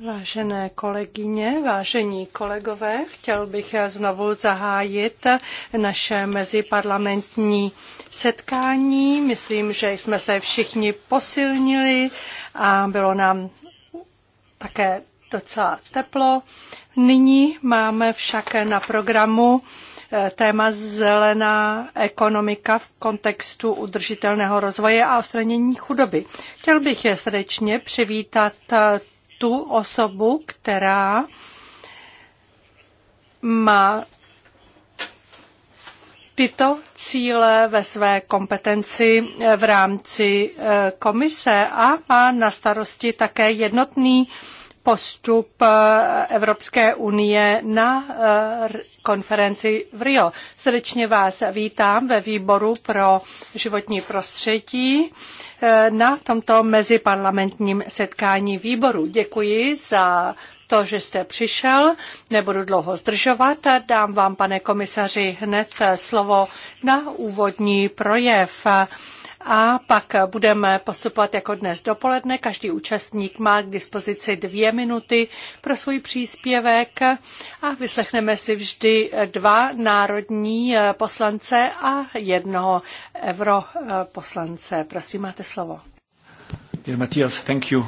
Vážené kolegyně, vážení kolegové, chtěl bych znovu zahájit naše meziparlamentní setkání. Myslím, že jsme se všichni posilnili a bylo nám také docela teplo. Nyní máme však na programu téma zelená ekonomika v kontextu udržitelného rozvoje a odstranění chudoby. Chtěl bych je srdečně přivítat tu osobu, která má tyto cíle ve své kompetenci v rámci eh, komise a má na starosti také jednotný postup eh, Evropské unie na eh, konferenci v Rio. Srdečně vás vítám ve výboru pro životní prostředí eh, na tomto meziparlamentním setkání výboru. Děkuji za to, že jste přišel. Nebudu dlouho zdržovat. Dám vám, pane komisaři, hned slovo na úvodní projev a pak budeme postupovat jako dnes dopoledne. Každý účastník má k dispozici dvě minuty pro svůj příspěvek a vyslechneme si vždy dva národní eh, poslance a jednoho europoslance. Prosím, máte slovo. Dear thank you.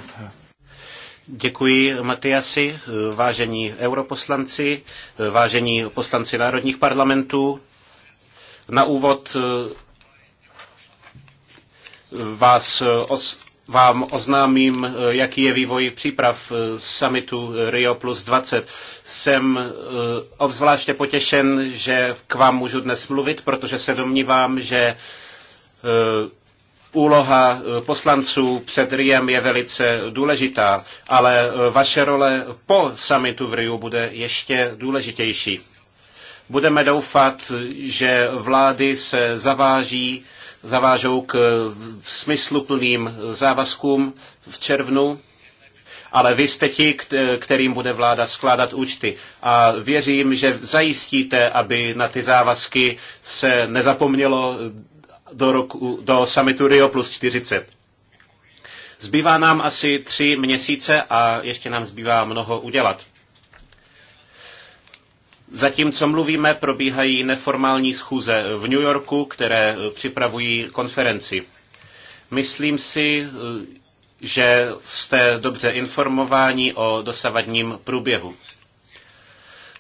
Děkuji, Matiasi, vážení europoslanci, eh, vážení poslanci národních parlamentů. Na úvod eh, vás os, vám oznámím, jaký je vývoj příprav eh, summitu Rio plus 20. Jsem eh, obzvláště potěšen, že k vám můžu dnes mluvit, protože se domnívám, že eh, úloha poslanců před Riem je velice důležitá, ale vaše role po summitu v Riu bude ještě důležitější. Budeme doufat, že vlády se zaváží zavážou k smysluplným závazkům v červnu, ale vy jste ti, kterým bude vláda skládat účty. A věřím, že zajistíte, aby na ty závazky se nezapomnělo do, roku, do summitu Rio plus 40. Zbývá nám asi tři měsíce a ještě nám zbývá mnoho udělat. Zatímco mluvíme, probíhají neformální schůze v New Yorku, které eh, připravují konferenci. Myslím si, eh, že jste dobře informováni o dosavadním průběhu.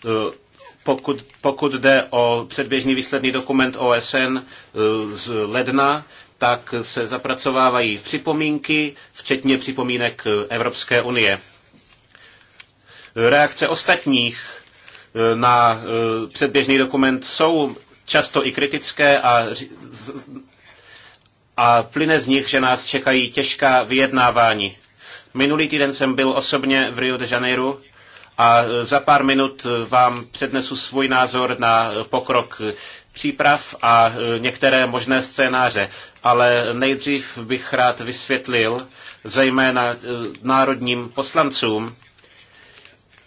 Eh, pokud, pokud jde o předběžný výsledný dokument OSN z ledna, tak se zapracovávají připomínky, včetně připomínek Evropské unie. Reakce ostatních na e, předběžný dokument jsou často i kritické a a plyne z nich, že nás čekají těžká vyjednávání. Minulý týden jsem byl osobně v Rio de Janeiro a e, za pár minut e, vám přednesu svůj názor na pokrok příprav a některé možné scénáře. Ale nejdřív bych rád vysvětlil, zejména národním poslancům,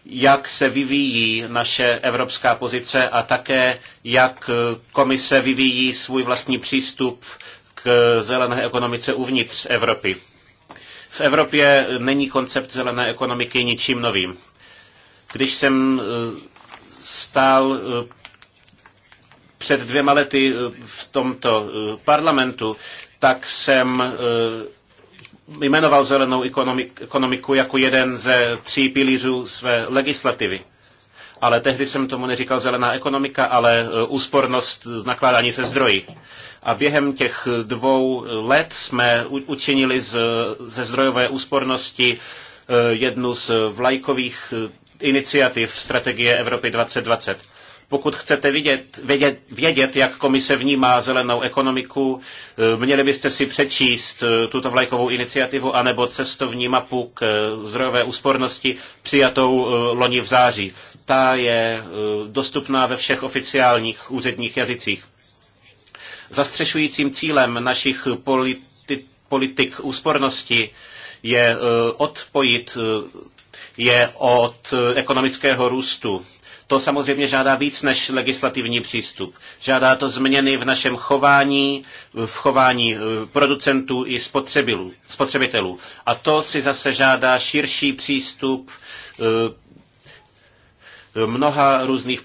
jak se vyvíjí naše evropská pozice a také, jak komise vyvíjí svůj vlastní přístup k zelené ekonomice uvnitř Evropy. V Evropě není koncept zelené ekonomiky ničím novým. Když jsem eh, stál eh, před dvěma lety eh, v tomto parlamentu, tak jsem jmenoval zelenou ekonomiku jako jeden ze tří pilířů své legislativy. Ale tehdy jsem tomu neříkal zelená ekonomika, ale e, úspornost nakládání se zdroji. A během těch dvou e, let jsme učinili z, ze zdrojové úspornosti e, jednu z vlajkových iniciativ strategie Evropy 2020. Pokud chcete vidět, vědět, vědět, jak komise vnímá zelenou ekonomiku, eh, měli byste si přečíst eh, tuto vlajkovou iniciativu anebo cestovní mapu k eh, zdrojové úspornosti přijatou loni v září. Ta je dostupná ve všech oficiálních úředních jazycích. Zastřešujícím cílem našich politi- politik úspornosti je odpojit je od ekonomického růstu to samozřejmě žádá víc než legislativní přístup. Žádá to změny v našem chování, v chování eh, producentů i spotřebitelů. A to si zase žádá širší přístup eh, mnoha různých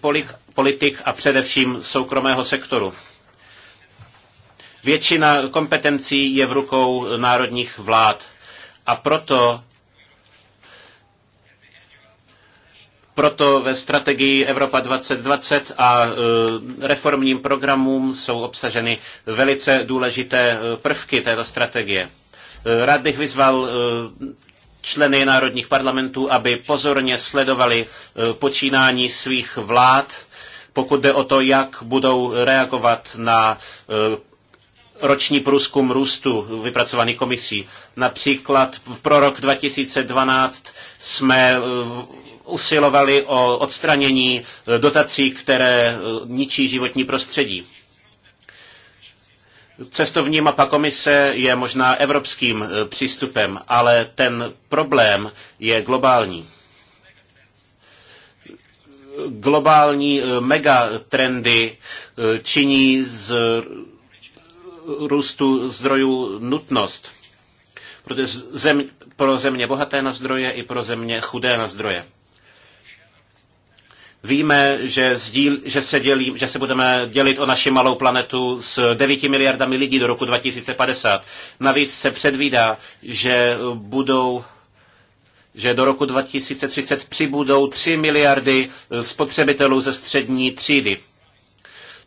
politik a především soukromého sektoru. Většina kompetencí je v rukou národních vlád. A proto Proto ve strategii Evropa 2020 a e, reformním programům jsou obsaženy velice důležité e, prvky této strategie. E, rád bych vyzval členy národních parlamentů, aby pozorně sledovali počínání svých vlád, pokud jde o to, jak budou reagovat na roční průzkum růstu vypracovaný komisí. Například pro rok 2012 jsme usilovali o odstranění eh, dotací, které eh, ničí životní prostředí. Cestovní mapa komise je možná evropským eh, přístupem, ale ten problém je globální. Globální megatrendy činí z růstu zdrojů nutnost. pro země bohaté na zdroje i pro země chudé na zdroje. Víme, že, sdíl, že, se dělí, že se budeme dělit o naši malou planetu s 9 miliardami lidí do roku 2050. Navíc se předvídá, že budou že do roku 2030 přibudou 3 miliardy eh, spotřebitelů ze střední třídy.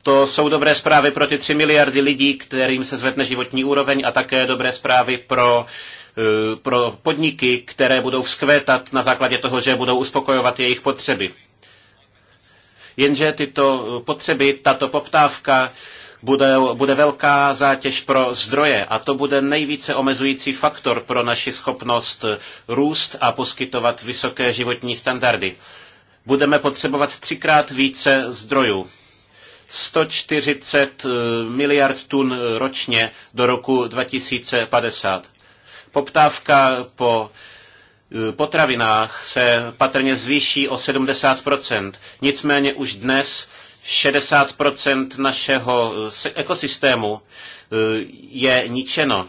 To jsou dobré zprávy pro ty 3 miliardy lidí, kterým se zvedne životní úroveň a také dobré zprávy pro, eh, pro podniky, které budou vzkvétat na základě toho, že budou uspokojovat jejich potřeby. Jenže tyto eh, potřeby, tato poptávka bude, bude velká zátěž pro zdroje a to bude nejvíce omezující faktor pro naši schopnost eh, růst a poskytovat vysoké životní standardy. Budeme potřebovat třikrát více zdrojů. 140 eh, miliard tun ročně do roku 2050. Poptávka po Eh, potravinách se patrně zvýší o 70%. Nicméně už dnes 60% našeho eh, ekosystému eh, je ničeno.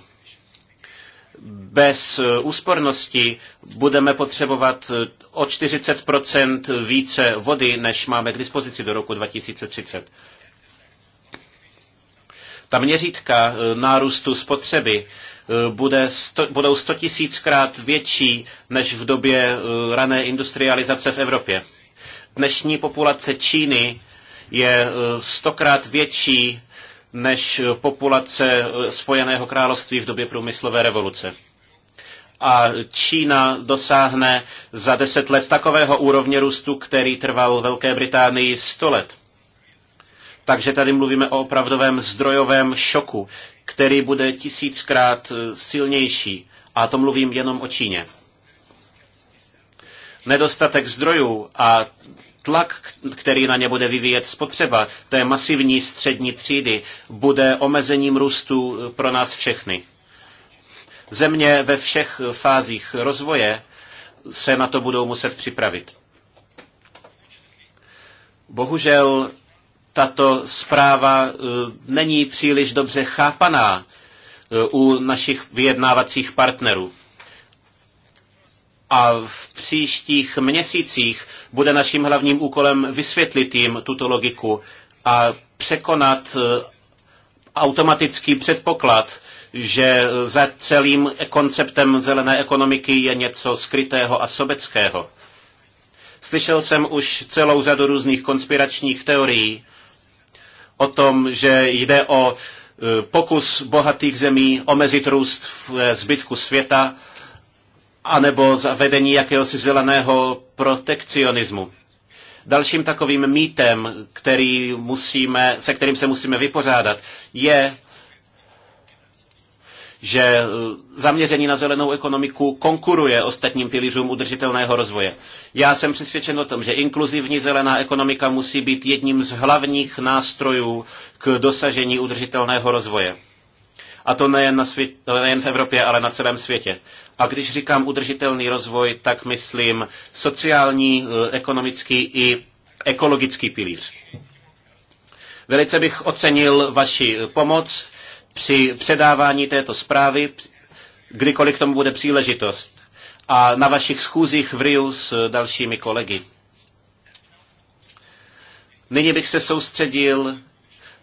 Bez úspornosti budeme potřebovat o 40% více vody, než máme k dispozici do roku 2030. Ta měřítka nárůstu spotřeby Eh, bude sto, budou 100 tisíckrát větší než v době eh, rané industrializace v Evropě. Dnešní populace Číny je eh, stokrát větší než populace Spojeného království v době průmyslové revoluce a Čína dosáhne za deset let takového úrovně růstu, který trval Velké Británii sto let. Takže tady mluvíme o opravdovém zdrojovém šoku, který bude tisíckrát eh, silnější. A to mluvím jenom o Číně. Nedostatek zdrojů a tlak, který na ně bude vyvíjet spotřeba té masivní střední třídy, bude omezením růstu eh, pro nás všechny. Země ve všech eh, fázích rozvoje se na to budou muset připravit. Bohužel tato zpráva e, není příliš dobře chápaná e, u našich vyjednávacích partnerů. A v příštích měsících bude naším hlavním úkolem vysvětlit jim tuto logiku a překonat e, automatický předpoklad, že za celým konceptem zelené ekonomiky je něco skrytého a sobeckého. Slyšel jsem už celou řadu různých konspiračních teorií, o tom, že jde o e, pokus bohatých zemí omezit růst v e, zbytku světa anebo zavedení jakéhosi zeleného protekcionismu. Dalším takovým mýtem, který musíme, se kterým se musíme vypořádat, je že e, zaměření na zelenou ekonomiku konkuruje ostatním pilířům udržitelného rozvoje. Já jsem přesvědčen o tom, že inkluzivní zelená ekonomika musí být jedním z hlavních nástrojů k dosažení udržitelného rozvoje. A to nejen, na svět, nejen v Evropě, ale na celém světě. A když říkám udržitelný rozvoj, tak myslím sociální, e, ekonomický i ekologický pilíř. Velice bych ocenil vaši e, pomoc při předávání této zprávy, kdykoliv k tomu bude příležitost. A na vašich schůzích v Riu s dalšími kolegy. Nyní bych se soustředil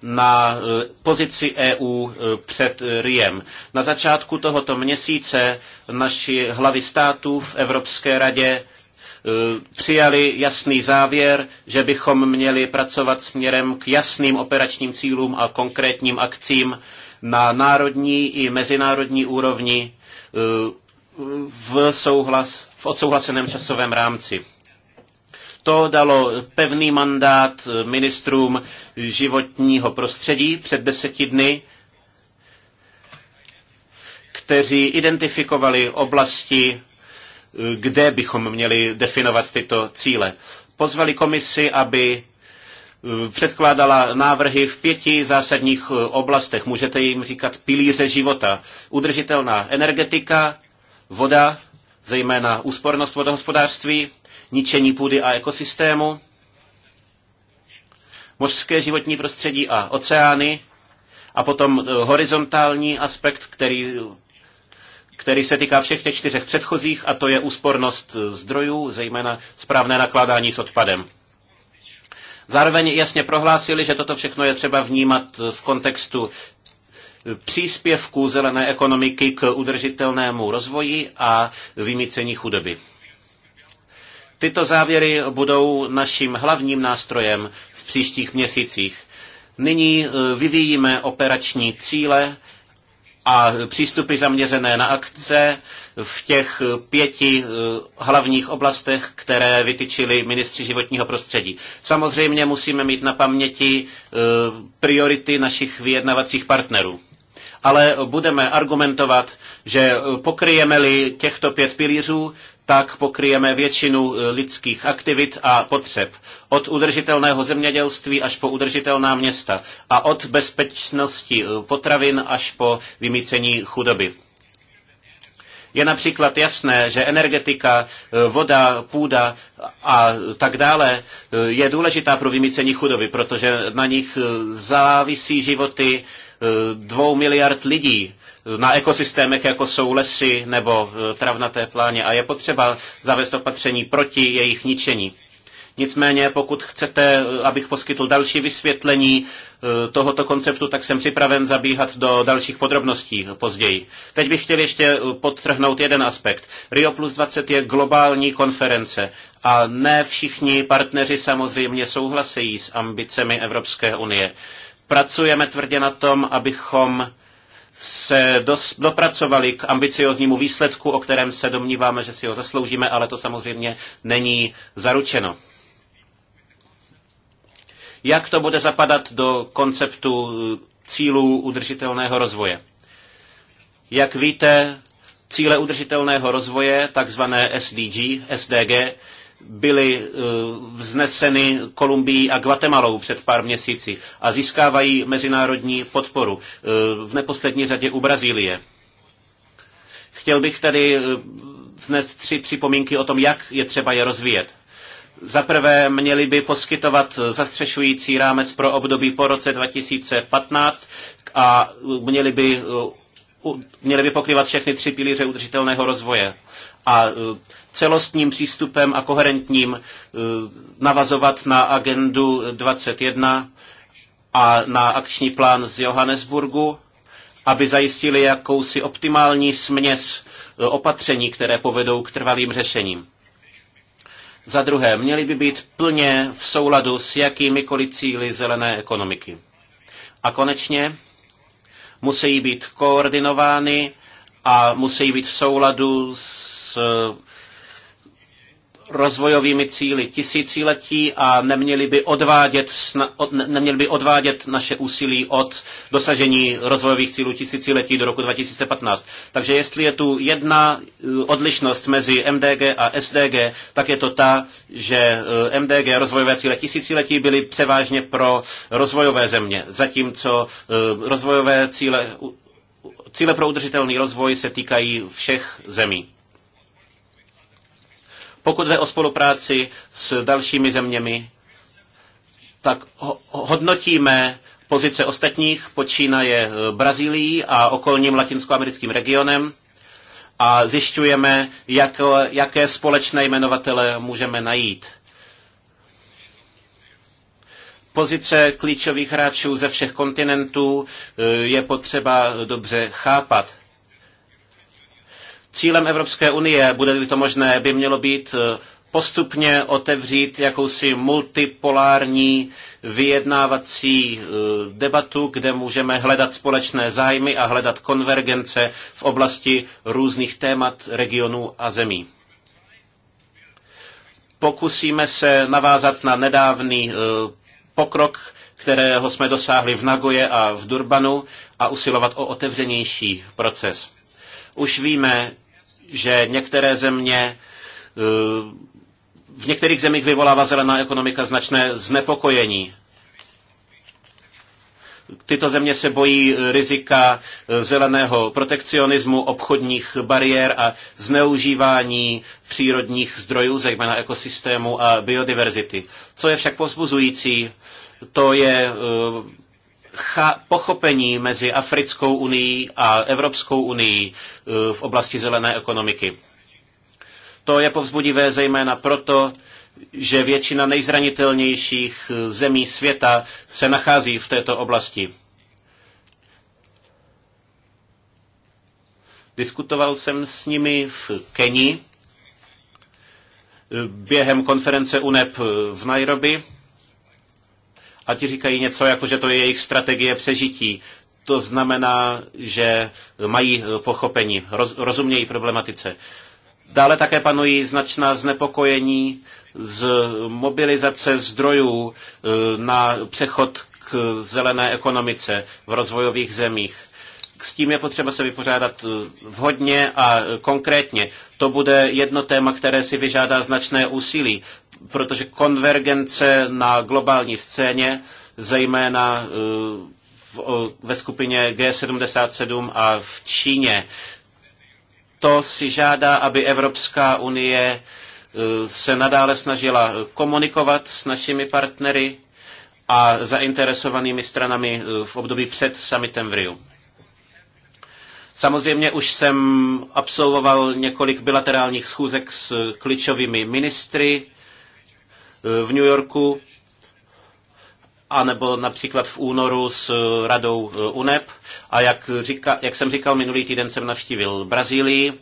na eh, pozici EU eh, před eh, Riem. Na začátku tohoto měsíce naši hlavy států v Evropské radě přijali jasný závěr, že bychom měli pracovat směrem k jasným operačním cílům a konkrétním akcím, na národní i mezinárodní úrovni e, v, souhlas, v odsouhlaseném časovém rámci. To dalo pevný mandát ministrům životního prostředí před deseti dny, kteří identifikovali oblasti, e, kde bychom měli definovat tyto cíle. Pozvali komisi, aby Eh, předkládala návrhy v pěti zásadních eh, oblastech. Můžete jim říkat pilíře života. Udržitelná energetika, voda, zejména úspornost vodohospodářství, ničení půdy a ekosystému, mořské životní prostředí a oceány, a potom eh, horizontální aspekt, který, který se týká všech těch čtyřech předchozích, a to je úspornost zdrojů, zejména správné nakládání s odpadem. Zároveň jasně prohlásili, že toto všechno je třeba vnímat v kontextu příspěvku zelené ekonomiky k udržitelnému rozvoji a vymícení chudoby. Tyto závěry budou naším hlavním nástrojem v příštích měsících. Nyní eh, vyvíjíme operační cíle, a přístupy zaměřené na akce v těch pěti eh, hlavních oblastech, které vytyčili ministři životního prostředí. Samozřejmě musíme mít na paměti eh, priority našich vyjednavacích partnerů ale budeme argumentovat, že pokryjeme-li těchto pět pilířů, tak pokryjeme většinu eh, lidských aktivit a potřeb. Od udržitelného zemědělství až po udržitelná města a od bezpečnosti eh, potravin až po vymícení chudoby. Je například jasné, že energetika, eh, voda, půda a tak dále je důležitá pro vymícení chudoby, protože na nich závisí životy dvou miliard lidí na ekosystémech, jako jsou lesy nebo e, travnaté pláně a je potřeba zavést opatření proti jejich ničení. Nicméně, pokud chcete, e, abych poskytl další vysvětlení e, tohoto konceptu, tak jsem připraven zabíhat do dalších podrobností později. Teď bych chtěl ještě podtrhnout jeden aspekt. Rio plus 20 je globální konference a ne všichni partneři samozřejmě souhlasí s ambicemi Evropské unie. Pracujeme tvrdě na tom, abychom se dos, dopracovali k ambicioznímu výsledku, o kterém se domníváme, že si ho zasloužíme, ale to samozřejmě není zaručeno. Jak to bude zapadat do konceptu eh, cílů udržitelného rozvoje? Jak víte, cíle udržitelného rozvoje, takzvané SDG, SDG, byly eh, vzneseny Kolumbií a Guatemalou před pár měsíci a získávají mezinárodní podporu, eh, v neposlední řadě u Brazílie. Chtěl bych tedy eh, vznes tři připomínky o tom, jak je třeba je rozvíjet. Za prvé měli by poskytovat zastřešující rámec pro období po roce 2015 a měli by, měli by pokrývat všechny tři pilíře udržitelného rozvoje a e, celostním přístupem a koherentním e, navazovat na agendu 21 a na akční plán z Johannesburgu, aby zajistili jakousi optimální směs e, opatření, které povedou k trvalým řešením. Za druhé, měly by být plně v souladu s jakýmikoliv cíly zelené ekonomiky. A konečně musí být koordinovány a musí být v souladu s s eh, rozvojovými cíly tisíciletí a neměli by odvádět, neměli by odvádět naše úsilí od dosažení rozvojových cílů tisíciletí do roku 2015. Takže jestli je tu jedna eh, odlišnost mezi MDG a SDG, tak je to ta, že eh, MDG rozvojové cíle tisíciletí byly převážně pro rozvojové země, zatímco rozvojové cíle, cíle pro udržitelný rozvoj se týkají všech zemí. Pokud jde o spolupráci s dalšími zeměmi, tak hodnotíme pozice ostatních, počínaje eh, Brazílií a okolním latinskoamerickým regionem a zjišťujeme, jak, jaké společné jmenovatele můžeme najít. Pozice klíčových hráčů ze všech kontinentů eh, je potřeba dobře chápat. Cílem Evropské unie, bude-li to možné, by mělo být eh, postupně otevřít jakousi multipolární vyjednávací eh, debatu, kde můžeme hledat společné zájmy a hledat konvergence v oblasti různých témat, regionů a zemí. Pokusíme se navázat na nedávný eh, pokrok, kterého jsme dosáhli v Nagoje a v Durbanu a usilovat o otevřenější proces. Už víme, že některé země eh, v některých zemích vyvolává zelená ekonomika značné znepokojení. Tyto země se bojí eh, rizika eh, zeleného protekcionismu, obchodních bariér a zneužívání přírodních zdrojů, zejména ekosystému a biodiverzity. Co je však povzbuzující, to je pochopení mezi Africkou unii a Evropskou unii eh, v oblasti zelené ekonomiky. To je povzbudivé zejména proto, že většina nejzranitelnějších eh, zemí světa se nachází v této oblasti. Diskutoval jsem s nimi v Keni eh, během konference UNEP v Nairobi a ti říkají něco jako, že to je jejich strategie přežití. To znamená, že mají eh, pochopení, roz, rozumějí problematice. Dále také panují značná znepokojení z mobilizace zdrojů eh, na přechod k zelené ekonomice v rozvojových zemích s tím je potřeba se vypořádat eh, vhodně a eh, konkrétně. To bude jedno téma, které si vyžádá značné úsilí, protože konvergence na globální scéně, zejména eh, ve skupině G77 a v Číně, to si žádá, aby Evropská unie se nadále snažila komunikovat s našimi partnery a zainteresovanými stranami v období před summitem v Riu. Samozřejmě už jsem absolvoval několik bilaterálních schůzek s klíčovými ministry eh, v New Yorku, anebo například v únoru s radou eh, UNEP. A jak, říka, jak jsem říkal, minulý týden jsem navštívil Brazílii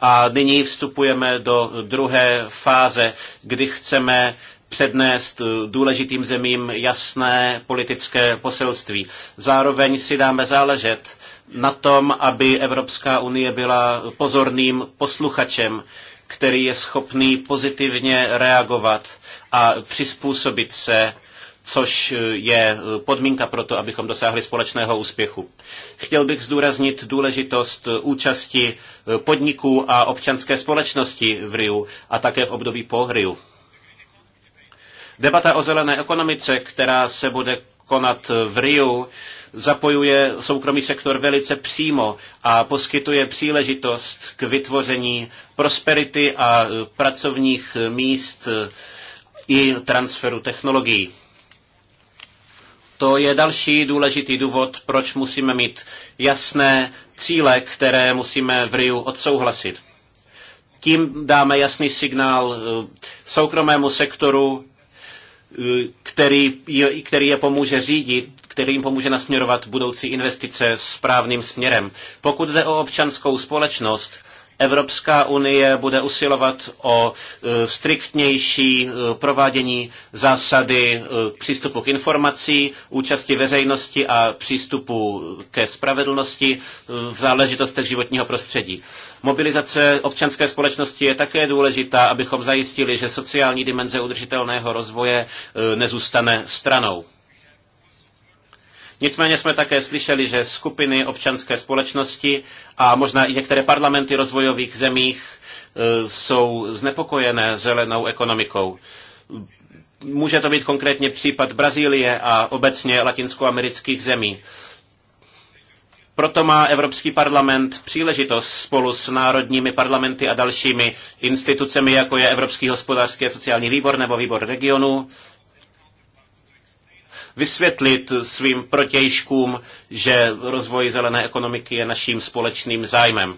a nyní vstupujeme do druhé fáze, kdy chceme přednést eh, důležitým zemím jasné politické poselství. Zároveň si dáme záležet na tom, aby Evropská unie byla pozorným posluchačem, který je schopný pozitivně reagovat a přizpůsobit se což je podmínka pro to, abychom dosáhli společného úspěchu. Chtěl bych zdůraznit důležitost účasti podniků a občanské společnosti v RIU a také v období po RIU. Debata o zelené ekonomice, která se bude konat v Riu, zapojuje soukromý sektor velice přímo a poskytuje příležitost k vytvoření prosperity a e, pracovních e, míst e, i transferu technologií. To je další důležitý důvod, proč musíme mít jasné cíle, které musíme v RIU odsouhlasit. Tím dáme jasný signál soukromému sektoru který, který je pomůže řídit, který jim pomůže nasměrovat budoucí investice správným směrem. Pokud jde o občanskou společnost, Evropská unie bude usilovat o e, striktnější e, provádění zásady e, přístupu k informací, účasti veřejnosti a přístupu ke spravedlnosti v záležitostech životního prostředí. Mobilizace občanské společnosti je také důležitá, abychom zajistili, že sociální dimenze udržitelného rozvoje e, nezůstane stranou. Nicméně jsme také slyšeli, že skupiny občanské společnosti a možná i některé parlamenty rozvojových zemích e, jsou znepokojené zelenou ekonomikou. Může to být konkrétně případ Brazílie a obecně latinskoamerických zemí. Proto má Evropský parlament příležitost spolu s národními parlamenty a dalšími institucemi, jako je Evropský hospodářský a sociální výbor nebo výbor regionu, vysvětlit svým protějškům, že rozvoj zelené ekonomiky je naším společným zájmem.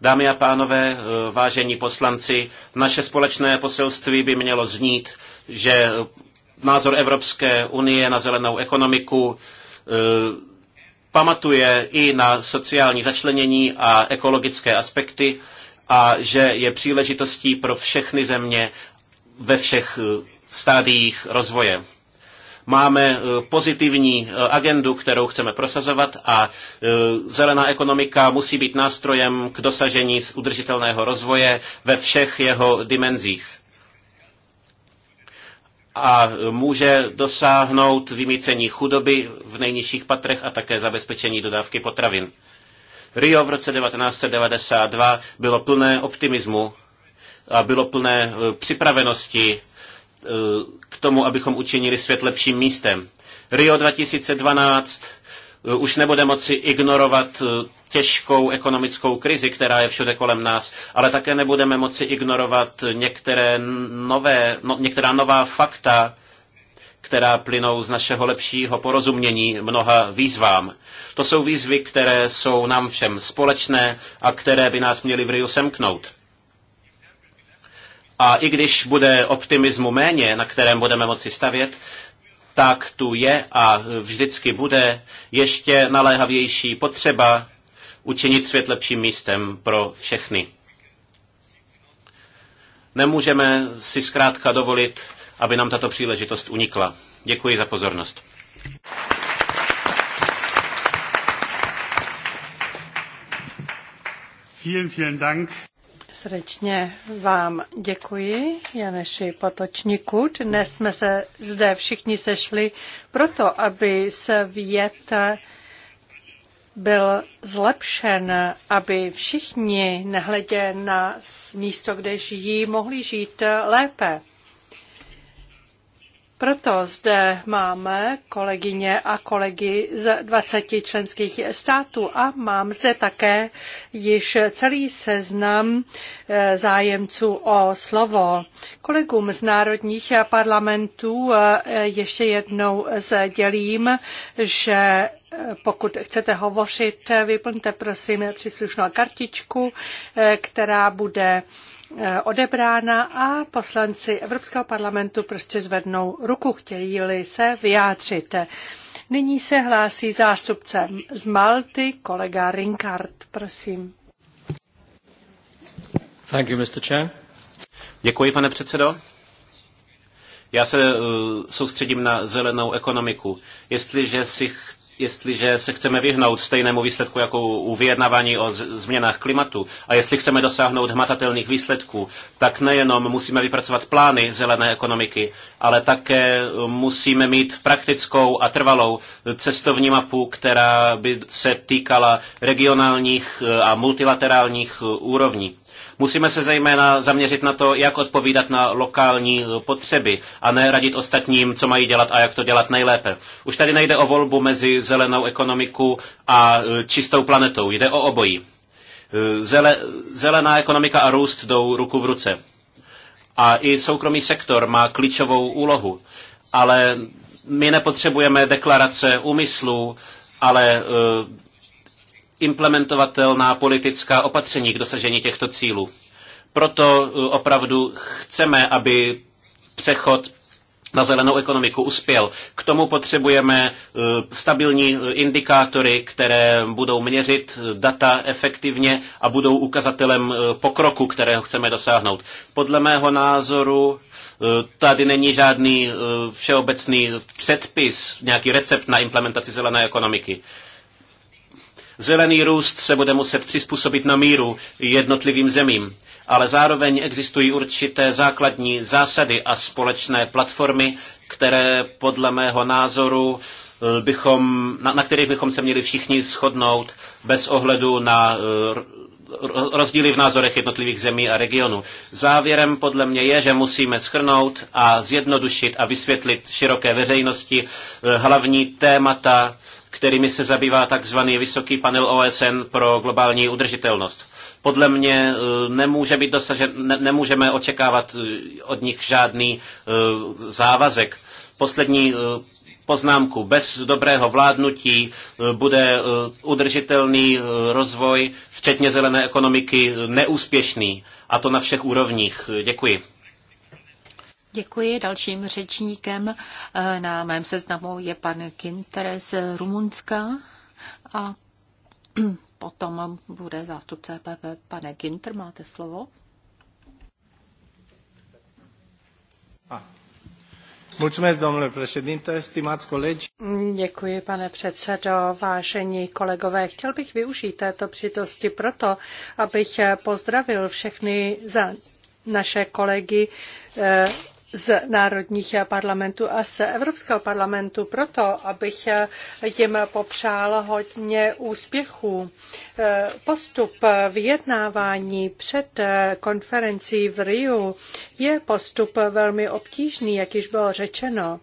Dámy a pánové, vážení poslanci, naše společné poselství by mělo znít, že názor Evropské unie na zelenou ekonomiku pamatuje i na sociální začlenění a ekologické aspekty a že je příležitostí pro všechny země ve všech eh, stádiích rozvoje. Máme eh, pozitivní eh, agendu, kterou chceme prosazovat a zelená ekonomika musí být nástrojem k dosažení udržitelného rozvoje ve všech jeho dimenzích a může dosáhnout vymícení chudoby v nejnižších patrech a také zabezpečení dodávky potravin. Rio v roce 1992 bylo plné optimismu a bylo plné e, připravenosti e, k tomu, abychom učinili svět lepším místem. Rio 2012 e, už nebude moci ignorovat těžkou ekonomickou krizi, která je všude kolem nás, ale také nebudeme moci ignorovat některé nové, no, některá nová fakta, která plynou z našeho lepšího porozumění mnoha výzvám. To jsou výzvy, které jsou nám všem společné a které by nás měly v Riu semknout. A i když bude optimismu méně, na kterém budeme moci stavět, tak tu je a vždycky bude ještě naléhavější potřeba učinit svět lepším místem pro všechny. Nemůžeme si zkrátka dovolit, aby nám tato příležitost unikla. Děkuji za pozornost. Vielen, vielen Dank. Srdečně vám děkuji, Janeši Potočníku. Dnes jsme se zde všichni sešli proto, aby se věta byl zlepšen, aby všichni, nehledě na místo, kde žijí, mohli žít lépe. Proto zde máme kolegyně a kolegy z 20 členských států a mám zde také již celý seznam eh, zájemců o slovo. Kolegům z národních parlamentů eh, ještě jednou sdělím, že pokud chcete hovořit, vyplňte prosím příslušnou kartičku, eh, která bude eh, odebrána a poslanci Evropského parlamentu prostě zvednou ruku, chtějí-li se vyjádřit. Nyní se hlásí zástupce z Malty, kolega Rinkard, prosím. Thank you, Mr. Chair. Děkuji, pane předsedo. Já se eh, soustředím na zelenou ekonomiku. Jestliže si jestliže se chceme vyhnout stejnému výsledku jako u vyjednávání o změnách klimatu a jestli chceme dosáhnout hmatatelných výsledků, tak nejenom musíme vypracovat plány zelené ekonomiky, ale také musíme mít praktickou a trvalou cestovní mapu, která by se týkala regionálních e, a multilaterálních e, úrovní. Musíme se zejména zaměřit na to, jak odpovídat na lokální potřeby a ne radit ostatním, co mají dělat a jak to dělat nejlépe. Už tady nejde o volbu mezi zelenou ekonomiku a e, čistou planetou. Jde o obojí. E, zele, zelená ekonomika a růst jdou ruku v ruce. A i soukromý sektor má klíčovou úlohu. Ale my nepotřebujeme deklarace úmyslů, ale uh, implementovatelná politická opatření k dosažení těchto cílů. Proto e, opravdu chceme, aby přechod na zelenou ekonomiku uspěl. K tomu potřebujeme e, stabilní e, indikátory, které budou měřit data efektivně a budou ukazatelem pokroku, kterého chceme dosáhnout. Podle mého názoru tady není žádný všeobecný předpis, nějaký recept na implementaci zelené ekonomiky. Zelený růst se bude muset přizpůsobit na míru jednotlivým zemím, ale zároveň existují určité základní zásady a společné platformy, které podle mého názoru eh, bychom, na, na kterých bychom se měli všichni shodnout bez ohledu na eh, rozdíly v názorech jednotlivých zemí a regionů. Závěrem podle mě je, že musíme schrnout a zjednodušit a vysvětlit široké veřejnosti eh, hlavní témata kterými se zabývá takzvaný vysoký panel OSN pro globální udržitelnost. Podle mě e, nemůže být dosažen, ne, nemůžeme očekávat e, od nich žádný e, závazek. Poslední poznámku. Bez dobrého vládnutí bude udržitelný rozvoj, včetně zelené ekonomiky, neúspěšný. A to na všech úrovních. Děkuji. Děkuji. Dalším řečníkem eh, na mém seznamu je pan Kinter z Rumunska a potom bude zástupce PP. Pane Kinter, máte slovo. Ah. Mulțumesc, domnule președinte, stimați Děkuji, pane předsedo, vážení kolegové. Chtěl bych využít této přitosti proto, abych pozdravil všechny za naše kolegy eh, z národních parlamentů a z Evropského parlamentu proto, abych jim popřál hodně úspěchů. Postup vyjednávání před konferencí v Riu je postup velmi obtížný, jak již bylo řečeno.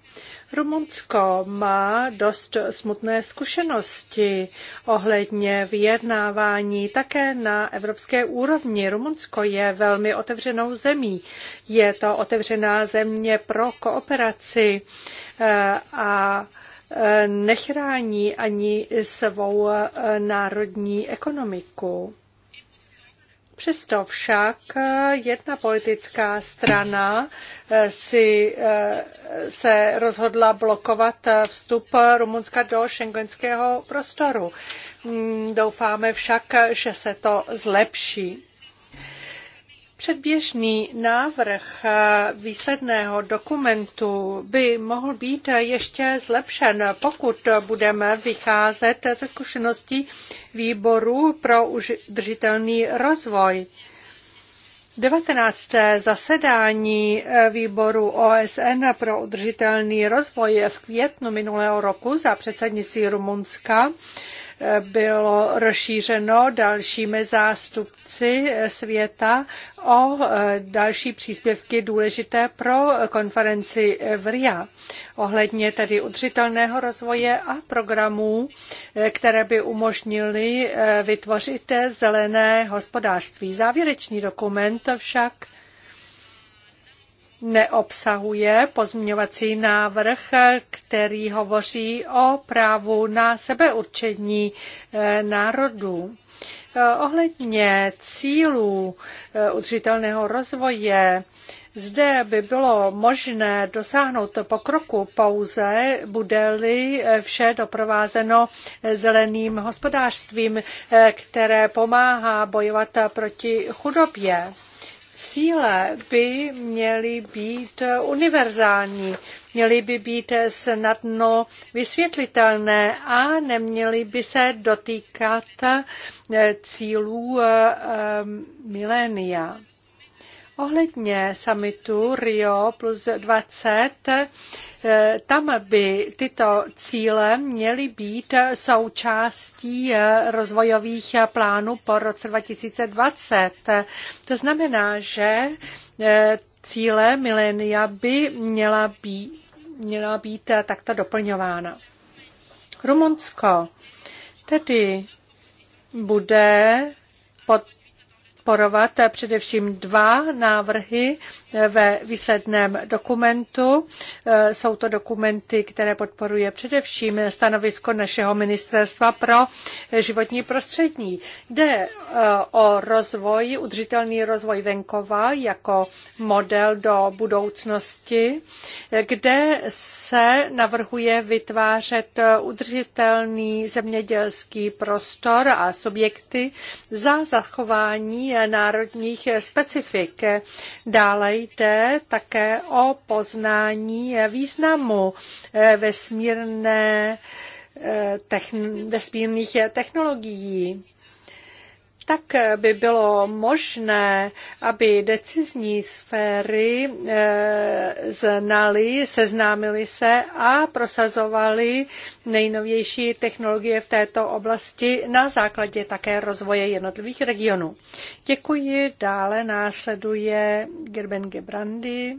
Rumunsko má dost smutné zkušenosti ohledně vyjednávání také na evropské úrovni. Rumunsko je velmi otevřenou zemí. Je to otevřená země pro kooperaci eh, a eh, nechrání ani svou eh, národní ekonomiku. Přesto však jedna politická strana eh, si eh, se rozhodla blokovat eh, vstup Rumunska do šengenského prostoru. Mm, doufáme však, že se to zlepší. Předběžný návrh eh, výsledného dokumentu by mohl být ještě zlepšen, pokud budeme vycházet ze zkušeností výboru pro udržitelný rozvoj. 19. zasedání eh, výboru OSN pro udržitelný rozvoj v květnu minulého roku za předsednictví Rumunska bylo rozšířeno dalšími zástupci světa o eh, další příspěvky důležité pro konferenci v RIA ohledně tedy udržitelného rozvoje a programů, eh, které by umožnily eh, vytvořit zelené hospodářství. Závěrečný dokument však neobsahuje pozměňovací návrh, který hovoří o právu na sebeurčení eh, národů. Eh, ohledně cílů eh, udržitelného rozvoje zde by bylo možné dosáhnout pokroku pouze, bude-li vše doprovázeno zeleným hospodářstvím, které pomáhá bojovat proti chudobě cíle by měly být univerzální, měly by být snadno vysvětlitelné a neměly by se dotýkat cílů eh, eh, milénia. Ohledně samitu Rio plus 20, eh, tam by tyto cíle měly být součástí eh, rozvojových plánů po roce 2020. To znamená, že eh, cíle milénia by měla být, měla být takto doplňována. Rumunsko tedy bude pod podporovat především dva návrhy ve výsledném dokumentu. E, jsou to dokumenty, které podporuje především stanovisko našeho ministerstva pro životní prostřední, Jde e, o rozvoj, udržitelný rozvoj venkova jako model do budoucnosti, kde se navrhuje vytvářet udržitelný zemědělský prostor a subjekty za zachování národních specifik. Dále jde také o poznání významu eh, vesmírné eh, techn- vesmírných technologií tak by bylo možné, aby decizní sféry eh, znali, seznámili se a prosazovali nejnovější technologie v této oblasti na základě také rozvoje jednotlivých regionů. Děkuji. Dále následuje Gerben Gebrandy,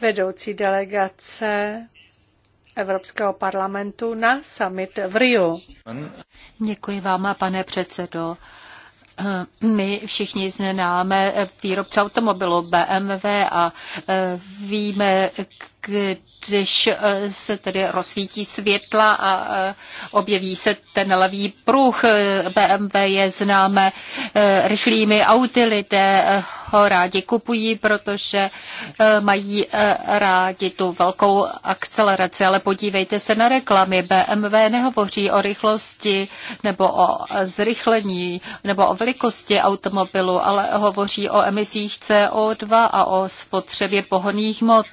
vedoucí delegace Evropského parlamentu na summit v Riu. Děkuji vám, pane předsedo. My všichni známe výrobce automobilů BMW a e, víme, když eh, se tedy rozsvítí světla a eh, objeví se ten levý pruh. Eh, BMW je známe rychlými auty, lidé ho rádi kupují, protože mají rádi tu velkou akceleraci, ale podívejte se na reklamy. BMW nehovoří o rychlosti nebo o zrychlení nebo o velikosti automobilu, ale hovoří o emisích CO2 a o spotřebě pohoných hmot.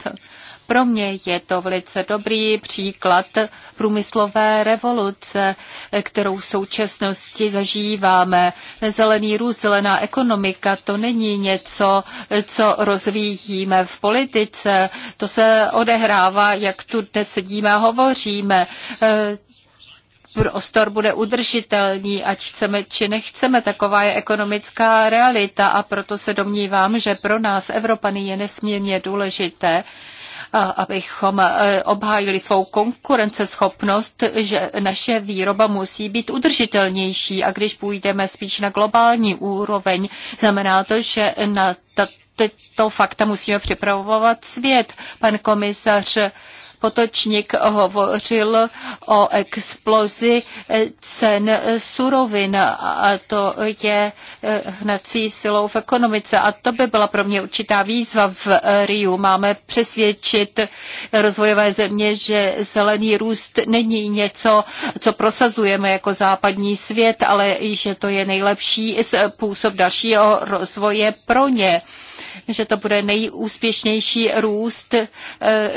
Pro mě je to velice dobrý příklad průmyslové revoluce, kterou v současnosti zažíváme. Zelený růst, zelená ekonomika, to není něco, co rozvíjíme v politice. To se odehrává, jak tu dnes sedíme a hovoříme prostor bude udržitelný, ať chceme či nechceme. Taková je ekonomická realita a proto se domnívám, že pro nás, Evropany, je nesmírně důležité, abychom e, obhájili svou konkurenceschopnost, že naše výroba musí být udržitelnější a když půjdeme spíš na globální úroveň, znamená to, že na tato fakta musíme připravovat svět. Pan komisař Potočník hovořil o explozi cen surovin a to je hnací silou v ekonomice. A to by byla pro mě určitá výzva v Riu. Máme přesvědčit rozvojové země, že zelený růst není něco, co prosazujeme jako západní svět, ale že to je nejlepší způsob dalšího rozvoje pro ně že to bude nejúspěšnější růst, eh,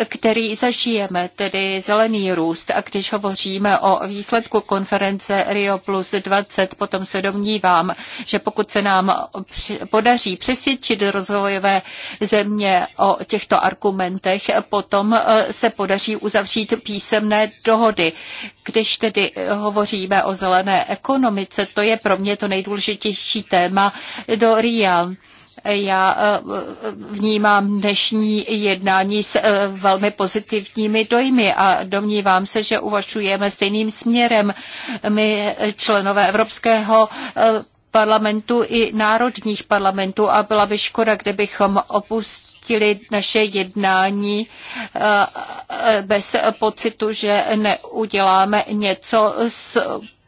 který zažijeme, tedy zelený růst. A když hovoříme o výsledku konference Rio plus 20, potom se domnívám, že pokud se nám podaří přesvědčit rozvojové země o těchto argumentech, potom eh, se podaří uzavřít písemné dohody. Když tedy eh, hovoříme o zelené ekonomice, to je pro mě to nejdůležitější téma do Rio. Já eh, vnímám dnešní jednání s eh, velmi pozitivními dojmy a domnívám se, že uvažujeme stejným směrem. My, členové Evropského eh, parlamentu i národních parlamentů a byla by škoda, kdybychom opustili naše jednání bez pocitu, že neuděláme něco s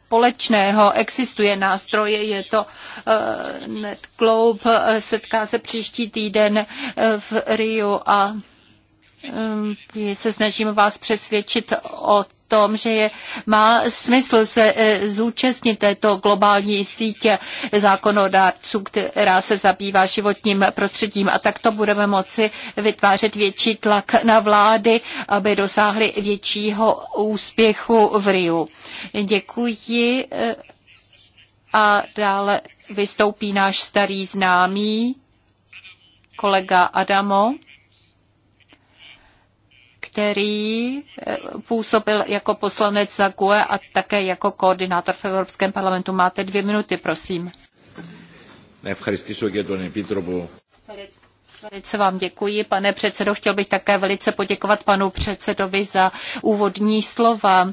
společného. Existuje nástroj, je to eh, NetGlobe, eh, setká se příští týden eh, v Rio a Ehm, se snažím vás přesvědčit o tom, že je, má smysl se eh, zúčastnit této globální sítě zákonodárců, která se zabývá životním prostředím a tak to budeme moci vytvářet větší tlak na vlády, aby dosáhly většího úspěchu v Riu. Děkuji eh, a dále vystoupí náš starý známý kolega Adamo který eh, působil jako poslanec za GUE a také jako koordinátor v Evropském parlamentu. Máte dvě minuty, prosím. Velice Velice vám děkuji, pane předsedo. Chtěl bych také velice poděkovat panu předsedovi za úvodní slova.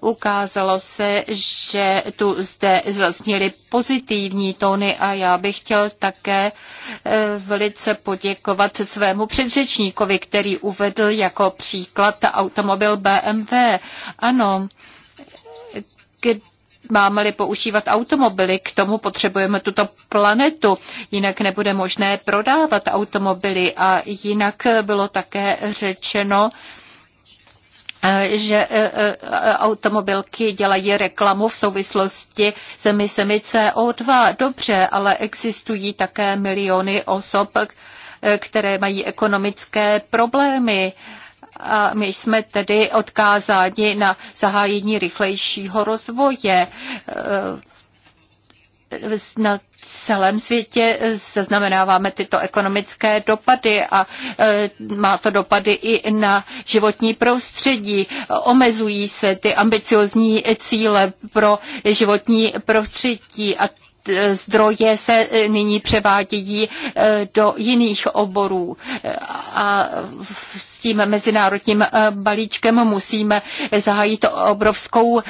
Ukázalo se, že tu zde zazněly pozitivní tóny a já bych chtěl také eh, velice poděkovat svému předřečníkovi, který uvedl jako příklad automobil BMW. Ano, kdy Máme-li používat automobily, k tomu potřebujeme tuto planetu, jinak nebude možné prodávat automobily a jinak bylo také řečeno, že e, e, automobilky dělají reklamu v souvislosti s emisemi CO2. Dobře, ale existují také miliony osob, e, které mají ekonomické problémy a my jsme tedy odkázáni na zahájení rychlejšího rozvoje. Eh, na celém světě zaznamenáváme tyto ekonomické dopady a eh, má to dopady i na životní prostředí. Omezují se ty ambiciozní cíle pro životní prostředí a Eh, zdroje se eh, nyní převádějí eh, do jiných oborů. A s tím mezinárodním balíčkem musíme zahájit obrovskou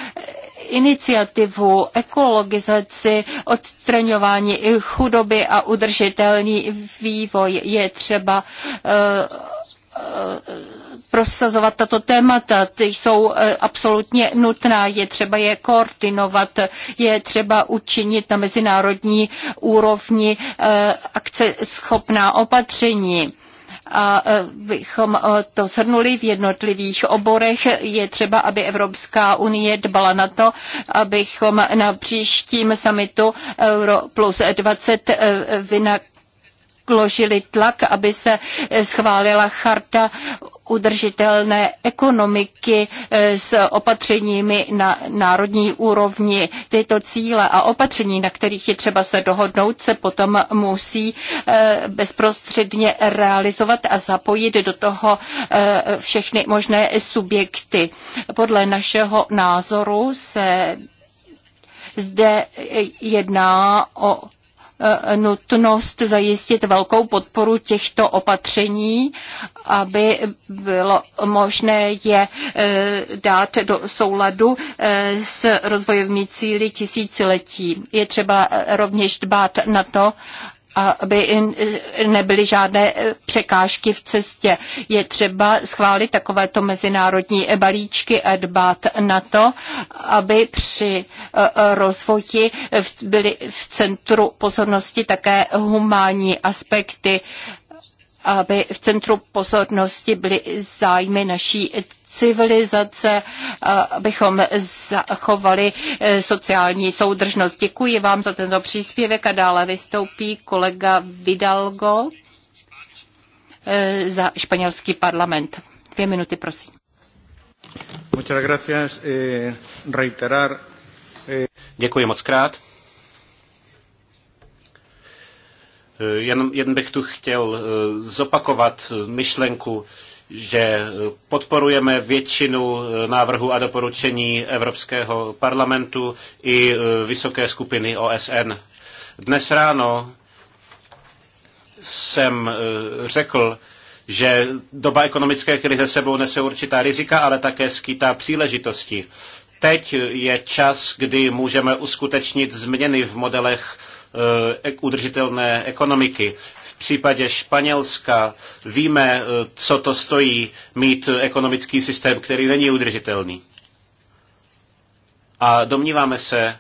iniciativu, ekologizaci, odstraňování chudoby a udržitelný vývoj. Je třeba prosazovat tato témata. Ty jsou e, absolutně nutná, je třeba je koordinovat, je třeba učinit na mezinárodní úrovni e, akce schopná opatření a e, bychom to shrnuli v jednotlivých oborech. Je třeba, aby Evropská unie dbala na to, abychom na příštím samitu Euro plus 20 vynak vložili tlak, aby se eh, schválila charta udržitelné ekonomiky eh, s opatřeními na národní úrovni. Tyto cíle a opatření, na kterých je třeba se dohodnout, se potom musí eh, bezprostředně realizovat a zapojit do toho všechny možné subjekty. Podle našeho názoru se zde jedná o Eh, nutnost zajistit velkou podporu těchto opatření, aby bylo možné je eh, dát do souladu eh, s rozvojovými cíly tisíciletí. Je třeba rovněž dbát na to, aby nebyly žádné překážky v cestě. Je třeba schválit takovéto mezinárodní balíčky a dbát na to, aby při e, rozvoji byly v centru pozornosti také humánní aspekty aby v centru pozornosti byly zájmy naší civilizace, abychom zachovali e, sociální soudržnost. Děkuji vám za tento příspěvek a dále vystoupí kolega Vidalgo e, za španělský parlament. Dvě minuty, prosím. Eh, eh, Děkuji moc krát. Eh, jen, jen bych tu chtěl eh, zopakovat myšlenku, že eh, podporujeme většinu návrhu a doporučení Evropského parlamentu i vysoké skupiny OSN. Dnes ráno jsem řekl, že doba ekonomické krize sebou nese určitá rizika, ale také skýtá příležitosti. Teď je čas, kdy můžeme uskutečnit změny v modelech Eh, udržitelné ekonomiky. V případě Španělska víme, eh, co to stojí mít ekonomický systém, který není udržitelný. A domníváme se,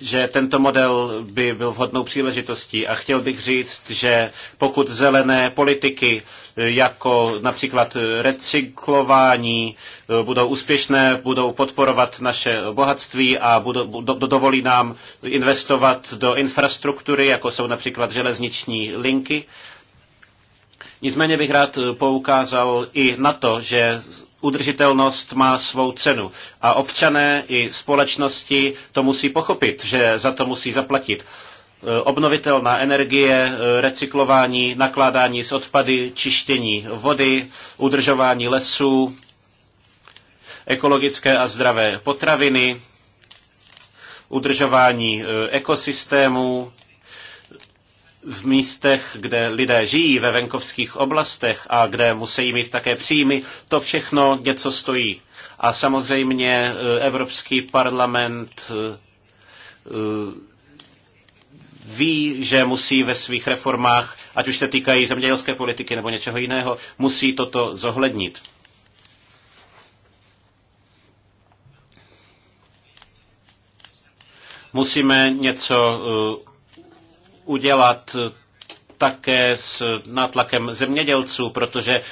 že tento model by byl vhodnou příležitostí. A chtěl bych říct, že pokud zelené politiky, eh, jako například recyklování, eh, budou úspěšné, budou podporovat naše bohatství a budou, do, dovolí nám investovat do infrastruktury, jako jsou například železniční linky, Nicméně bych rád poukázal i na to, že udržitelnost má svou cenu. A občané i společnosti to musí pochopit, že za to musí zaplatit. E, obnovitelná energie, e, recyklování, nakládání s odpady, čištění vody, udržování lesů, ekologické a zdravé potraviny, udržování e, ekosystémů, v místech, kde lidé žijí, ve venkovských oblastech a kde musí mít také příjmy, to všechno něco stojí. A samozřejmě e, Evropský parlament e, e, ví, že musí ve svých reformách, ať už se týkají zemědělské politiky nebo něčeho jiného, musí toto zohlednit. Musíme něco udělat eh, také s nátlakem zemědělců, protože eh,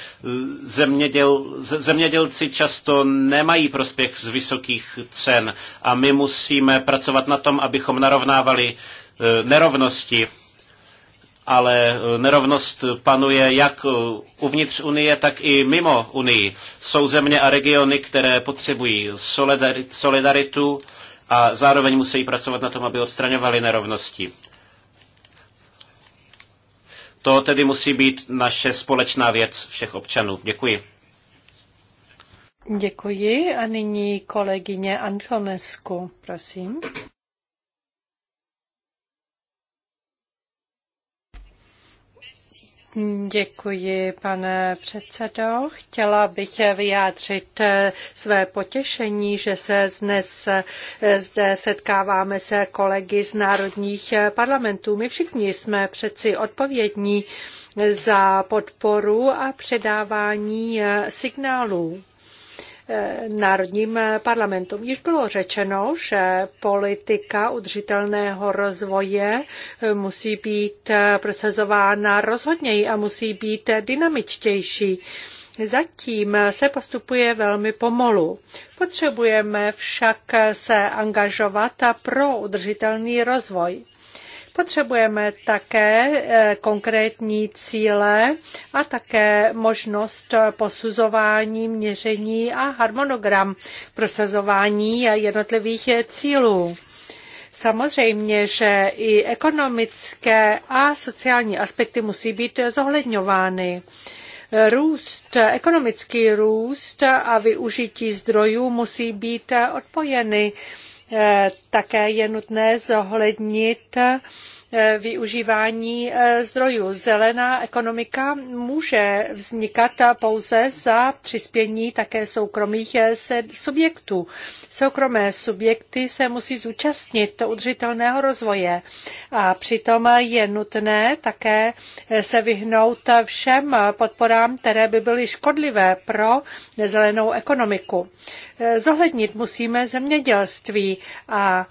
zeměděl, zemědělci často nemají prospěch z vysokých cen a my musíme pracovat na tom, abychom narovnávali eh, nerovnosti ale nerovnost panuje jak uvnitř Unie, tak i mimo Unii. Jsou země a regiony, které potřebují solidaritu a zároveň musí pracovat na tom, aby odstraňovali nerovnosti. To tedy musí být naše společná věc všech občanů. Děkuji. Děkuji a nyní kolegyně Antonesku, prosím. Děkuji, pane předsedo. Chtěla bych vyjádřit eh, své potěšení, že se dnes eh, zde setkáváme se kolegy z národních eh, parlamentů. My všichni jsme přeci odpovědní za podporu a předávání signálů národním parlamentům. Již bylo řečeno, že politika udržitelného rozvoje musí být prosazována rozhodněji a musí být dynamičtější. Zatím se postupuje velmi pomalu. Potřebujeme však se angažovat pro udržitelný rozvoj. Potřebujeme také eh, konkrétní cíle a také možnost posuzování, měření a harmonogram prosazování jednotlivých cílů. Samozřejmě, že i ekonomické a sociální aspekty musí být zohledňovány. Růst, ekonomický růst a využití zdrojů musí být odpojeny Eh, také je nutné zohlednit Eh, využívání eh, zdrojů. Zelená ekonomika může vznikat pouze za přispění také soukromých eh, subjektů. Soukromé subjekty se musí zúčastnit udržitelného rozvoje a přitom je nutné také se vyhnout všem podporám, které by byly škodlivé pro zelenou ekonomiku. Zohlednit musíme zemědělství a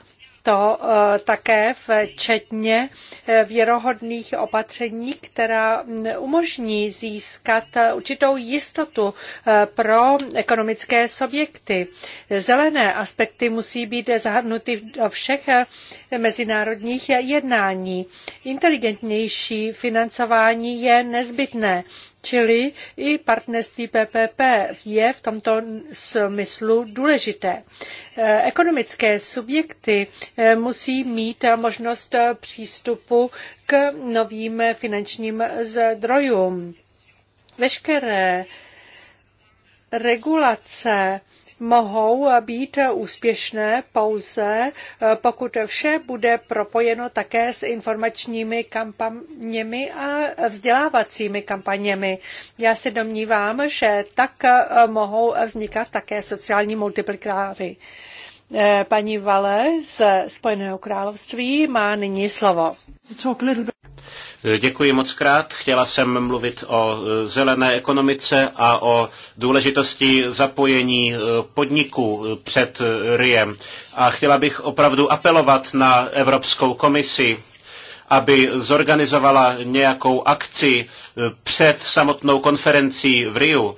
to eh, také včetně eh, věrohodných opatření, která mm, umožní získat eh, určitou jistotu pro ekonomické subjekty. Zelené aspekty musí být zahrnuty do všech mezinárodních jednání. Inteligentnější financování je nezbytné čili i partnerství PPP je v tomto smyslu důležité. Eh, ekonomické subjekty eh, musí mít možnost přístupu k novým finančním zdrojům. Veškeré regulace mohou být úspěšné pouze, eh, pokud vše bude propojeno také s informačními kampaněmi a vzdělávacími kampaněmi. Já se domnívám, že tak eh, mohou vznikat také sociální multiplikáry. Eh, paní Vale z Spojeného království má nyní slovo. Děkuji moc krát. Chtěla jsem mluvit o zelené ekonomice a o důležitosti zapojení eh, podniků eh, před eh, RIEM. A chtěla bych opravdu apelovat na Evropskou komisi, aby zorganizovala nějakou akci před samotnou konferencí v Riu,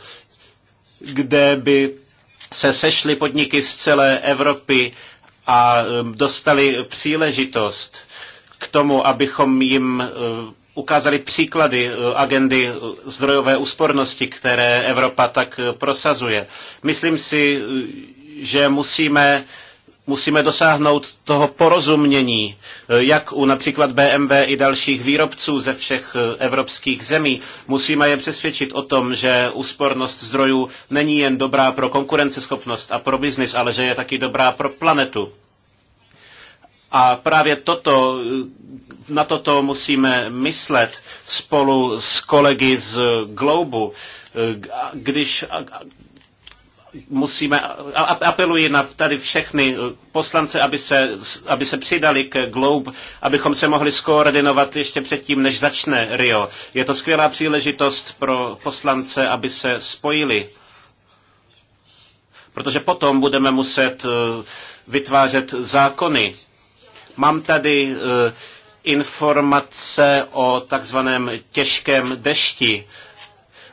kde by se sešly podniky z celé Evropy a dostali příležitost k tomu, abychom jim eh, ukázali příklady eh, agendy eh, zdrojové úspornosti, které Evropa tak prosazuje. Myslím si, že musíme musíme dosáhnout toho porozumění, jak u například BMW i dalších výrobců ze všech evropských zemí. Musíme je přesvědčit o tom, že úspornost zdrojů není jen dobrá pro konkurenceschopnost a pro biznis, ale že je taky dobrá pro planetu. A právě toto, na toto musíme myslet spolu s kolegy z Globu, když musíme, apeluji na tady všechny poslance, aby se, aby se přidali k Globe, abychom se mohli skoordinovat ještě předtím, než začne Rio. Je to skvělá příležitost pro poslance, aby se spojili. Protože potom budeme muset eh, vytvářet zákony Mám tady eh, informace o takzvaném těžkém dešti.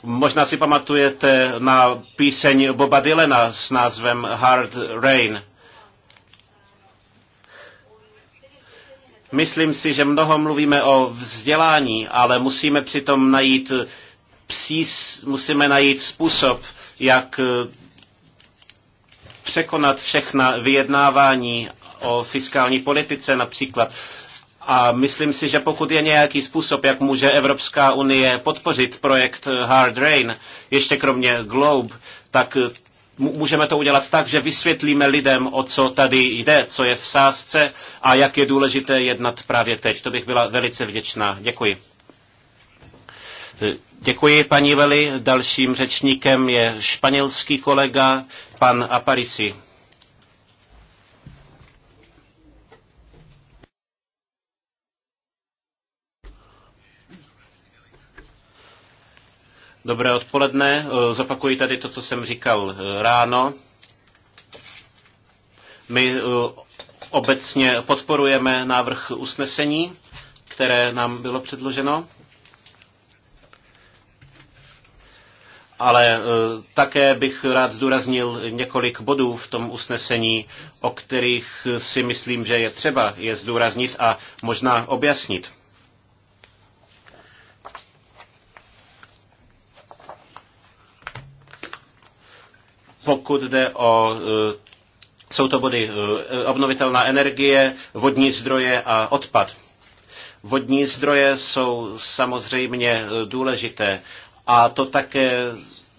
Možná si pamatujete na píseň Boba Dylena s názvem Hard Rain. Myslím si, že mnoho mluvíme o vzdělání, ale musíme přitom najít, přís, musíme najít způsob, jak eh, překonat všechna vyjednávání o fiskální politice například. A myslím si, že pokud je nějaký způsob, jak může Evropská unie podpořit projekt Hard Rain, ještě kromě Globe, tak eh, můžeme to udělat tak, že vysvětlíme lidem, o co tady jde, co je v sázce a jak je důležité jednat právě teď. To bych byla velice vděčná. Děkuji. Eh, děkuji, paní Veli. Dalším řečníkem je španělský kolega, pan Aparisi. Dobré odpoledne. Eh, zopakuji tady to, co jsem říkal eh, ráno. My eh, obecně podporujeme návrh usnesení, které nám bylo předloženo. ale také bych rád zdůraznil několik bodů v tom usnesení, o kterých si myslím, že je třeba je zdůraznit a možná objasnit. pokud jde o e, jsou to body e, obnovitelná energie, vodní zdroje a odpad. Vodní zdroje jsou samozřejmě e, důležité a to také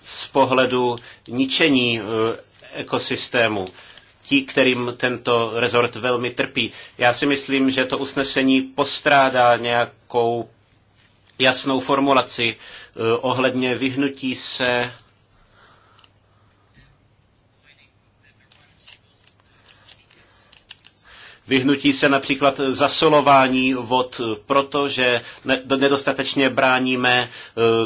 z pohledu ničení ekosystému tí, kterým tento rezort velmi trpí. Já si myslím, že to usnesení postrádá nějakou jasnou formulaci ohledně vyhnutí se vyhnutí se například zasolování vod, protože nedostatečně bráníme e,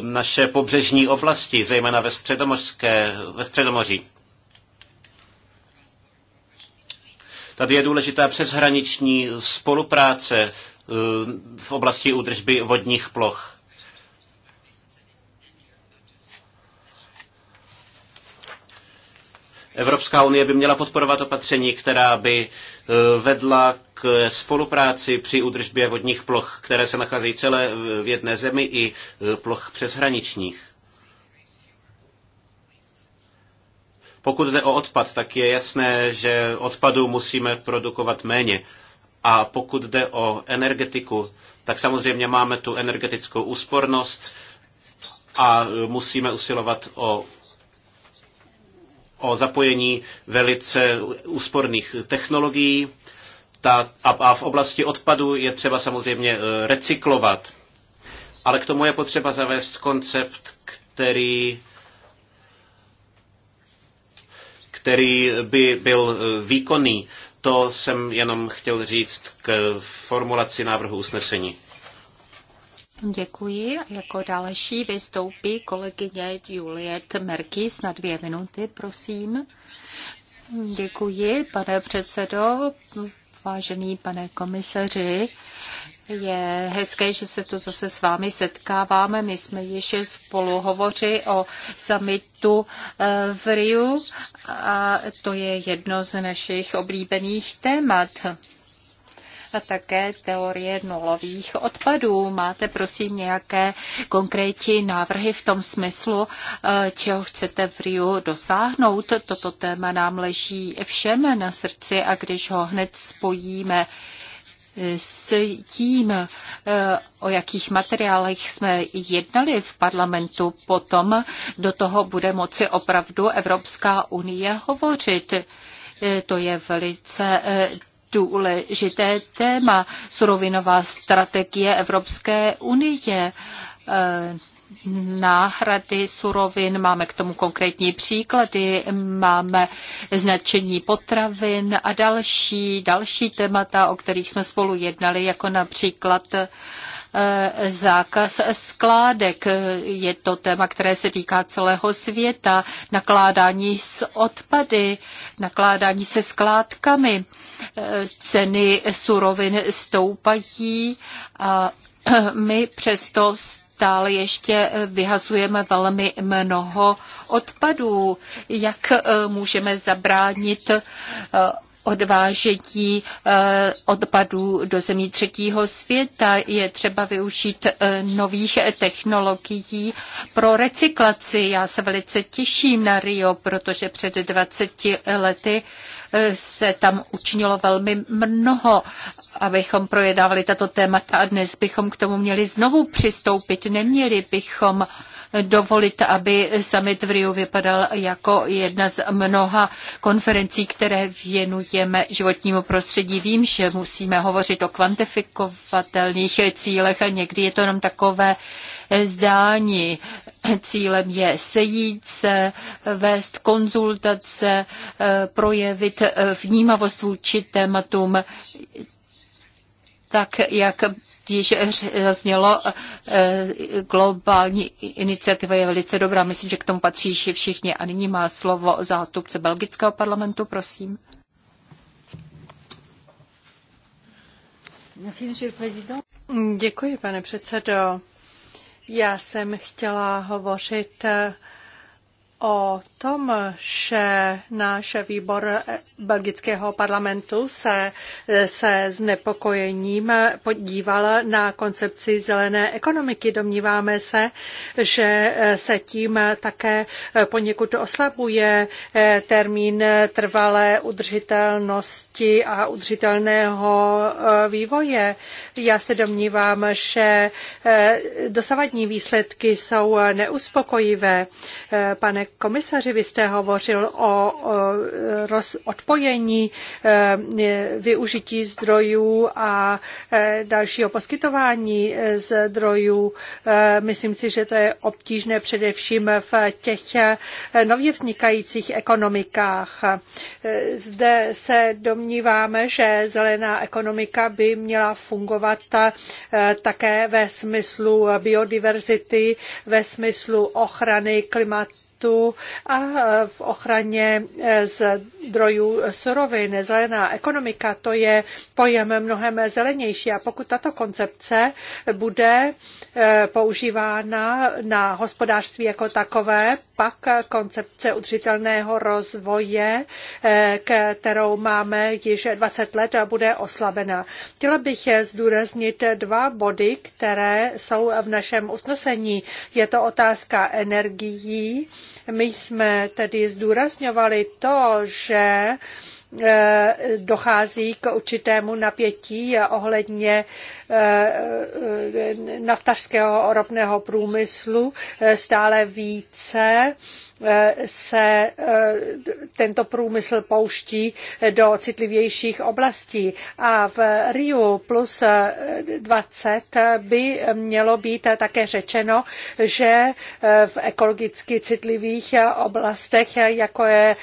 naše pobřežní oblasti, zejména ve, středomořské, ve Středomoří. Tady je důležitá přeshraniční spolupráce e, v oblasti údržby vodních ploch. Evropská unie by měla podporovat opatření, která by Eh, vedla k spolupráci při udržbě vodních ploch, které se nacházejí celé eh, v jedné zemi i eh, ploch přeshraničních. Pokud jde o odpad, tak je jasné, že odpadu musíme produkovat méně. A pokud jde o energetiku, tak samozřejmě máme tu energetickou úspornost a musíme usilovat o o zapojení velice úsporných technologií. Ta, a, a v oblasti odpadu je třeba samozřejmě eh, recyklovat. Ale k tomu je potřeba zavést koncept, který který by byl eh, výkonný. To jsem jenom chtěl říct k formulaci návrhu usnesení. Děkuji. Jako další vystoupí kolegyně Juliet Merkis na dvě minuty, prosím. Děkuji, pane předsedo. Vážený pane komisaři, je hezké, že se tu zase s vámi setkáváme. My jsme již spolu hovořili o summitu eh, v Riu a to je jedno z našich oblíbených témat a také teorie nulových odpadů. Máte prosím nějaké konkrétní návrhy v tom smyslu, eh, čeho chcete v Riu dosáhnout? Toto téma nám leží všem na srdci a když ho hned spojíme eh, s tím, eh, o jakých materiálech jsme jednali v parlamentu, potom do toho bude moci opravdu Evropská unie hovořit. To je velice důležité téma, surovinová strategie Evropské unie eh, náhrady surovin, máme k tomu konkrétní příklady, máme značení potravin a další, další témata, o kterých jsme spolu jednali, jako například eh, zákaz skládek. Je to téma, které se týká celého světa, nakládání s odpady, nakládání se skládkami. Eh, ceny surovin stoupají a my přesto stále ještě eh, vyhazujeme velmi mnoho odpadů. Jak eh, můžeme zabránit eh, odvážení odpadů do zemí třetího světa. Je třeba využít nových technologií pro recyklaci. Já se velice těším na Rio, protože před 20 lety se tam učinilo velmi mnoho, abychom projednávali tato témata a dnes bychom k tomu měli znovu přistoupit. Neměli bychom dovolit, aby summit v Riu vypadal jako jedna z mnoha konferencí, které věnujeme životnímu prostředí. Vím, že musíme hovořit o kvantifikovatelných cílech a někdy je to jenom takové zdáni. Cílem je sejít se, vést konzultace, projevit vnímavost vůči tématům tak jak již zaznělo, globální iniciativa je velice dobrá. Myslím, že k tomu patří všichni. A nyní má slovo zástupce belgického parlamentu, prosím. Děkuji, pane předsedo. Já jsem chtěla hovořit eh, o tom, že náš výbor belgického parlamentu se, se znepokojením podíval na koncepci zelené ekonomiky. Domníváme se, že se tím také poněkud oslabuje termín trvalé udržitelnosti a udržitelného vývoje. Já se domnívám, že dosavadní výsledky jsou neuspokojivé. Pane komisaři, vy jste hovořil o odpojení e, využití zdrojů a e, dalšího poskytování e, zdrojů. Myslím si, že to je obtížné především v těch nově vznikajících ekonomikách. Zde se domníváme, že zelená ekonomika by měla fungovat také ve smyslu biodiverzity, ve smyslu ochrany klimatu klimatu a v ochraně z zdrojů surovin, zelená ekonomika, to je pojem mnohem zelenější a pokud tato koncepce bude eh, používána na hospodářství jako takové, pak koncepce udržitelného rozvoje, eh, kterou máme již 20 let, bude oslabena. Chtěla bych zdůraznit dva body, které jsou v našem usnesení. Je to otázka energií. My jsme tedy zdůrazňovali to, že že eh, dochází k určitému napětí ohledně eh, eh, naftařského ropného průmyslu stále více Eh, se eh, tento průmysl pouští do citlivějších oblastí. A v Rio plus 20 eh, by mělo být také řečeno, že v ekologicky citlivých oblastech, jako je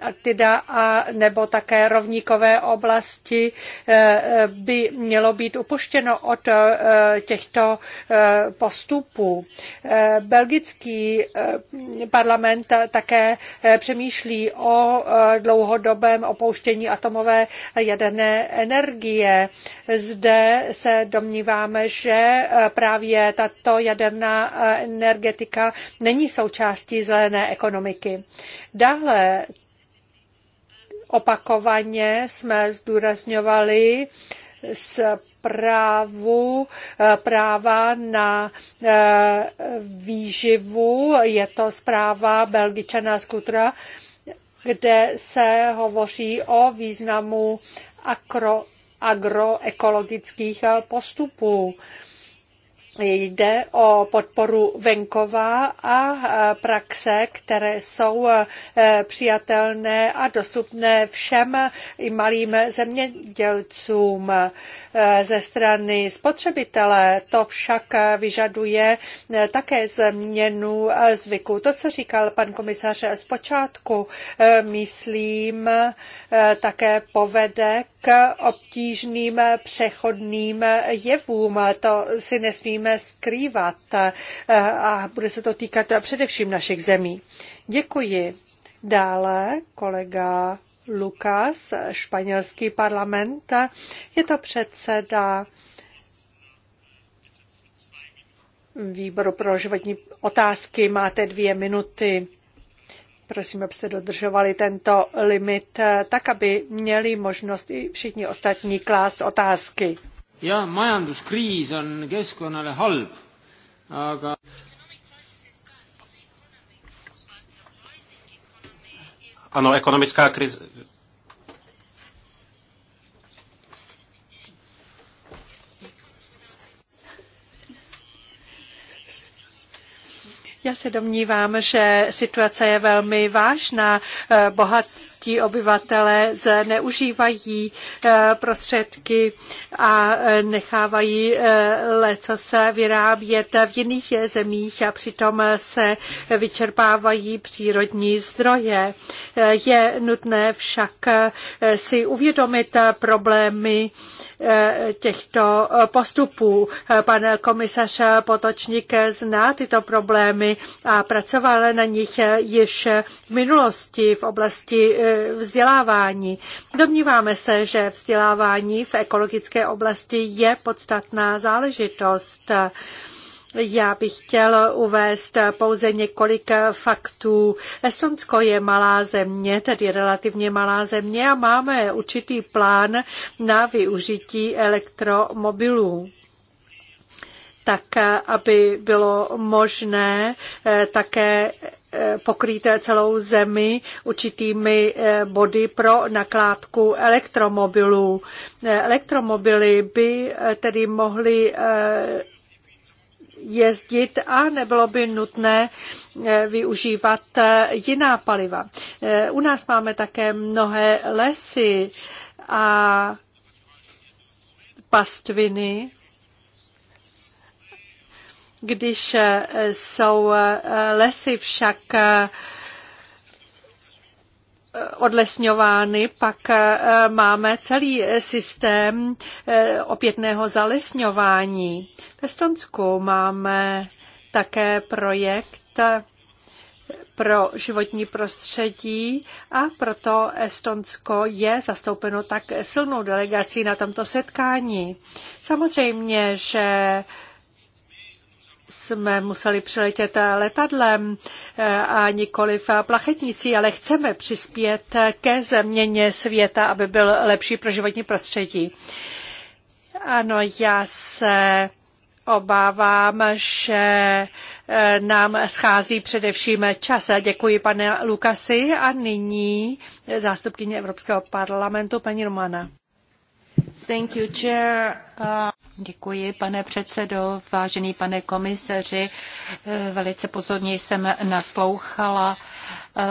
Arktida a nebo také rovníkové oblasti, by mělo být upuštěno od těchto postupů. Belgický parlament parlament také eh, přemýšlí o eh, dlouhodobém opouštění atomové jaderné energie. Zde se domníváme, že eh, právě tato jaderná energetika není součástí zelené ekonomiky. Dále opakovaně jsme zdůrazňovali s právu eh, práva na eh, výživu. Je to zpráva Belgičana Skutra, kde se hovoří o významu akro, agroekologických eh, postupů. Jde o podporu venkova a praxe, které jsou e, přijatelné a dostupné všem i malým zemědělcům e, ze strany spotřebitele. To však vyžaduje e, také změnu zvyku. To, co říkal pan komisař zpočátku, myslím, také povede k obtížným přechodným jevům. To si nesmíme skrývat eh, a bude se to týkat především našich zemí. Děkuji. Dále kolega Lukas, španělský parlament. Je to předseda výboru pro životní otázky. Máte dvě minuty. Prosím, abyste dodržovali tento limit, eh, tak aby měli možnost i všichni ostatní klást otázky. Jah, majanduskriis on keskkonnale halb, aga Ano, ekonomická krize, Já se domnívám, že situace je velmi vážná. Eh, bohat, čeští obyvatelé zneužívají eh, prostředky a eh, nechávají eh, leco se vyrábět v jiných zemích a přitom se vyčerpávají přírodní zdroje. Je nutné však si uvědomit problémy těchto postupů. Pan komisař Potočník zná tyto problémy a pracoval na nich již v minulosti v oblasti vzdělávání. Domníváme se, že vzdělávání v ekologické oblasti je podstatná záležitost. Já bych chtěl uvést pouze několik faktů. Estonsko je malá země, tedy relativně malá země a máme určitý plán na využití elektromobilů tak aby bylo možné eh, také pokryté celou zemi určitými eh, body pro nakládku elektromobilů. Eh, elektromobily by eh, tedy mohly jezdit a nebylo by nutné využívat jiná paliva. U nás máme také mnohé lesy a pastviny když eh, jsou eh, lesy však eh, odlesňovány, pak máme celý systém opětného zalesňování. V Estonsku máme také projekt pro životní prostředí a proto Estonsko je zastoupeno tak silnou delegací na tomto setkání. Samozřejmě, že jsme museli přeletět letadlem eh, a nikoli v plachetnicí, ale chceme přispět ke změně světa, aby byl lepší pro životní prostředí. Ano, já se obávám, že eh, nám schází především čas. Děkuji pane Lukasi a nyní zástupkyně Evropského parlamentu paní Romana. Thank you, chair. Uh... Děkuji, pane předsedo, vážený pane komisaři. Eh, velice pozorně jsem naslouchala eh,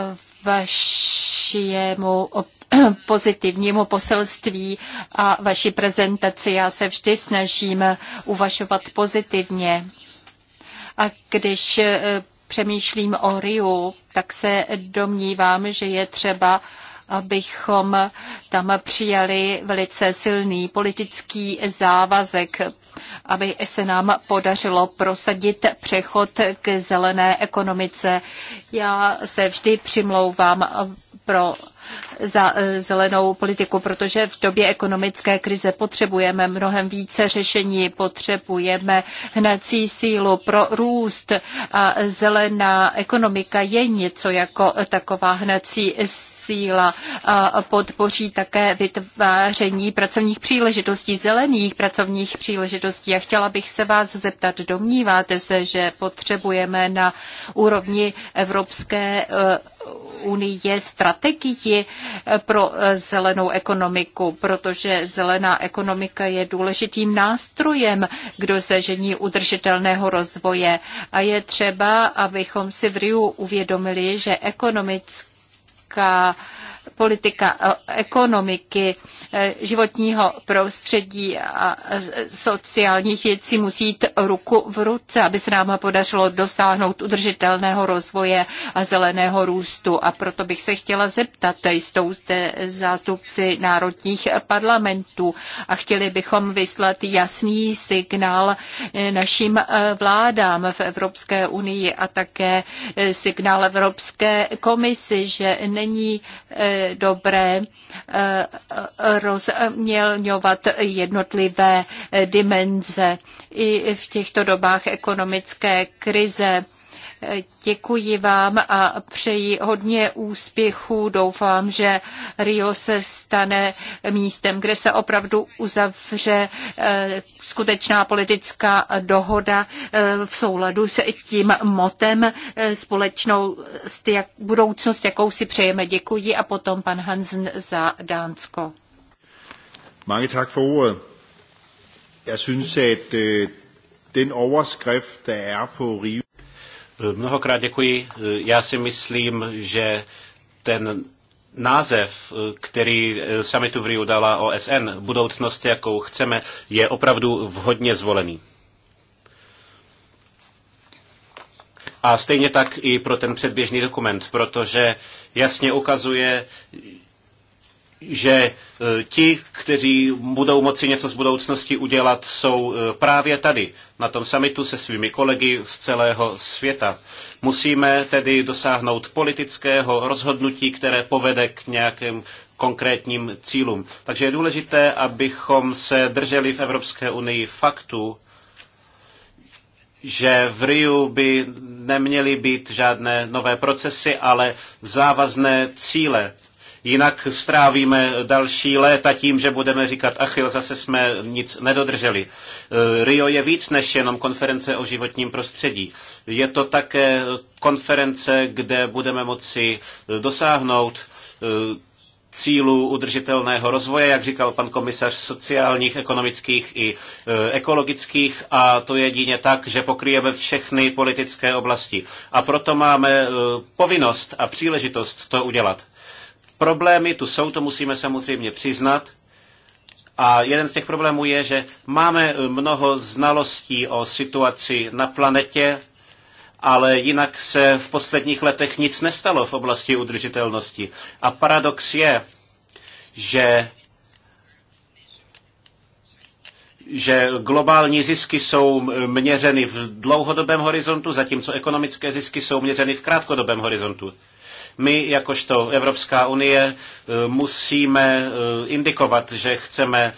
vašemu pozitivnímu poselství a vaší prezentaci. Já se vždy snažím uvažovat pozitivně. A když eh, přemýšlím o Riu, tak se domnívám, že je třeba uh, abychom tam přijali velice silný politický závazek, aby se nám podařilo prosadit přechod k zelené ekonomice. Já se vždy přimlouvám pro za eh, zelenou politiku, protože v době ekonomické krize potřebujeme mnohem více řešení, potřebujeme hnací sílu pro růst a zelená ekonomika je něco jako taková hnací síla a podpoří také vytváření pracovních příležitostí, zelených pracovních příležitostí. A chtěla bych se vás zeptat, domníváte se, že potřebujeme na úrovni Evropské eh, unie strategii pro eh, zelenou ekonomiku, protože zelená ekonomika je důležitým nástrojem k dosažení udržitelného rozvoje a je třeba, abychom si v Riu uvědomili, že ekonomická politika eh, ekonomiky, eh, životního prostředí a eh, sociálních věcí musí jít ruku v ruce, aby se nám podařilo dosáhnout udržitelného rozvoje a zeleného růstu. A proto bych se chtěla zeptat, jsou zde zástupci národních parlamentů a chtěli bychom vyslat jasný signál našim vládám v Evropské unii a také signál Evropské komisi, že není dobré eh, rozmělňovat jednotlivé dimenze i v těchto dobách ekonomické krize Děkuji vám a přeji hodně úspěchů. Doufám, že Rio se stane místem, kde se opravdu uzavře eh, skutečná politická dohoda eh, v souladu s tím motem eh, společnou budoucnost, jakou si přejeme. Děkuji a potom pan Hansen za Dánsko. Mange tak for ordet. Jeg synes, at øh, den overskrift, der er på Rio, Mnohokrát děkuji. Já si myslím, že ten název, který summitu v Riu dala OSN, budoucnost, jakou chceme, je opravdu vhodně zvolený. A stejně tak i pro ten předběžný dokument, protože jasně ukazuje, že e, ti, kteří budou moci něco z budoucnosti udělat, jsou e, právě tady, na tom samitu se svými kolegy z celého světa. Musíme tedy dosáhnout politického rozhodnutí, které povede k nějakým konkrétním cílům. Takže je důležité, abychom se drželi v Evropské unii faktu, že v Riu by neměly být žádné nové procesy, ale závazné cíle Jinak strávíme další léta tím, že budeme říkat, Achil, zase jsme nic nedodrželi. E, Rio je víc než jenom konference o životním prostředí. Je to také konference, kde budeme moci e, dosáhnout e, cílů udržitelného rozvoje, jak říkal pan komisař, sociálních, ekonomických i ekologických a to jedině tak, že pokryjeme všechny politické oblasti. A proto máme povinnost a příležitost to udělat. Problémy tu jsou, to musíme samozřejmě přiznat. A jeden z těch problémů je, že máme mnoho znalostí o situaci na planetě, ale jinak se v posledních letech nic nestalo v oblasti udržitelnosti. A paradox je, že že globální zisky jsou měřeny v dlouhodobém horizontu, zatímco ekonomické zisky jsou měřeny v krátkodobém horizontu. My, jakožto Evropská unie, e, musíme e, indikovat, že chceme e,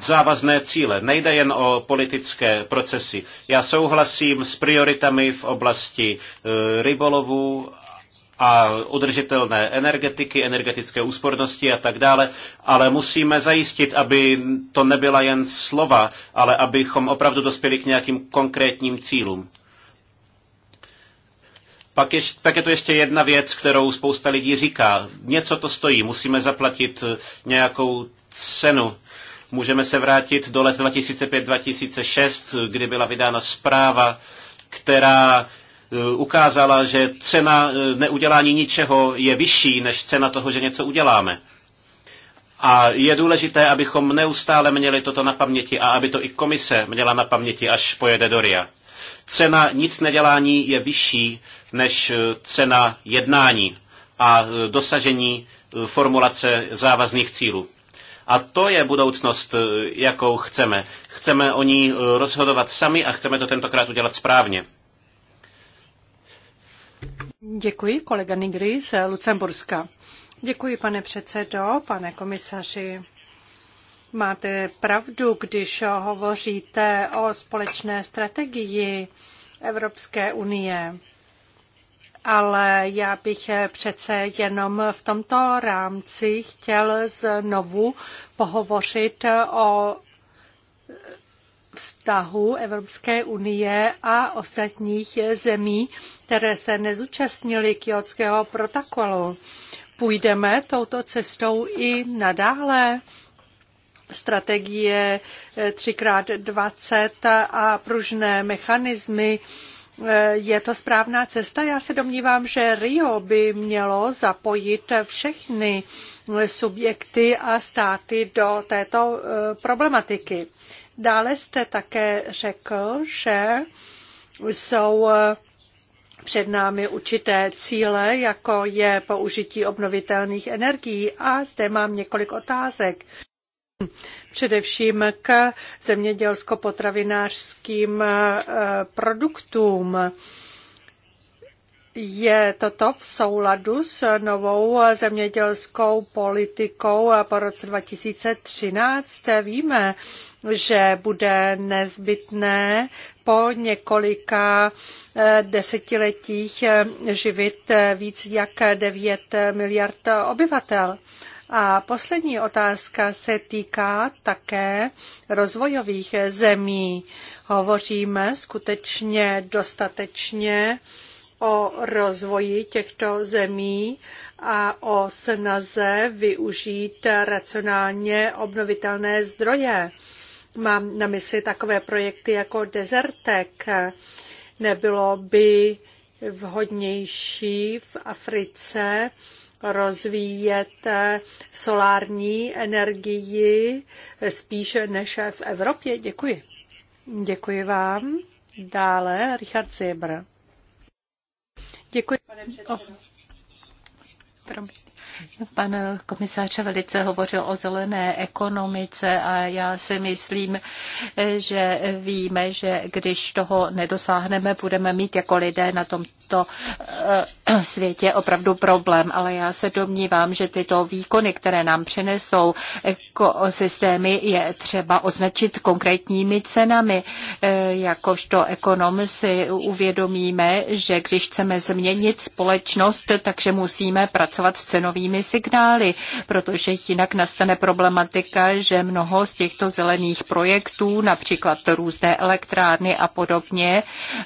závazné cíle. Nejde jen o politické procesy. Já souhlasím s prioritami v oblasti rybolovu a udržitelné energetiky, energetické úspornosti a tak dále, ale musíme zajistit, aby to nebyla jen slova, ale abychom opravdu dospěli k nějakým konkrétním cílům. Pak je, pak je to ještě jedna věc, kterou spousta lidí říká. Něco to stojí, musíme zaplatit eh, nějakou cenu. Můžeme se vrátit do let 2005-2006, eh, kdy byla vydána zpráva, která eh, ukázala, že cena neudělání ničeho je vyšší než cena toho, že něco uděláme. A je důležité, abychom neustále měli toto na paměti a aby to i komise měla na paměti, až pojede do RIA. Cena nic nedělání je vyšší než eh, cena jednání a eh, dosažení eh, formulace závazných cílů. A to je budoucnost, jakou chceme. Chceme o ní rozhodovat sami a chceme to tentokrát udělat správně. Děkuji, kolega Nigri z Lucemburska. Děkuji, pane předsedo, pane komisaři. Máte pravdu, když hovoříte o společné strategii Evropské unie. Ale já bych přece jenom v tomto rámci chtěl znovu pohovořit o vztahu Evropské unie a ostatních zemí, které se nezúčastnily kyotského protokolu. Půjdeme touto cestou i nadále strategie 3x20 eh, a pružné mechanismy, eh, je to správná cesta? Já se domnívám, že Rio by mělo zapojit všechny eh, subjekty a státy do této problematiky. Dále jste také řekl, že jsou před námi určité cíle, jako je použití obnovitelných energií a zde mám několik otázek především k zemědělsko-potravinářským eh, produktům. Je toto v souladu s novou zemědělskou politikou po roce 2013? Víme, že bude nezbytné po několika eh, desetiletích eh, živit víc jak 9 miliard obyvatel. A poslední otázka se týká také rozvojových zemí. Hovoříme skutečně dostatečně o rozvoji těchto zemí a o snaze využít racionálně obnovitelné zdroje. Mám na mysli takové projekty jako Desertek. Nebylo by vhodnější v Africe rozvíjet eh, solární energii spíše než v Evropě. Děkuji. Děkuji vám. Dále Richard Zebr. Děkuji, pane předsedo. Oh. Pan komisář velice hovořil o zelené ekonomice a já si myslím, že víme, že když toho nedosáhneme, budeme mít jako lidé na tomto eh, světě opravdu problém, ale já se domnívám, že tyto výkony, které nám přinesou ekosystémy, je třeba označit konkrétními cenami. Eh, jakožto ekonom si uvědomíme, že když chceme změnit společnost, takže musíme pracovat s cenovými zelenými signály, protože jinak nastane problematika, že mnoho z těchto zelených projektů, například různé elektrárny a podobně,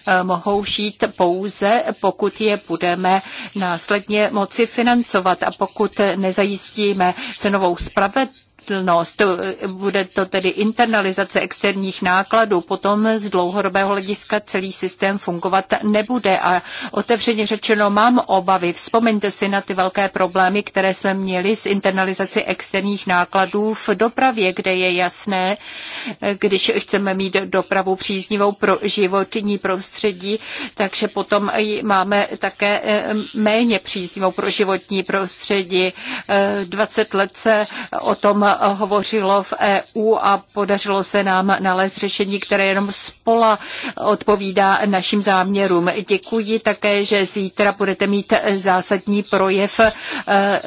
eh, mohou žít pouze, pokud je budeme následně moci financovat a pokud nezajistíme cenovou spravedlnost, platnost. Bude to tedy internalizace externích nákladů. Potom z dlouhodobého hlediska celý systém fungovat nebude. A otevřeně řečeno mám obavy. Vzpomeňte si na ty velké problémy, které jsme měli s internalizací externích nákladů v dopravě, kde je jasné, když chceme mít dopravu příznivou pro životní prostředí, takže potom máme také eh, méně příznivou pro životní prostředí. 20 eh, let se o tom hovořilo v EU a podařilo se nám nalézt řešení, které jenom spola odpovídá našim záměrům. Děkuji také, že zítra budete mít zásadní projev eh,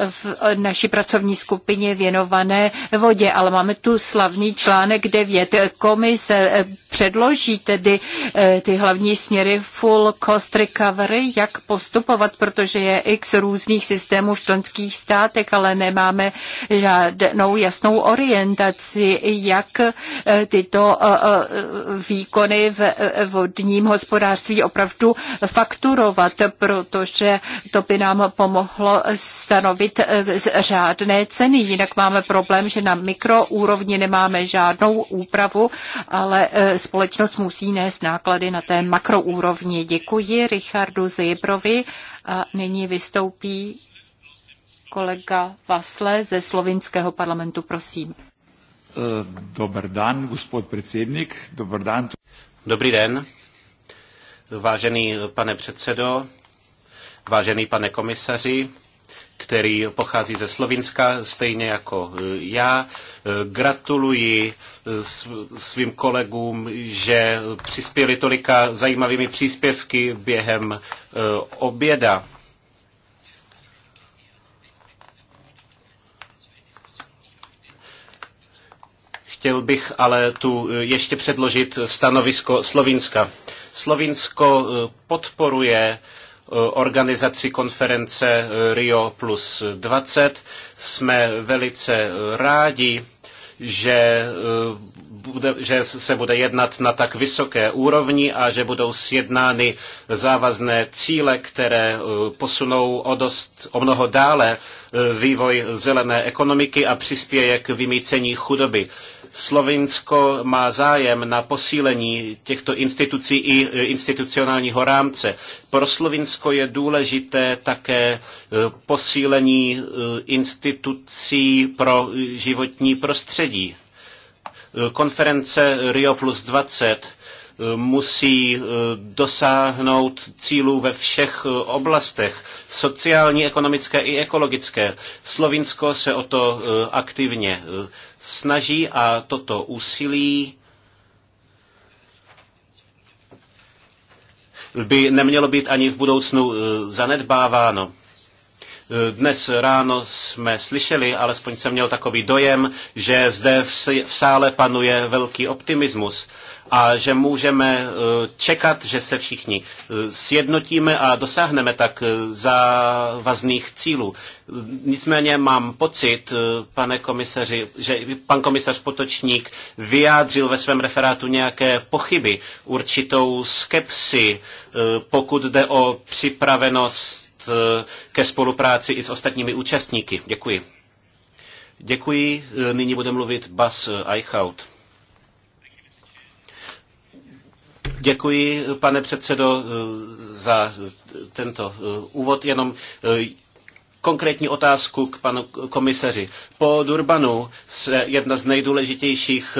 v naší pracovní skupině věnované vodě, ale máme tu slavný článek 9. Komise předloží tedy eh, ty hlavní směry full cost recovery, jak postupovat, protože je x různých systémů v členských státech, ale nemáme žádnou jasnou jasnou orientaci, jak eh, tyto eh, eh, výkony v vodním hospodářství opravdu fakturovat, protože to by nám pomohlo stanovit řádné ceny. Jinak máme problém, že na mikroúrovni nemáme žádnou úpravu, ale společnost musí nést náklady na té makroúrovni. Děkuji Richardu Zejbrovi a nyní vystoupí Kolega Vasle ze slovinského parlamentu, prosím. Eh, Dobrý den, gospod předsednik. Dobrý den. Dobrý den, vážený pane předsedo, vážený pane komisaři, který pochází ze Slovinska, stejně jako eh, já. Eh, gratuluji svým kolegům, že přispěli tolika zajímavými příspěvky během oběda. Chtěl bych ale tu e, ještě předložit stanovisko Slovinska. Slovinsko e, podporuje e, organizaci konference Rio plus 20. Jsme velice rádi, že, bude, že se bude jednat na tak vysoké úrovni a že budou sjednány závazné cíle, které posunou o, dost, o mnoho dále vývoj zelené ekonomiky a přispěje k vymícení chudoby. Slovinsko má zájem na posílení těchto institucí i e, institucionálního rámce. Pro Slovinsko je důležité také e, posílení e, institucí pro životní prostředí. Konference Rio plus 20 musí dosáhnout cílů ve všech oblastech, sociální, ekonomické i ekologické. Slovinsko se o to aktivně snaží a toto úsilí by nemělo být ani v budoucnu eh, zanedbáváno. Eh, dnes ráno jsme slyšeli, alespoň jsem měl takový dojem, že zde v sále panuje velký optimismus a že můžeme eh, čekat, že se všichni eh, sjednotíme a dosáhneme tak eh, závazných cílů. Nicméně mám pocit, pane komisaři, že pan komisař Potočník vyjádřil ve svém referátu nějaké pochyby, určitou skepsi, pokud jde o připravenost ke spolupráci i s ostatními účastníky. Děkuji. Děkuji. Nyní bude mluvit Bas Eichhout. Děkuji, pane předsedo, eh, za eh, tento eh, úvod. Jenom konkrétní otázku k panu komisaři. Po Durbanu se jedna z nejdůležitějších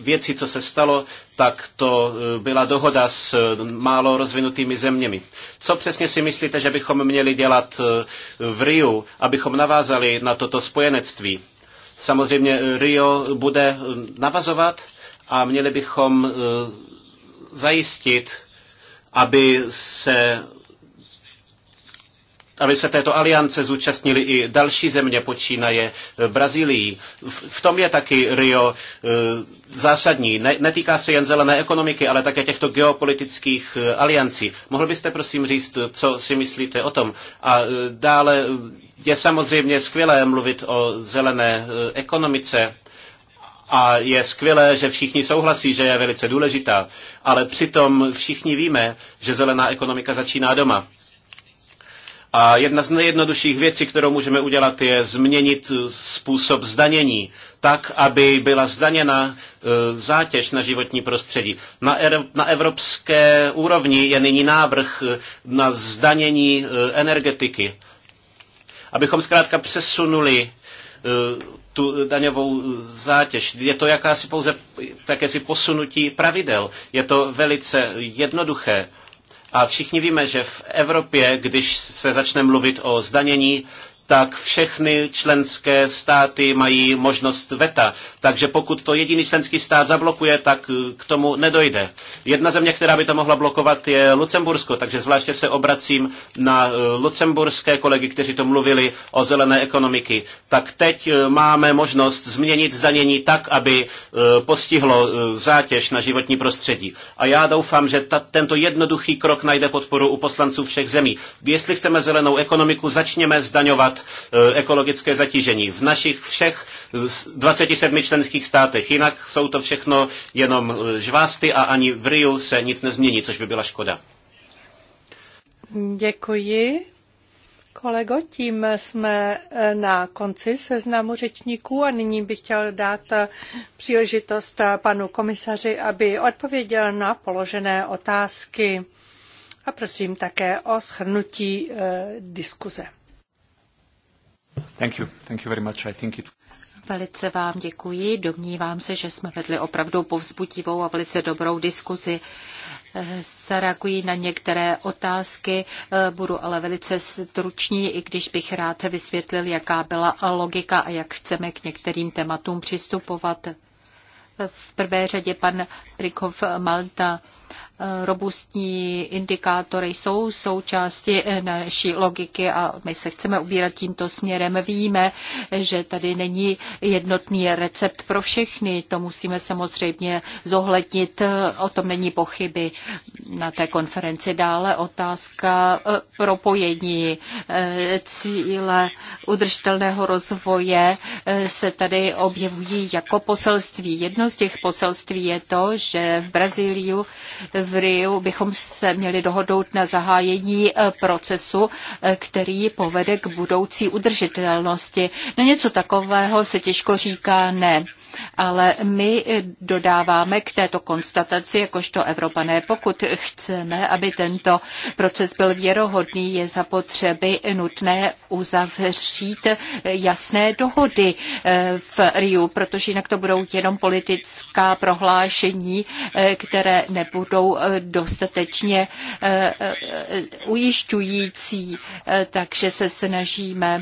věcí, co se stalo, tak to byla dohoda s málo rozvinutými zeměmi. Co přesně si myslíte, že bychom měli dělat v Riu, abychom navázali na toto spojenectví? Samozřejmě Rio bude navazovat a měli bychom zajistit, aby se aby se této aliance zúčastnili i další země, počínaje eh, Brazílií. V tom je taky Rio eh, zásadní. Ne, netýká se jen zelené ekonomiky, ale také těchto geopolitických eh, aliancí. Mohl byste prosím říct, co si myslíte o tom? A dále je samozřejmě skvělé mluvit o zelené ekonomice, a je skvělé, že všichni souhlasí, že je velice důležitá, ale přitom všichni víme, že zelená ekonomika začíná doma. A jedna z nejjednodušších věcí, kterou můžeme udělat, je změnit způsob zdanění tak, aby byla zdaněna e, zátěž na životní prostředí. Na, er, na evropské úrovni je nyní návrh na zdanění e, energetiky. Abychom zkrátka přesunuli e, tu daňovou zátěž. Je to jakási pouze jakési posunutí pravidel. Je to velice jednoduché. A všichni víme, že v Evropě, když se začne mluvit o zdanění, tak všechny členské státy mají možnost veta. Takže pokud to jediný členský stát zablokuje, tak eh, k tomu nedojde. Jedna země, která by to mohla blokovat, je Lucembursko, takže zvláště se obracím na eh, lucemburské kolegy, kteří to mluvili o zelené ekonomiky. Tak teď eh, máme možnost změnit zdanění tak, aby postihlo zátěž na životní prostředí. A já doufám, že ta, tento jednoduchý krok najde podporu u poslanců všech zemí. Jestli chceme zelenou ekonomiku, začněme zdaňovat snižovat eh, ekologické zatížení v našich všech 27 eh, členských státech. Jinak jsou to všechno jenom eh, žvásty a ani v Riu se nic nezmění, což by byla škoda. Děkuji. Kolego, tím jsme na konci seznamu řečníků a nyní bych chtěl dát příležitost panu komisaři, aby odpověděl na položené otázky a prosím také o shrnutí diskuze. Thank you. Thank you very much. I think it... Velice vám děkuji. Domnívám se, že jsme vedli opravdu povzbudivou a velice dobrou diskuzi. Zareagují na některé otázky, budu ale velice stručný, i když bych rád vysvětlil, jaká byla logika a jak chceme k některým tématům přistupovat. V prvé řadě pan Prikov Malta robustní indikátory jsou součástí naší logiky a my se chceme ubírat tímto směrem. Víme, že tady není jednotný recept pro všechny, to musíme samozřejmě zohlednit, o tom není pochyby na té konferenci. Dále otázka e, propojení e, cíle udržitelného rozvoje e, se tady objevují jako poselství. Jedno z těch poselství je to, že v Brazílii v Riu bychom se měli dohodnout na zahájení eh, procesu, eh, který povede k budoucí udržitelnosti. Na něco takového se těžko říká ne ale my dodáváme k této konstataci, jakožto Evropané, pokud chceme, aby tento proces byl věrohodný, je zapotřeby nutné uzavřít jasné dohody eh, v Riu, protože jinak to budou jenom politická prohlášení, eh, které nebudou eh, dostatečně ujišťující, takže se snažíme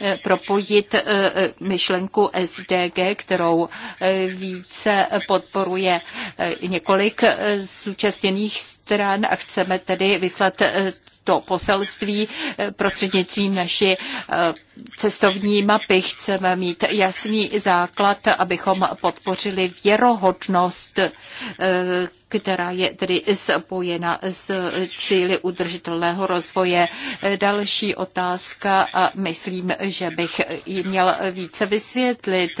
Eh, propojit eh, eh, myšlenku SDG, kterou více podporuje několik zúčastněných stran a chceme tedy vyslat to poselství prostřednictvím naší cestovní mapy. Chceme mít jasný základ, abychom podpořili věrohodnost která je tedy spojena s cíly udržitelného rozvoje. Další otázka a myslím, že bych ji měl více vysvětlit,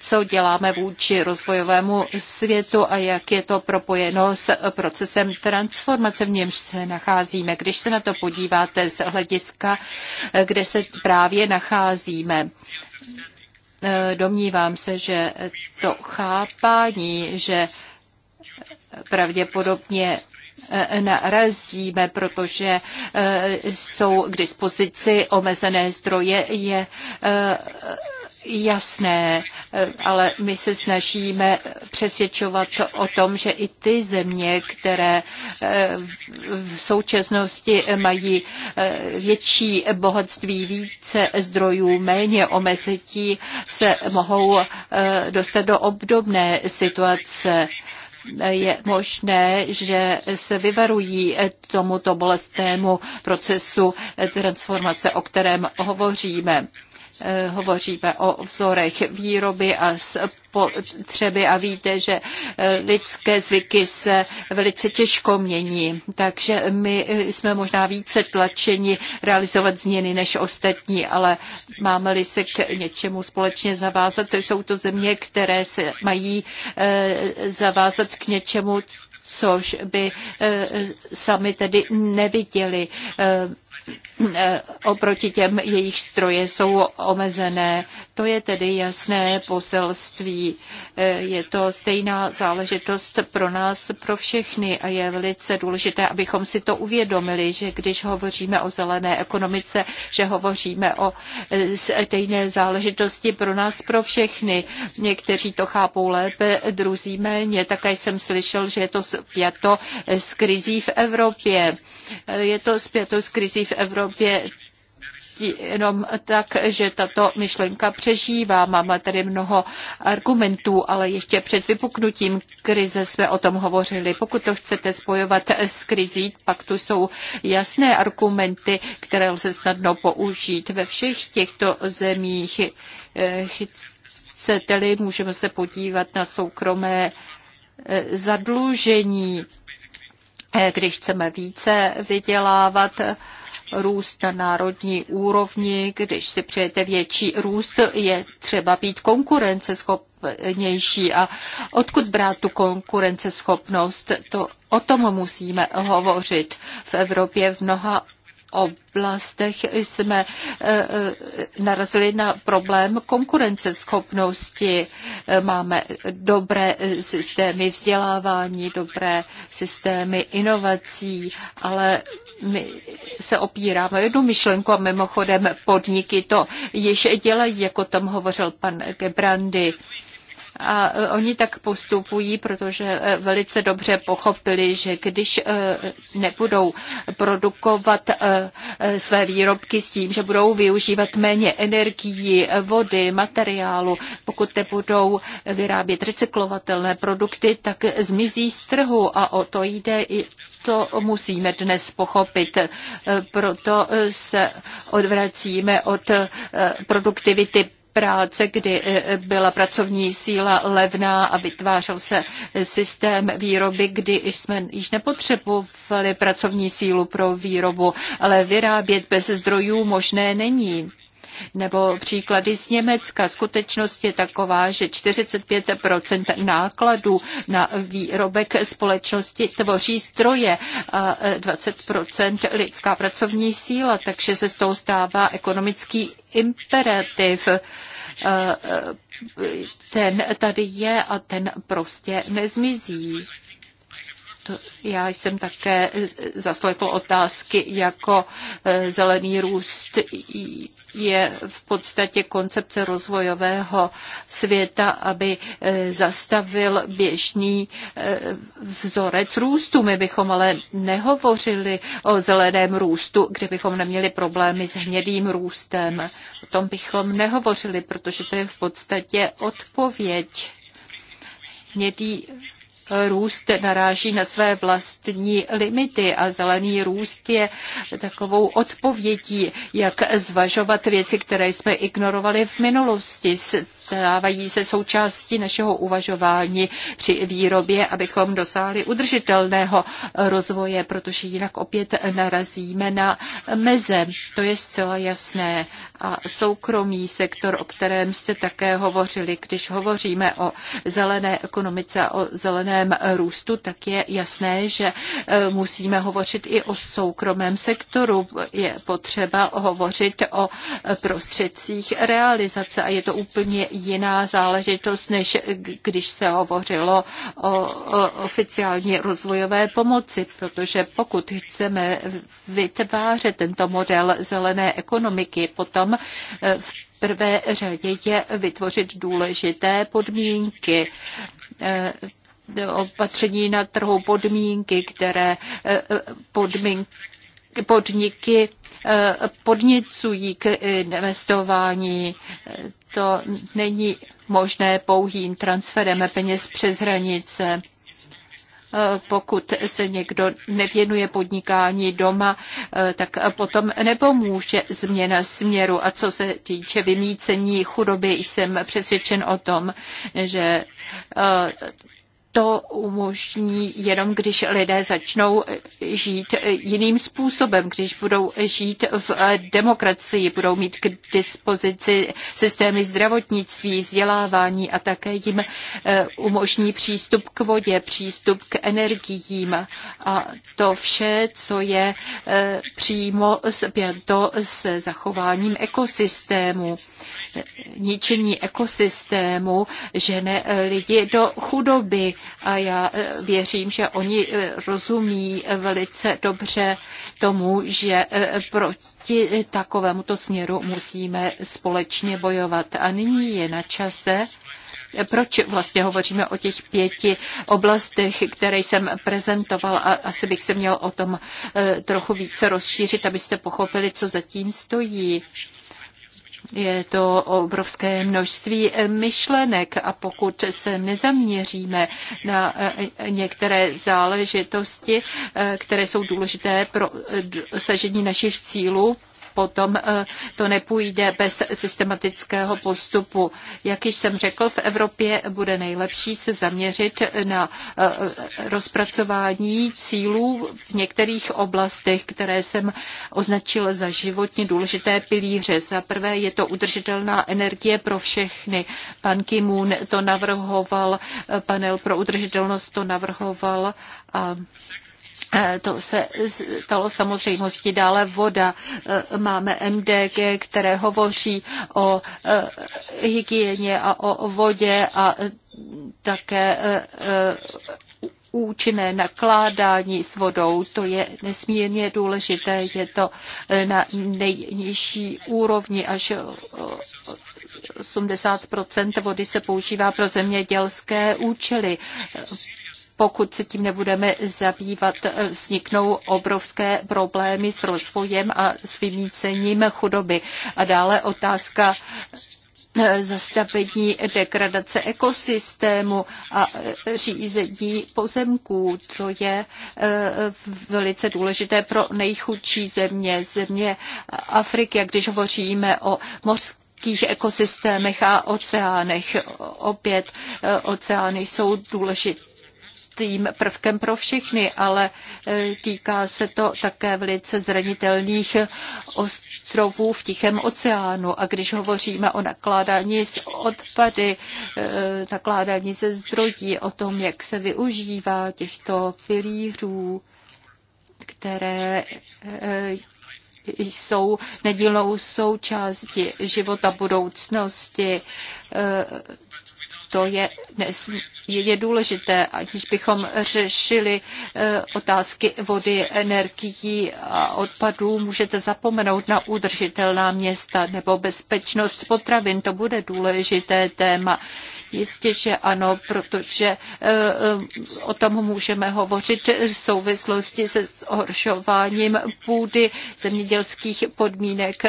co děláme vůči rozvojovému světu a jak je to propojeno s procesem transformace, v němž se nacházíme. Když se na to podíváte z hlediska, kde se právě nacházíme, domnívám se, že to chápání, že pravděpodobně eh, narazíme, protože eh, jsou k dispozici omezené zdroje, je eh, jasné, ale my se snažíme přesvědčovat o tom, že i ty země, které v současnosti mají větší bohatství, více zdrojů, méně omezití, se mohou dostat do obdobné situace je možné, že se vyvarují tomuto bolestnému procesu transformace, o kterém hovoříme. Eh, hovoříme o vzorech výroby a potřeby a víte, že eh, lidské zvyky se velice těžko mění, takže my eh, jsme možná více tlačeni realizovat změny než ostatní, ale máme-li se k něčemu společně zavázat, to jsou to země, které se mají zavázat k něčemu, což by sami tedy neviděli Eh, oproti těm jejich stroje jsou omezené. To je tedy jasné poselství. Eh, je to stejná záležitost pro nás, pro všechny a je velice důležité, abychom si to uvědomili, že když hovoříme o zelené ekonomice, že hovoříme o eh, stejné záležitosti pro nás, pro všechny. Někteří to chápou lépe, druzí méně. Také jsem slyšel, že je to zpěto z krizí v Evropě. Je to zpěto z krizí v Evropě Evropě jenom tak, že tato myšlenka přežívá. Máme tady mnoho argumentů, ale ještě před vypuknutím krize jsme o tom hovořili. Pokud to chcete spojovat s krizí, pak tu jsou jasné argumenty, které lze snadno použít ve všech těchto zemích. Eh, chcete-li, můžeme se podívat na soukromé eh, zadlužení, eh, když chceme více vydělávat, růst na národní úrovni. Když si přejete větší růst, je třeba být konkurenceschopnější. A odkud brát tu konkurenceschopnost, to o tom musíme hovořit. V Evropě v mnoha oblastech jsme eh, eh, narazili na problém konkurenceschopnosti. Máme dobré eh, systémy vzdělávání, dobré systémy inovací, ale my se opíráme jednu myšlenku a mimochodem podniky to již dělají, jako tam hovořil pan Gebrandy. A e, oni tak postupují, protože e, velice dobře pochopili, že když e, nebudou produkovat své výrobky s tím, že budou využívat méně energii, vody, materiálu, pokud nebudou vyrábět recyklovatelné produkty, tak zmizí z trhu a o to jde i to musíme dnes pochopit. Proto se odvracíme od produktivity práce, kdy e, e, byla pracovní síla levná a vytvářel se systém výroby, kdy jsme již nepotřebovali pracovní sílu pro výrobu, ale vyrábět bez zdrojů možné není nebo příklady z Německa. Skutečnost je taková, že 45 nákladů na výrobek společnosti tvoří stroje a 20 lidská pracovní síla, takže se z toho stává ekonomický imperativ ten tady je a ten prostě nezmizí. To já jsem také zaslechl otázky jako e, zelený růst je v podstatě koncepce rozvojového světa, aby eh, zastavil běžný eh, vzorec růstu. My bychom ale nehovořili o zeleném růstu, kdybychom neměli problémy s hnědým růstem. O tom bychom nehovořili, protože to je v podstatě odpověď. Hnědý růst naráží na své vlastní limity a zelený růst je takovou odpovědí, jak zvažovat věci, které jsme ignorovali v minulosti. Stávají se součástí našeho uvažování při výrobě, abychom dosáhli udržitelného rozvoje, protože jinak opět narazíme na meze. To je zcela jasné. A soukromý sektor, o kterém jste také hovořili, když hovoříme o zelené ekonomice a o zelené udržitelném růstu, tak je jasné, že e, musíme hovořit i o soukromém sektoru. Je potřeba hovořit o e, prostředcích realizace a je to úplně jiná záležitost, než když se hovořilo o oficiální rozvojové pomoci, protože pokud chceme vytvářet tento model zelené ekonomiky, potom e, v prvé řadě je vytvořit důležité podmínky opatření na trhu, podmínky, které eh, podmínky podniky eh, podnicují k investování. To není možné pouhým transferem peněz přes hranice. Eh, pokud se někdo nevěnuje podnikání doma, tak potom nepomůže změna směru. A co se týče vymícení chudoby, jsem přesvědčen o tom, že to umožní jenom, když lidé začnou žít jiným způsobem, když budou žít v demokracii, budou mít k dispozici systémy zdravotnictví, vzdělávání a také jim eh, umožní přístup k vodě, přístup k energiím a to vše, co je eh, přímo zpěto s zachováním ekosystému. Ničení ekosystému žene lidi do chudoby a já e, věřím, že oni e, rozumí e, velice dobře tomu, že proti takovémuto směru musíme společně bojovat. A nyní je na čase, proč vlastně hovoříme o těch pěti oblastech, které jsem prezentoval a asi bych se měl o tom trochu více rozšířit, abyste pochopili, co zatím stojí. Je to obrovské množství myšlenek a pokud se nezaměříme na eh, některé záležitosti, eh, které jsou důležité pro dosažení našich cílů, potom eh, to nepůjde bez systematického postupu. Jak již jsem řekl, v Evropě bude nejlepší se zaměřit na eh, rozpracování cílů v některých oblastech, které jsem označil za životně důležité pilíře. Za prvé je to udržitelná energie pro všechny. Pan Kimun to navrhoval, eh, panel pro udržitelnost to navrhoval. A Eh, to se stalo samozřejmostí. Dále voda. Eh, máme MDG, které hovoří o eh, hygieně a o vodě a také účinné nakládání s vodou. To je nesmírně důležité. Je to na nejnižší úrovni až 80 vody se používá pro zemědělské účely pokud se tím nebudeme zabývat, eh, vzniknou obrovské problémy s rozvojem a s vymícením chudoby. A dále otázka eh, zastavení degradace ekosystému a eh, řízení pozemků. To je velice důležité pro nejchudší země, země Afriky. jak když hovoříme o mořské mořských ekosystémech a oceánech. Opět oceány jsou důležité důležitým prvkem pro všechny, ale e, týká se to také velice zranitelných ostrovů v Tichém oceánu. A když hovoříme o nakládání s odpady, e, nakládání ze zdrojí, o tom, jak se využívá těchto pilířů, které e, jsou nedílnou součástí života budoucnosti. To je nesmírně je důležité, když bychom řešili eh, otázky vody, energií a odpadů, můžete zapomenout na udržitelná města nebo bezpečnost potravin. To bude důležité téma. Jistě, že ano, protože eh, eh, o tom můžeme hovořit v souvislosti se zhoršováním půdy zemědělských podmínek.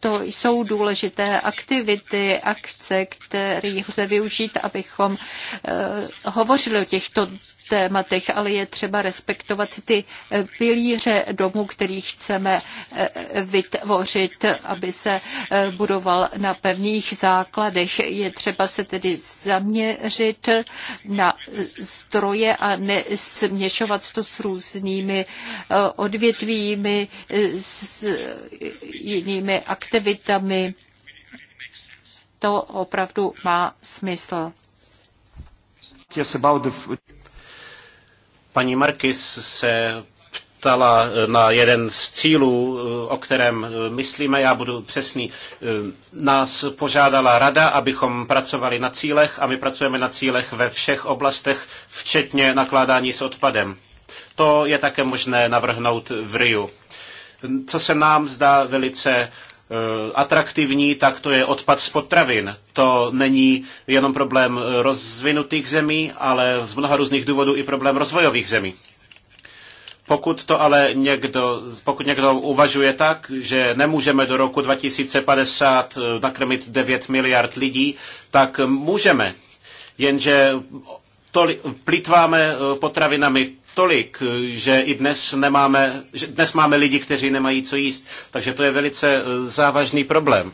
To jsou důležité aktivity, akce, které se využít, abychom Eh, hovořili o těchto tématech, ale je třeba respektovat ty eh, pilíře domů, který chceme eh, vytvořit, aby se budoval na pevných základech. Je třeba se tedy zaměřit na zdroje a nesměšovat to s různými odvětvími, s jinými aktivitami. To opravdu má smysl yes, about the... Paní Markis se ptala eh, na jeden z cílů, eh, o kterém eh, myslíme, já budu přesný. Nás požádala rada, abychom pracovali na cílech a my pracujeme na cílech ve všech oblastech, včetně nakládání s odpadem. To je také možné navrhnout v RIU. Co se nám zdá velice Eh, atraktivní, tak to je odpad z potravin. To není jenom problém rozvinutých zemí, ale z mnoha různých důvodů i problém rozvojových zemí. Pokud to ale někdo, pokud někdo uvažuje tak, že nemůžeme do roku 2050 eh, nakrmit 9 miliard lidí, tak můžeme. Jenže to plitváme eh, potravinami tolik, eh, že i dnes nemáme, že dnes máme lidi, kteří nemají co jíst. Takže to je velice eh, závažný problém.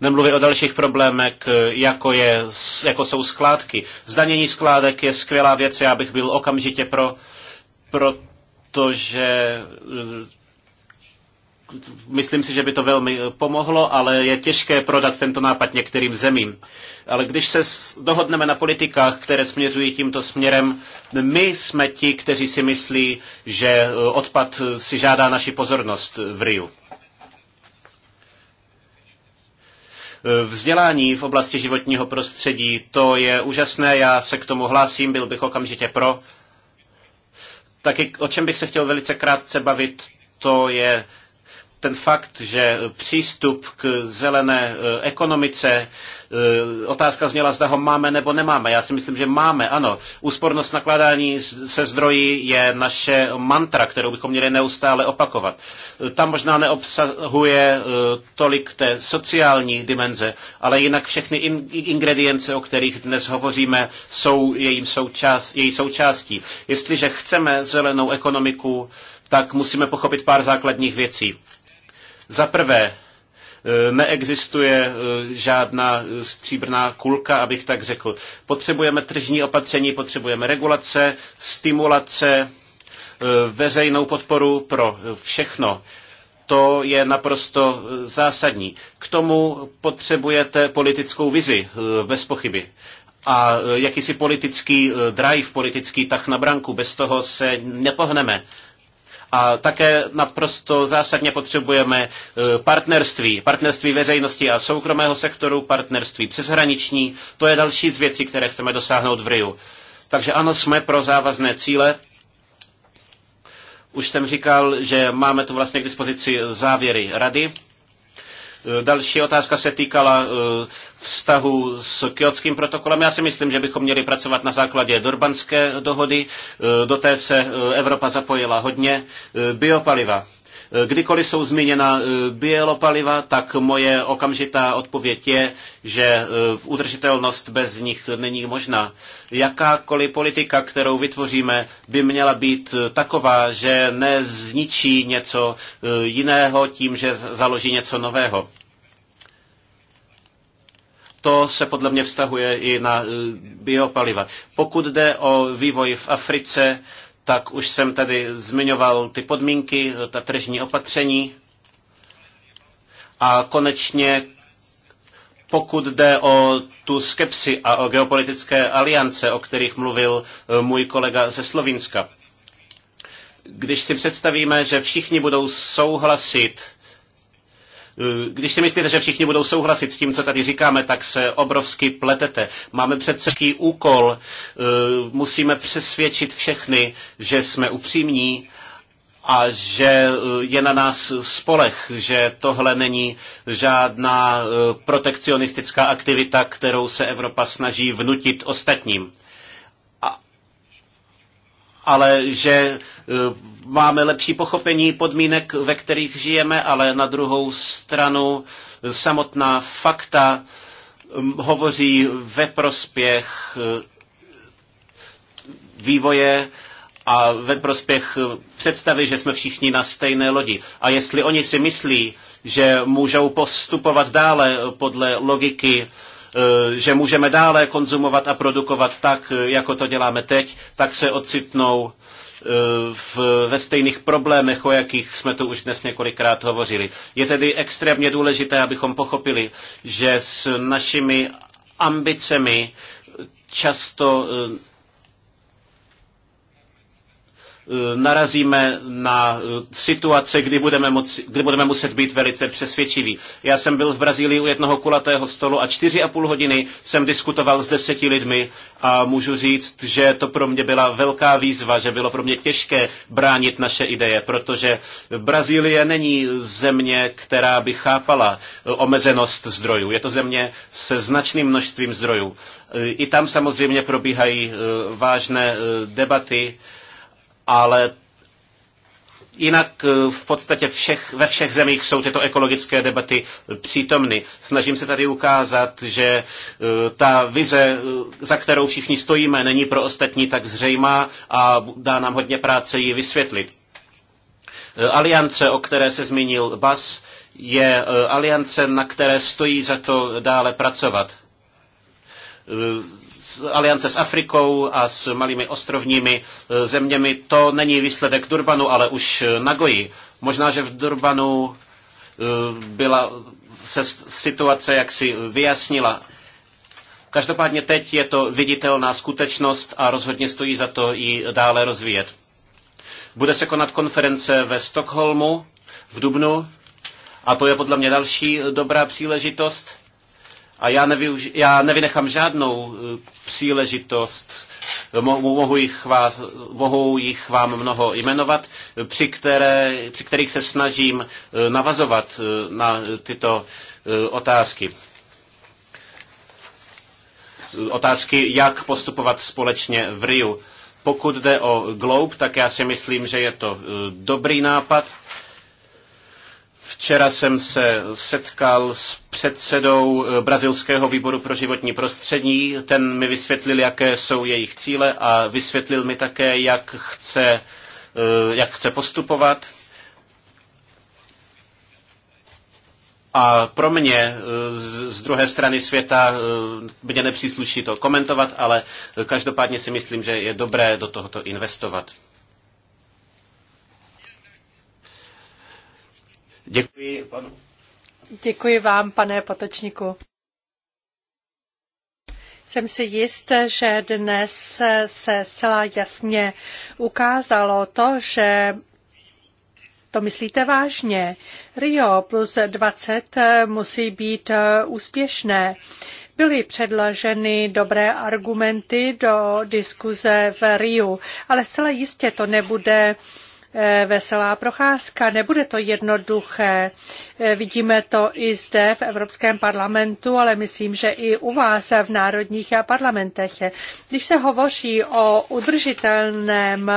Nemluví o dalších problémech, eh, jako, je, jako jsou skládky. Zdanění skládek je skvělá věc, já bych byl okamžitě pro, protože myslím si, že by to velmi eh, pomohlo, ale je těžké prodat tento nápad některým zemím. Ale když se dohodneme na politikách, které směřují tímto směrem, my jsme ti, kteří si myslí, že eh, odpad eh, si žádá naši pozornost v Riu. Vzdělání v oblasti životního prostředí, to je úžasné, já se k tomu hlásím, byl bych okamžitě pro. Taky o čem bych se chtěl velice krátce bavit, to je ten fakt, že přístup k zelené eh, ekonomice, eh, otázka zněla, zda ho máme nebo nemáme. Já si myslím, že máme, ano. Úspornost nakládání se zdroji je naše mantra, kterou bychom měli neustále opakovat. Eh, Tam možná neobsahuje tolik té sociální dimenze, ale jinak všechny ingredience, o kterých dnes hovoříme, jsou jejím součást, její součástí. Jestliže chceme zelenou ekonomiku, tak musíme pochopit pár základních věcí. Za prvé, e, neexistuje e, žádná stříbrná kulka, abych tak řekl. Potřebujeme tržní opatření, potřebujeme regulace, stimulace, e, veřejnou podporu pro všechno. To je naprosto zásadní. K tomu potřebujete politickou vizi, bez pochyby. A jakýsi politický drive, politický tah na branku, bez toho se nepohneme. A také naprosto zásadně potřebujeme e, partnerství, partnerství veřejnosti a soukromého sektoru, partnerství přeshraniční. To je další z věcí, které chceme dosáhnout v Riu. Takže ano, jsme pro závazné cíle, už jsem říkal, že máme tu vlastně k dispozici závěry rady Eh, další otázka se týkala eh, vztahu s kyotským protokolem. Já si myslím, že bychom měli pracovat na základě Durbanské dohody. Eh, do té se Evropa zapojila hodně. Biopaliva. Kdykoliv jsou zmíněna eh, biopaliva, tak moje okamžitá odpověď je, že eh, udržitelnost bez nich není možná. Jakákoliv politika, kterou vytvoříme, by měla být eh, taková, že nezničí něco jiného tím, že založí něco nového. To se podle mě vztahuje i na biopaliva. Pokud jde o vývoj v Africe, tak už jsem tady zmiňoval ty podmínky, ta tržní opatření. A konečně, pokud jde o tu skepsi a o geopolitické aliance, o kterých mluvil eh, můj kolega ze Slovinska. Když si představíme, že všichni budou souhlasit Eh, když si myslíte, že všichni budou souhlasit s tím, co tady říkáme, tak se obrovsky pletete. Máme přece úkol, eh, musíme přesvědčit všechny, že jsme upřímní a že eh, je na nás spolech, že tohle není žádná protekcionistická aktivita, kterou se Evropa snaží vnutit ostatním ale že máme lepší pochopení podmínek, ve kterých žijeme, ale na druhou stranu samotná fakta mm, hovoří ve prospěch eh, vývoje a ve prospěch eh, představy, že jsme všichni na stejné lodi. A jestli oni si myslí, že můžou postupovat dále eh, podle logiky, že můžeme dále konzumovat a produkovat tak, jako to děláme teď, tak se ocitnou Eh, v, ve stejných problémech, o jakých jsme tu už dnes několikrát hovořili. Je tedy extrémně důležité, abychom pochopili, že s našimi ambicemi často eh, E, narazíme na e, situace, kdy budeme, moci, kdy budeme muset být velice přesvědčiví. Já jsem byl v Brazílii u jednoho kulatého stolu a čtyři a půl hodiny jsem diskutoval s deseti lidmi a můžu říct, že to pro mě byla velká výzva, že bylo pro mě těžké bránit naše ideje, protože Brazílie není země, která by chápala e, omezenost zdrojů. Je to země se značným množstvím zdrojů. I tam samozřejmě probíhají vážné debaty, ale Jinak eh, v podstatě všech, ve všech zemích jsou tyto ekologické debaty eh, přítomny. Snažím se tady ukázat, že eh, ta vize, za kterou všichni stojíme, není pro ostatní tak zřejmá a dá nám hodně práce ji vysvětlit. Aliance, o které se zmínil Bas, je aliance, na které stojí za to dále pracovat aliance s Afrikou a s malými ostrovními e, zeměmi, to není výsledek Durbanu, ale už e, Nagoji. Možná, že v Durbanu e, byla se situace jaksi vyjasnila. Každopádně teď je to viditelná skutečnost a rozhodně stojí za to ji dále rozvíjet. Bude se konat konference ve Stockholmu v Dubnu a to je podle mě další dobrá příležitost a já, nevyuž- já nevynechám žádnou eh, příležitost, mohu jich, vás, mohu jich vám mnoho jmenovat, eh, při, které, při kterých se snažím eh, navazovat na tyto otázky otázky, jak postupovat společně v Riu. Pokud jde o Globe, tak já si myslím, že je to dobrý nápad. Včera jsem se setkal s předsedou eh, Brazilského výboru pro životní prostředí. Ten mi vysvětlil, jaké jsou jejich cíle a vysvětlil mi také, jak chce, eh, jak chce postupovat. A pro mě eh, z druhé strany světa mě nepřísluší to komentovat, ale každopádně si myslím, že je dobré do tohoto investovat. Děkuji panu. Děkuji vám, pane Potečníku. Jsem si jist, že dnes se celá jasně ukázalo to, že to myslíte vážně. Rio plus 20 musí být úspěšné. Byly předloženy dobré argumenty do diskuze v Riu, ale zcela jistě to nebude Eh, veselá procházka. Nebude to jednoduché. Eh, vidíme to i zde v Evropském parlamentu, ale myslím, že i u vás v národních parlamentech. Když se hovoří o udržitelném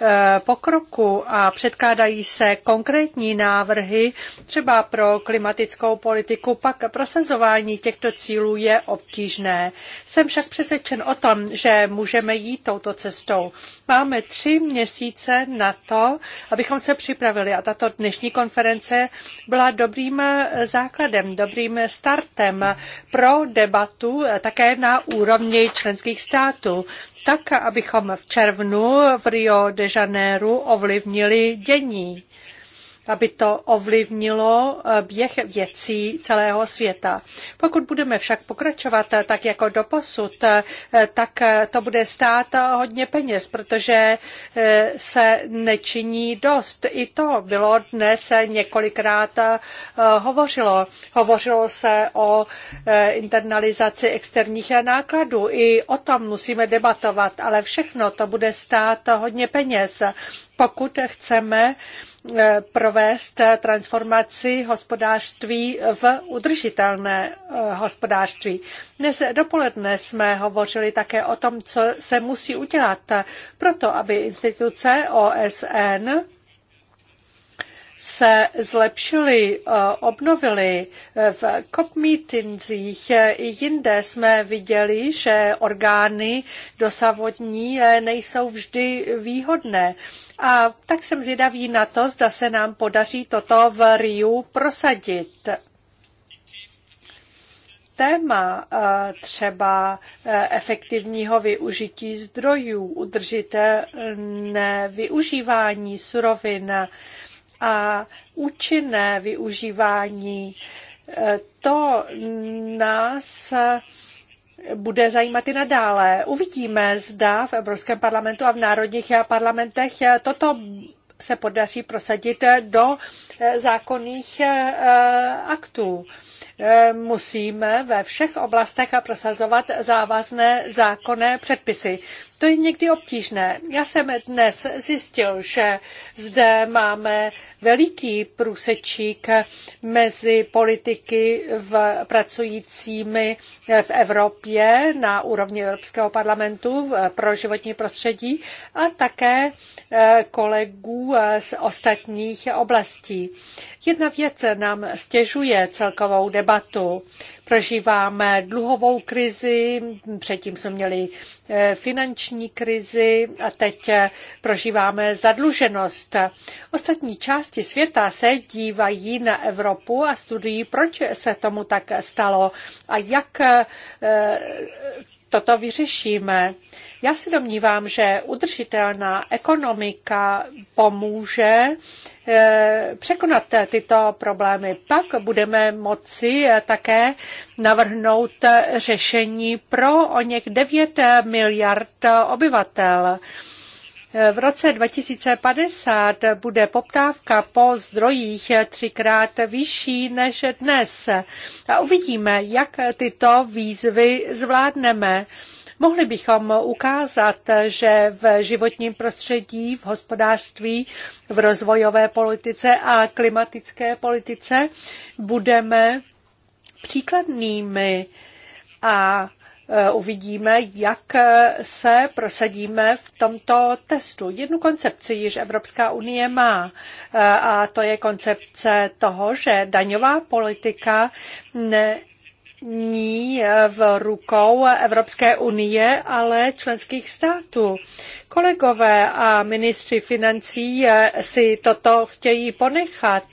Eh, pokroku a předkládají se konkrétní návrhy třeba pro klimatickou politiku, pak prosazování těchto cílů je obtížné. Jsem však přesvědčen o tom, že můžeme jít touto cestou. Máme tři měsíce na to, abychom se připravili a tato dnešní konference byla dobrým eh, základem, dobrým startem pro debatu eh, také na úrovni členských států tak abychom v červnu v Rio de Janeiro ovlivnili dění aby to ovlivnilo eh, běh věcí celého světa. Pokud budeme však pokračovat eh, tak jako doposud, eh, tak to bude stát hodně peněz, protože se nečiní dost. I to bylo dnes několikrát hovořilo. Hovořilo se o internalizaci externích nákladů. I o tom musíme debatovat, ale všechno to bude stát hodně peněz, pokud chceme Eh, provést transformaci hospodářství v udržitelné eh, hospodářství. Dnes dopoledne jsme hovořili také o tom, co se musí udělat proto, aby instituce OSN se zlepšily, eh, obnovily. Eh, v COP meetingsích eh, i jinde jsme viděli, že orgány dosavodní nejsou vždy výhodné. A tak jsem zvědavý na to, zda se nám podaří toto v Riu prosadit téma třeba efektivního využití zdrojů, udržitelné využívání surovin, a účinné využívání. E, to nás bude zajímat i nadále. Uvidíme, zda v Evropském parlamentu a v národních parlamentech toto se podaří prosadit do e, zákonných e, aktů. Eh, musíme ve všech oblastech prosazovat závazné zákonné předpisy. To je někdy obtížné. Já jsem dnes zjistil, že zde máme veliký průsečík mezi politiky v pracujícími eh, v Evropě na úrovni Evropského parlamentu eh, pro životní prostředí a také kolegů z ostatních oblastí. Jedna věc nám stěžuje celkovou debatu debatu. Prožíváme dluhovou krizi, předtím jsme měli eh, finanční krizi a teď eh, prožíváme zadluženost. Ostatní části světa se dívají na Evropu a studují, proč se tomu tak stalo a jak eh, toto vyřešíme. Já si domnívám, že udržitelná ekonomika pomůže eh, překonat tyto problémy. Pak budeme moci eh, také navrhnout eh, řešení pro o něk 9 miliard obyvatel. V roce 2050 bude poptávka po zdrojích třikrát vyšší než dnes. A uvidíme, jak tyto výzvy zvládneme. Mohli bychom ukázat, že v životním prostředí, v hospodářství, v rozvojové politice a klimatické politice budeme příkladnými a Eh, uvidíme, jak eh, se prosadíme v tomto testu. Jednu koncepci již Evropská unie má eh, a to je koncepce toho, že daňová politika ne, ní v rukou Evropské unie, ale členských států. Kolegové a ministři financí si toto chtějí ponechat.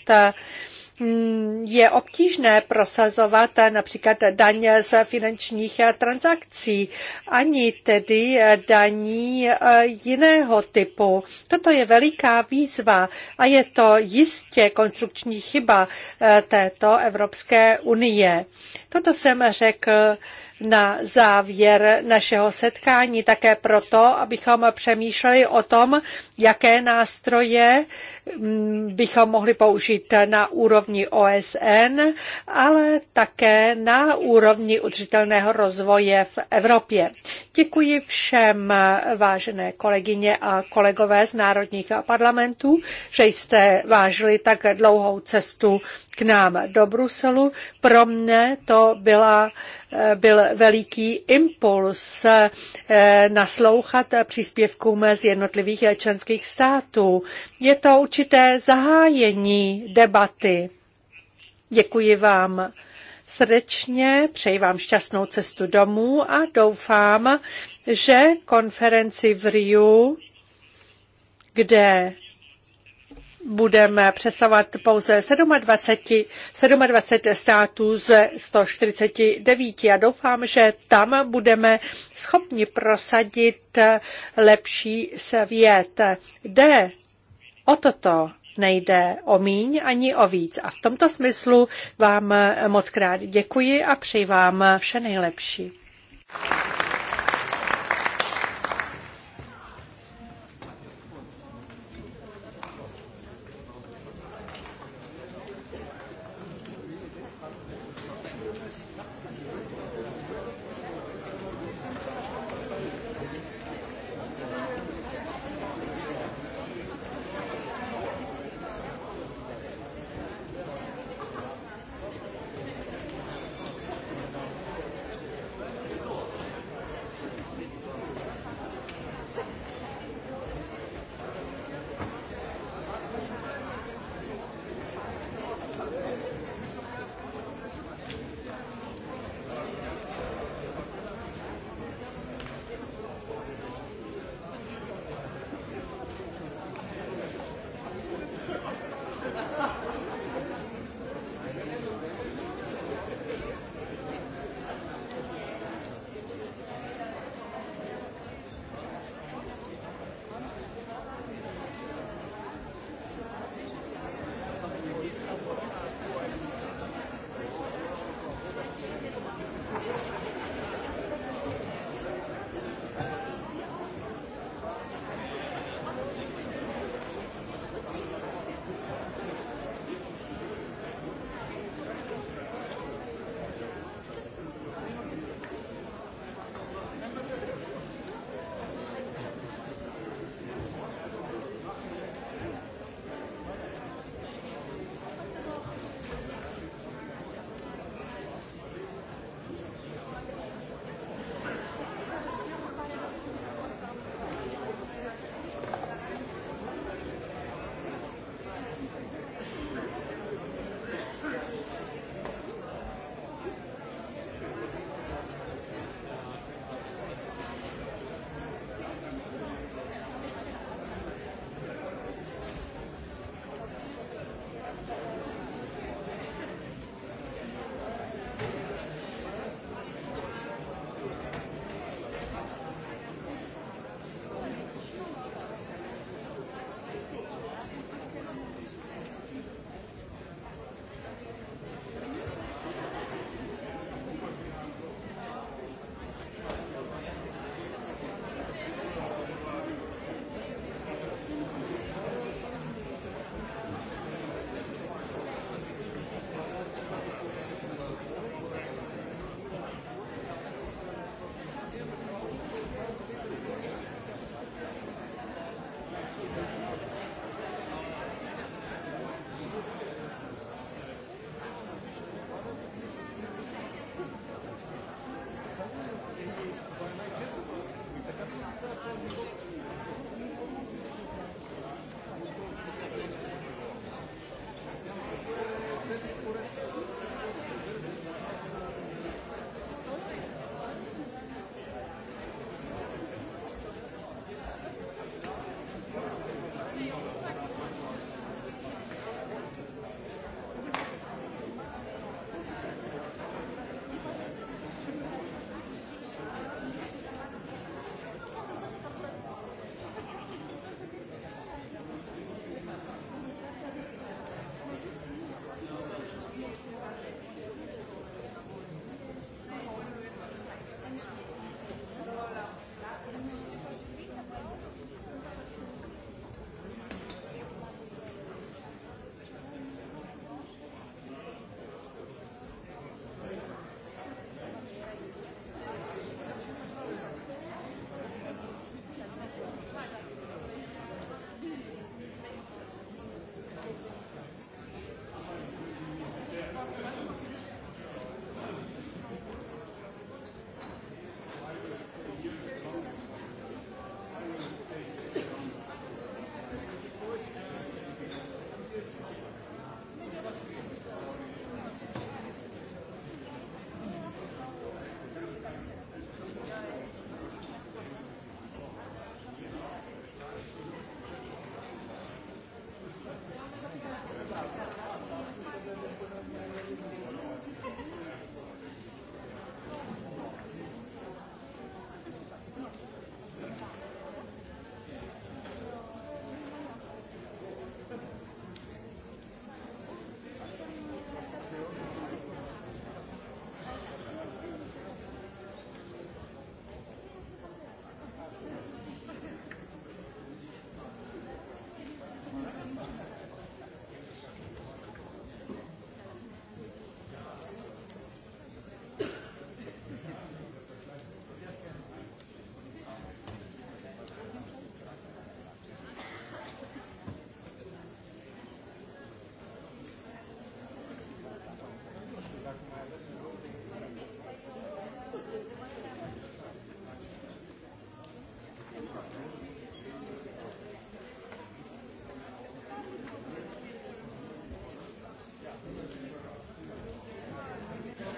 Mm, je obtížné prosazovat eh, například daň z finančních eh, transakcí, ani tedy eh, daní jiného typu. Toto je veliká výzva a je to jistě konstrukční chyba této Evropské unie. Toto jsem řekl na závěr našeho setkání, také proto, abychom přemýšleli o tom, jaké nástroje mm, bychom mohli použít na úrovni OSN, ale také na úrovni udržitelného rozvoje v Evropě. Děkuji všem, vážené kolegyně a kolegové z národních parlamentů, že jste vážili tak dlouhou cestu k nám do Bruselu. Pro mne to byla, eh, byl veliký impuls eh, naslouchat příspěvkům z jednotlivých eh, členských států. Je to určité zahájení debaty. Děkuji vám srdečně, přeji vám šťastnou cestu domů a doufám, že konferenci v Riu, kde budeme představovat pouze 27, 27 států z 149 a doufám, že tam budeme schopni prosadit lepší svět. Jde o toto, nejde o míň ani o víc. A v tomto smyslu vám moc krát děkuji a přeji vám vše nejlepší.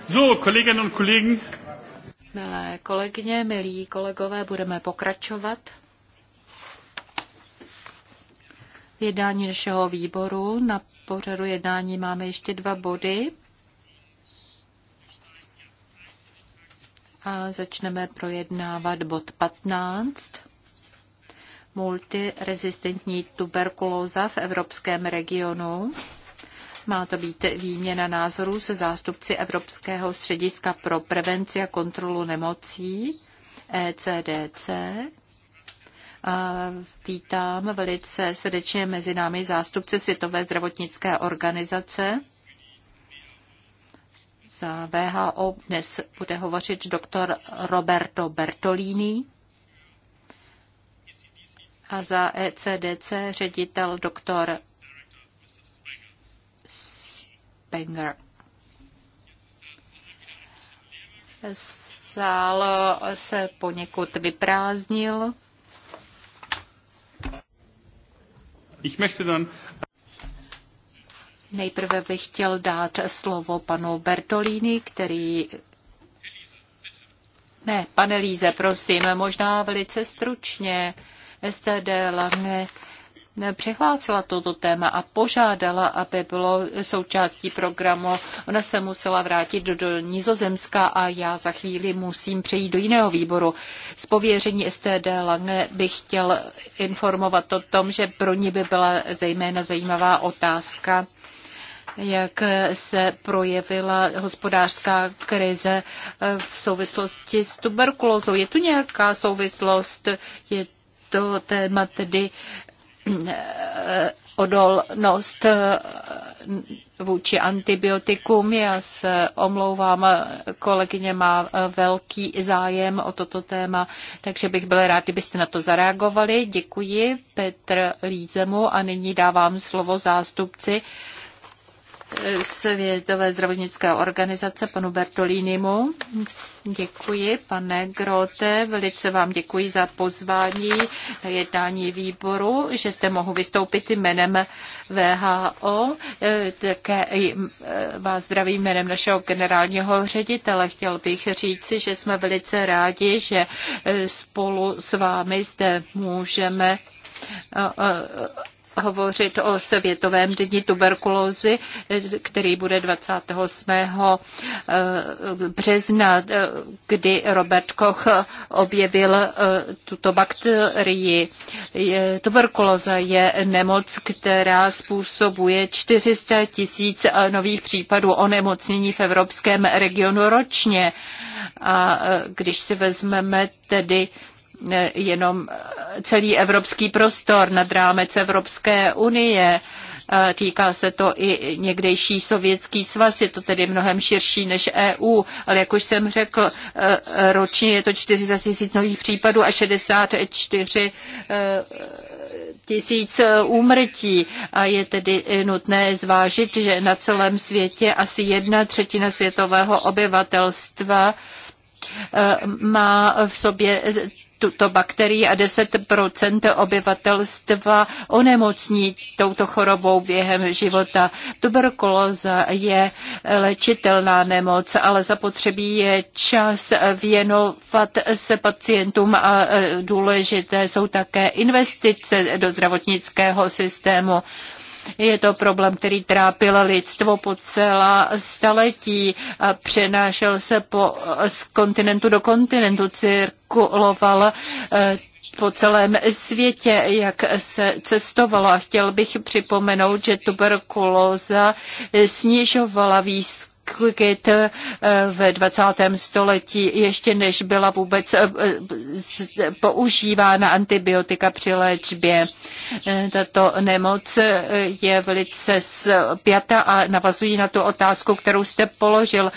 So, Kolleginnen und Kollegen. Milé kolegyně, milí kolegové, budeme pokračovat v jednání našeho výboru. Na pořadu jednání máme ještě dva body. A začneme projednávat bod 15. Multirezistentní tuberkulóza v evropském regionu. Má to být výměna názorů se zástupci Evropského střediska pro prevenci a kontrolu nemocí ECDC. A vítám velice srdečně mezi námi zástupce Světové zdravotnické organizace. Za VHO dnes bude hovořit doktor Roberto Bertolini a za ECDC ředitel doktor Spengler. Sál se poněkud vyprázdnil. Ich möchte dann Nejprve bych chtěl dát slovo panu Bertolini, který... Ne, pane Líze, prosím, možná velice stručně. STD Ne přihlásila toto téma a požádala, aby bylo součástí programu. Ona se musela vrátit do, do Nizozemska a já za chvíli musím přejít do jiného výboru. Z pověření STD Lange bych chtěl informovat o tom, že pro ní by byla zejména zajímavá otázka jak se projevila hospodářská krize eh, v souvislosti s tuberkulózou. Je tu nějaká souvislost? Je to téma tedy Eh, odolnost eh, vůči antibiotikům. Já se omlouvám, kolegyně má eh, velký zájem o toto téma, takže bych byl rád, kdybyste na to zareagovali. Děkuji Petr Lízemu a nyní dávám slovo zástupci Světové zdravotnické organizace panu Bertolínimu. Děkuji, pane Grote, velice vám děkuji za pozvání na jednání výboru, že jste mohu vystoupit jménem VHO. Také vás zdravím jménem našeho generálního ředitele. Chtěl bych říci, že jsme velice rádi, že e, spolu s vámi zde můžeme hovořit o Světovém dni tuberkulózy, který bude 28. Eh, března, eh, kdy Robert Koch objevil eh, tuto bakterii. Tuberkulóza je nemoc, která způsobuje 400 tisíc nových případů onemocnění v evropském regionu ročně. A když si vezmeme tedy Eh, jenom eh, celý evropský prostor nad rámec Evropské unie. Eh, týká se to i někdejší sovětský svaz, je to tedy mnohem širší než EU, ale jak už jsem řekl, ročně je to 40 tisíc nových případů a 64 tisíc úmrtí a je tedy nutné zvážit, že na celém světě asi jedna třetina světového obyvatelstva má v sobě tuto bakterii a 10 obyvatelstva onemocní touto chorobou během života. Tuberkulóza je léčitelná nemoc, ale zapotřebí je čas věnovat se pacientům a e, důležité jsou také investice do zdravotnického systému. Je to problém, který trápil lidstvo po celá staletí a přenášel se po, z kontinentu do kontinentu. Cir, cirkuloval eh, po celém světě, jak se cestovalo. A chtěl bych připomenout, že tuberkulóza snižovala výzkum cricket eh, ve 20. století, ještě než byla vůbec eh, používána antibiotika při léčbě. Eh, tato nemoc je velice zpěta a navazují na tu otázku, kterou jste položil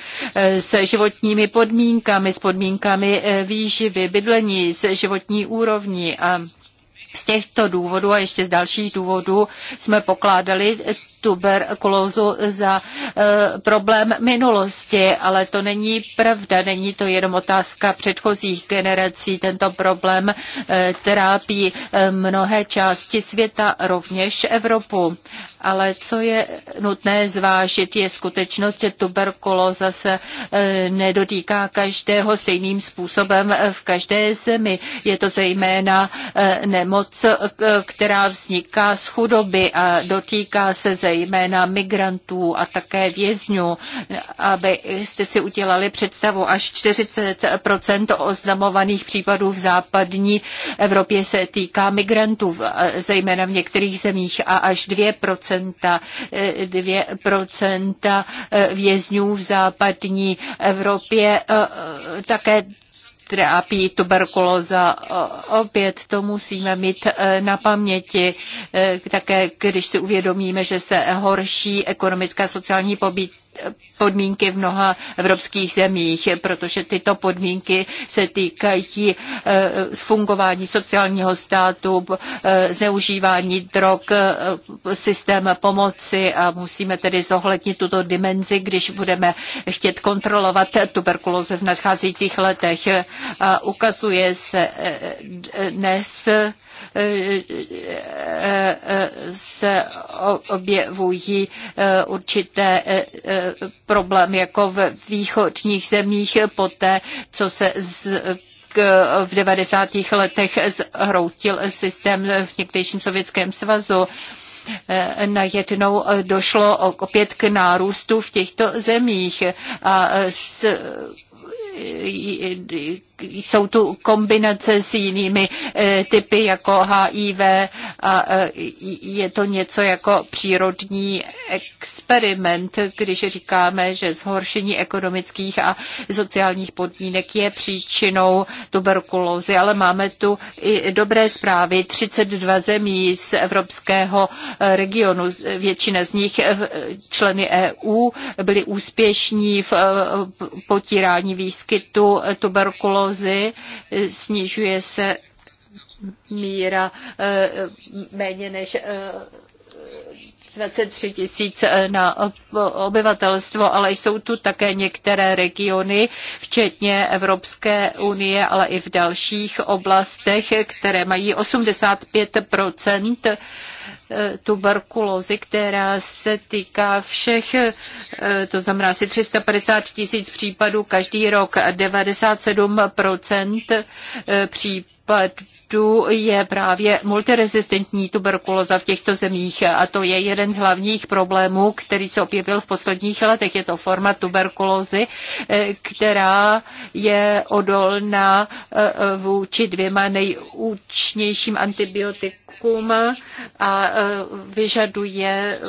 se životními podmínkami, s podmínkami výživy, bydlení, s životní úrovní a z těchto důvodů a ještě z dalších důvodů jsme pokládali tuberkulózu za e, problém minulosti, ale to není pravda, není to jenom otázka předchozích generací. Tento problém e, trápí e, mnohé části světa, rovněž Evropu ale co je nutné zvážit, je skutečnost, že tuberkulóza se e, nedotýká každého stejným způsobem v každé zemi. Je to zejména e, nemoc, e, která vzniká z chudoby a dotýká se zejména migrantů a také vězňů. Abyste si udělali představu, až 40 oznamovaných případů v západní Evropě se týká migrantů, zejména v některých zemích, a až 2 procenta vězňů v západní Evropě e, také trápí tuberkulóza. Opět to musíme mít e, na paměti, e, také když si uvědomíme, že se horší ekonomická sociální pobít podmínky v mnoha evropských zemích, protože tyto podmínky se týkají eh, fungování sociálního státu, eh, zneužívání drog, eh, systém pomoci a musíme tedy zohlednit tuto dimenzi, když budeme chtět kontrolovat tuberkulózu v nadcházejících letech. A ukazuje se dnes, se objevují eh, určité eh, eh, problémy, jako v východních zemích poté, co se z v 90. letech zhroutil systém v někdejším Sovětském svazu najednou došlo opět k nárůstu v těchto zemích a s, jsou tu kombinace s jinými eh, typy jako HIV a eh, je to něco jako přírodní experiment, když říkáme, že zhoršení ekonomických a sociálních podmínek je příčinou tuberkulózy, ale máme tu i dobré zprávy. 32 zemí z evropského eh, regionu, většina z nich členy EU, byly úspěšní v potírání výskytu tuberkulózy erozi, snižuje se míra eh, méně než 23 eh, tisíc eh, na obyvatelstvo, ale jsou tu také některé regiony, včetně Evropské unie, ale i v dalších oblastech, které mají 85 tuberkulózy, která se týká všech, eh, to znamená asi 350 tisíc případů každý rok a 97% eh, případů dopadů je právě multiresistentní tuberkulóza v těchto zemích a to je jeden z hlavních problémů, který se objevil v posledních letech. Je to forma tuberkulózy, eh, která je odolná eh, vůči dvěma nejúčnějším antibiotikům a eh, vyžaduje,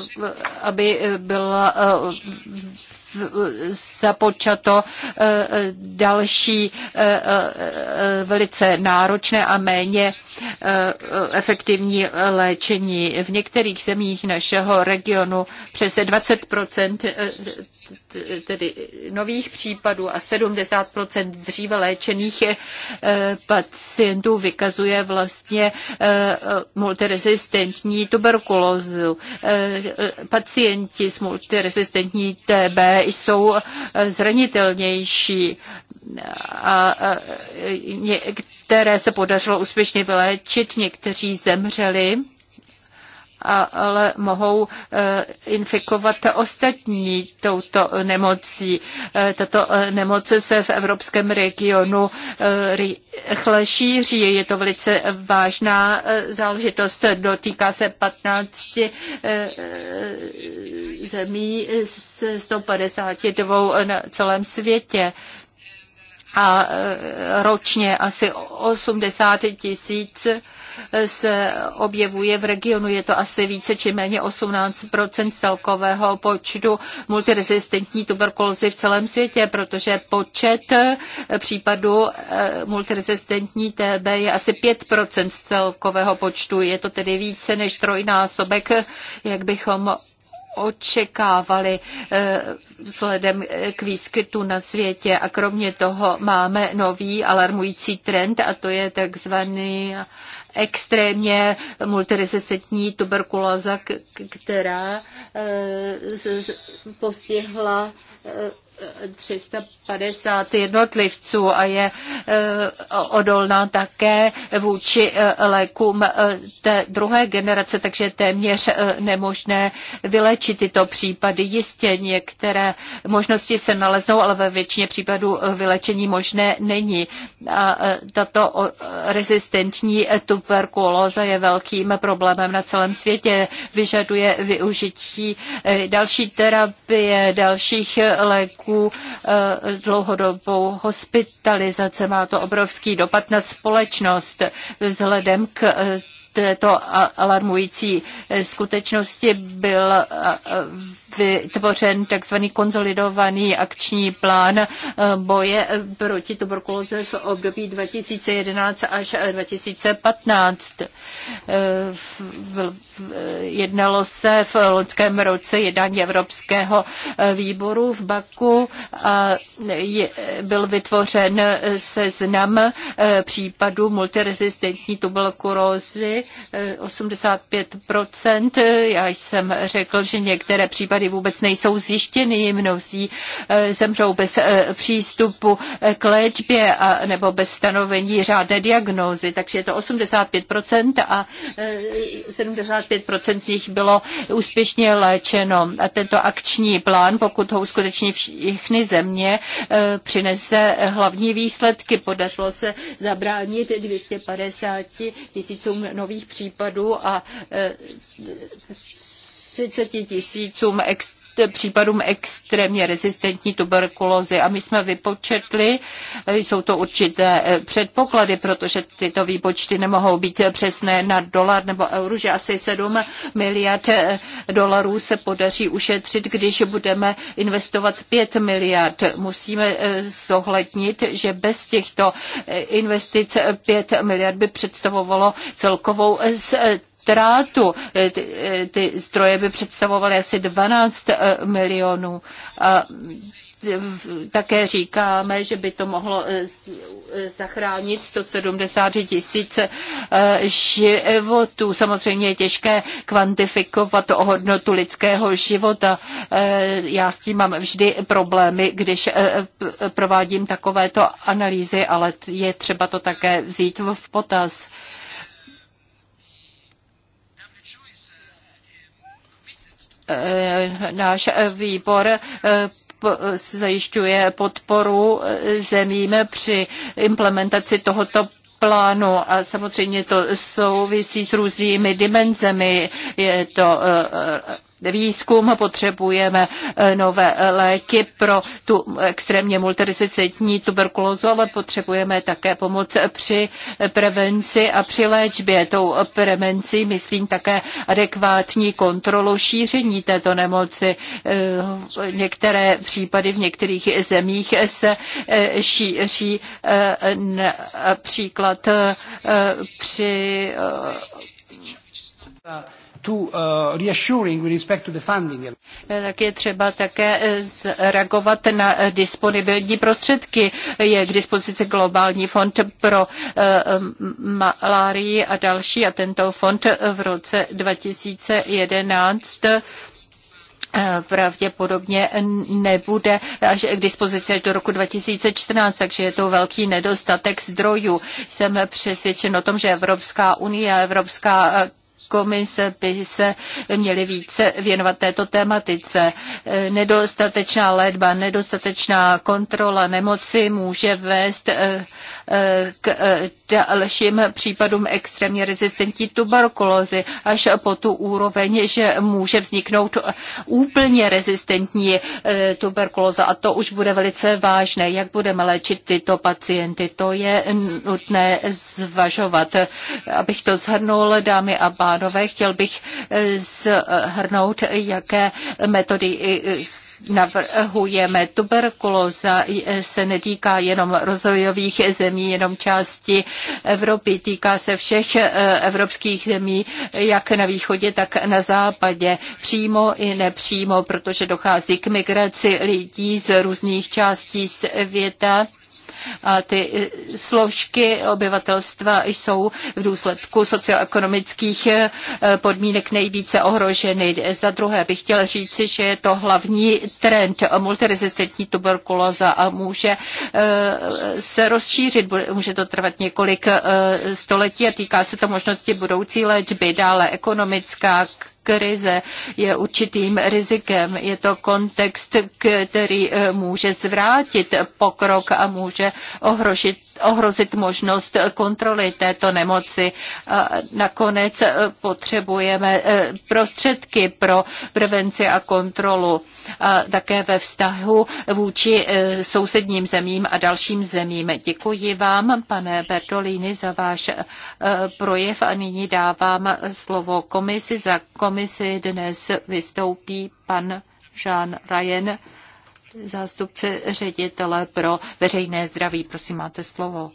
aby byla započato eh, další eh, eh, velice náročné a méně efektivní léčení. V některých zemích našeho regionu přes 20 tedy nových případů a 70 dříve léčených pacientů vykazuje vlastně multiresistentní tuberkulózu. Pacienti s multiresistentní TB jsou zranitelnější a některé se podařilo úspěšně vyléčit, někteří zemřeli ale mohou eh, infikovat ostatní touto nemocí. Eh, tato eh, nemoc se v evropském regionu rychle šíří. Je to velice vážná záležitost. Dotýká se 15 zemí z 152 na celém světě a ročně asi 80 tisíc 000 se objevuje v regionu. Je to asi více či méně 18 celkového počtu multiresistentní tuberkulózy v celém světě, protože počet eh, případů eh, multiresistentní TB je asi 5 z celkového počtu. Je to tedy více než trojnásobek, jak bychom očekávali eh, vzhledem k výskytu na světě. A kromě toho máme nový alarmující trend a to je takzvaný extrémně multiresistentní tuberkulóza, která eh, postihla eh, 350 jednotlivců a je eh, odolná také vůči eh, lékům eh, té druhé generace, takže je téměř nemožné vylečit tyto případy. Jistě některé možnosti se naleznou, ale ve většině případů vylečení možné není. A tato rezistentní tuberkulóza je velkým problémem na celém světě. Vyžaduje využití další terapie, dalších léků dluhů, eh, dlouhodobou hospitalizace. Má to obrovský dopad na společnost vzhledem k eh, této alarmující eh, skutečnosti byl vytvořen takzvaný konzolidovaný akční plán eh, boje eh, proti tuberkulóze v období 2011 až 2015. Eh, jednalo se v loňském roce jednání Evropského výboru v Baku a byl vytvořen seznam případů multiresistentní tuberkulózy 85%. Já jsem řekl, že některé případy tady vůbec nejsou zjištěny, mnozí eh, zemřou bez eh, přístupu eh, k léčbě a, nebo bez stanovení řádné diagnózy, takže je to 85% a 75% z nich bylo úspěšně léčeno. A tento akční plán, pokud ho uskuteční všechny země, přinese hlavní výsledky. Podařilo se zabránit 250 tisícům nových případů a 30 tisícům ex, případům extrémně rezistentní tuberkulózy. A my jsme vypočetli, eh, jsou to určité eh, předpoklady, protože tyto výpočty nemohou být přesné na dolar nebo euro, že asi 7 miliard eh, dolarů se podaří ušetřit, když budeme investovat 5 miliard. Musíme zohlednit, že bez těchto investic 5 miliard by představovalo celkovou ztrátu. E, ty, e, ty zdroje by představovaly asi 12 e, milionů. A také říkáme, že by to mohlo zachránit 170 tisíc životů. Samozřejmě je těžké kvantifikovat o hodnotu lidského života. Já s tím mám vždy problémy, když provádím takovéto analýzy, ale je třeba to také vzít v potaz. Eh, náš eh, výbor eh, zajišťuje podporu zemím při implementaci tohoto plánu a samozřejmě to souvisí s různými dimenzemi. Je to výzkum, potřebujeme eh, nové eh, léky pro tu extrémně multiresistentní tuberkulózu, ale potřebujeme také pomoc při prevenci a při léčbě. Tou prevenci myslím také adekvátní kontrolu šíření této nemoci. Eh, některé případy v některých zemích se šíří například při Uh, eh, tak je třeba také eh, reagovat na eh, disponibilní prostředky. Je k dispozici globální fond pro malárii a další a tento fond v roce 2011 pravděpodobně nebude až k dispozici až do roku 2014, takže je to velký nedostatek zdrojů. Jsem přesvědčen o tom, že Evropská unie a Evropská komise by se měly více věnovat této tématice. Nedostatečná léčba, nedostatečná kontrola nemoci může vést eh, eh, k eh, dalším případům extrémně rezistentní tuberkulózy až po tu úroveň, že může vzniknout úplně rezistentní tuberkulóza a to už bude velice vážné. Jak budeme léčit tyto pacienty, to je nutné zvažovat. Abych to zhrnul, dámy a pánové, pánové, chtěl bych zhrnout, eh, jaké metody eh, navrhujeme. Tuberkulóza eh, se netýká jenom rozvojových zemí, jenom části Evropy, týká se všech evropských zemí, jak na východě, tak na západě, přímo i nepřímo, protože dochází k migraci lidí z různých částí světa a ty e, složky obyvatelstva jsou v důsledku socioekonomických e, podmínek nejvíce ohroženy. Za druhé bych chtěla říci, že je to hlavní trend multiresistentní tuberkulóza a může e, se rozšířit, může to trvat několik století a týká se to možnosti budoucí léčby, dále ekonomická krize je určitým rizikem. Je to kontext, který eh, může zvrátit pokrok a může ohrožit, ohrozit možnost kontroly této nemoci. A nakonec eh, potřebujeme eh, prostředky pro prevenci a kontrolu a také ve vztahu vůči sousedním zemím a dalším zemím. Děkuji vám, pane Bertolini, za váš projev a nyní dávám slovo komisi za komisi komisi dnes vystoupí pan Jean Ryan, zástupce ředitele pro veřejné zdraví. Prosím, máte slovo.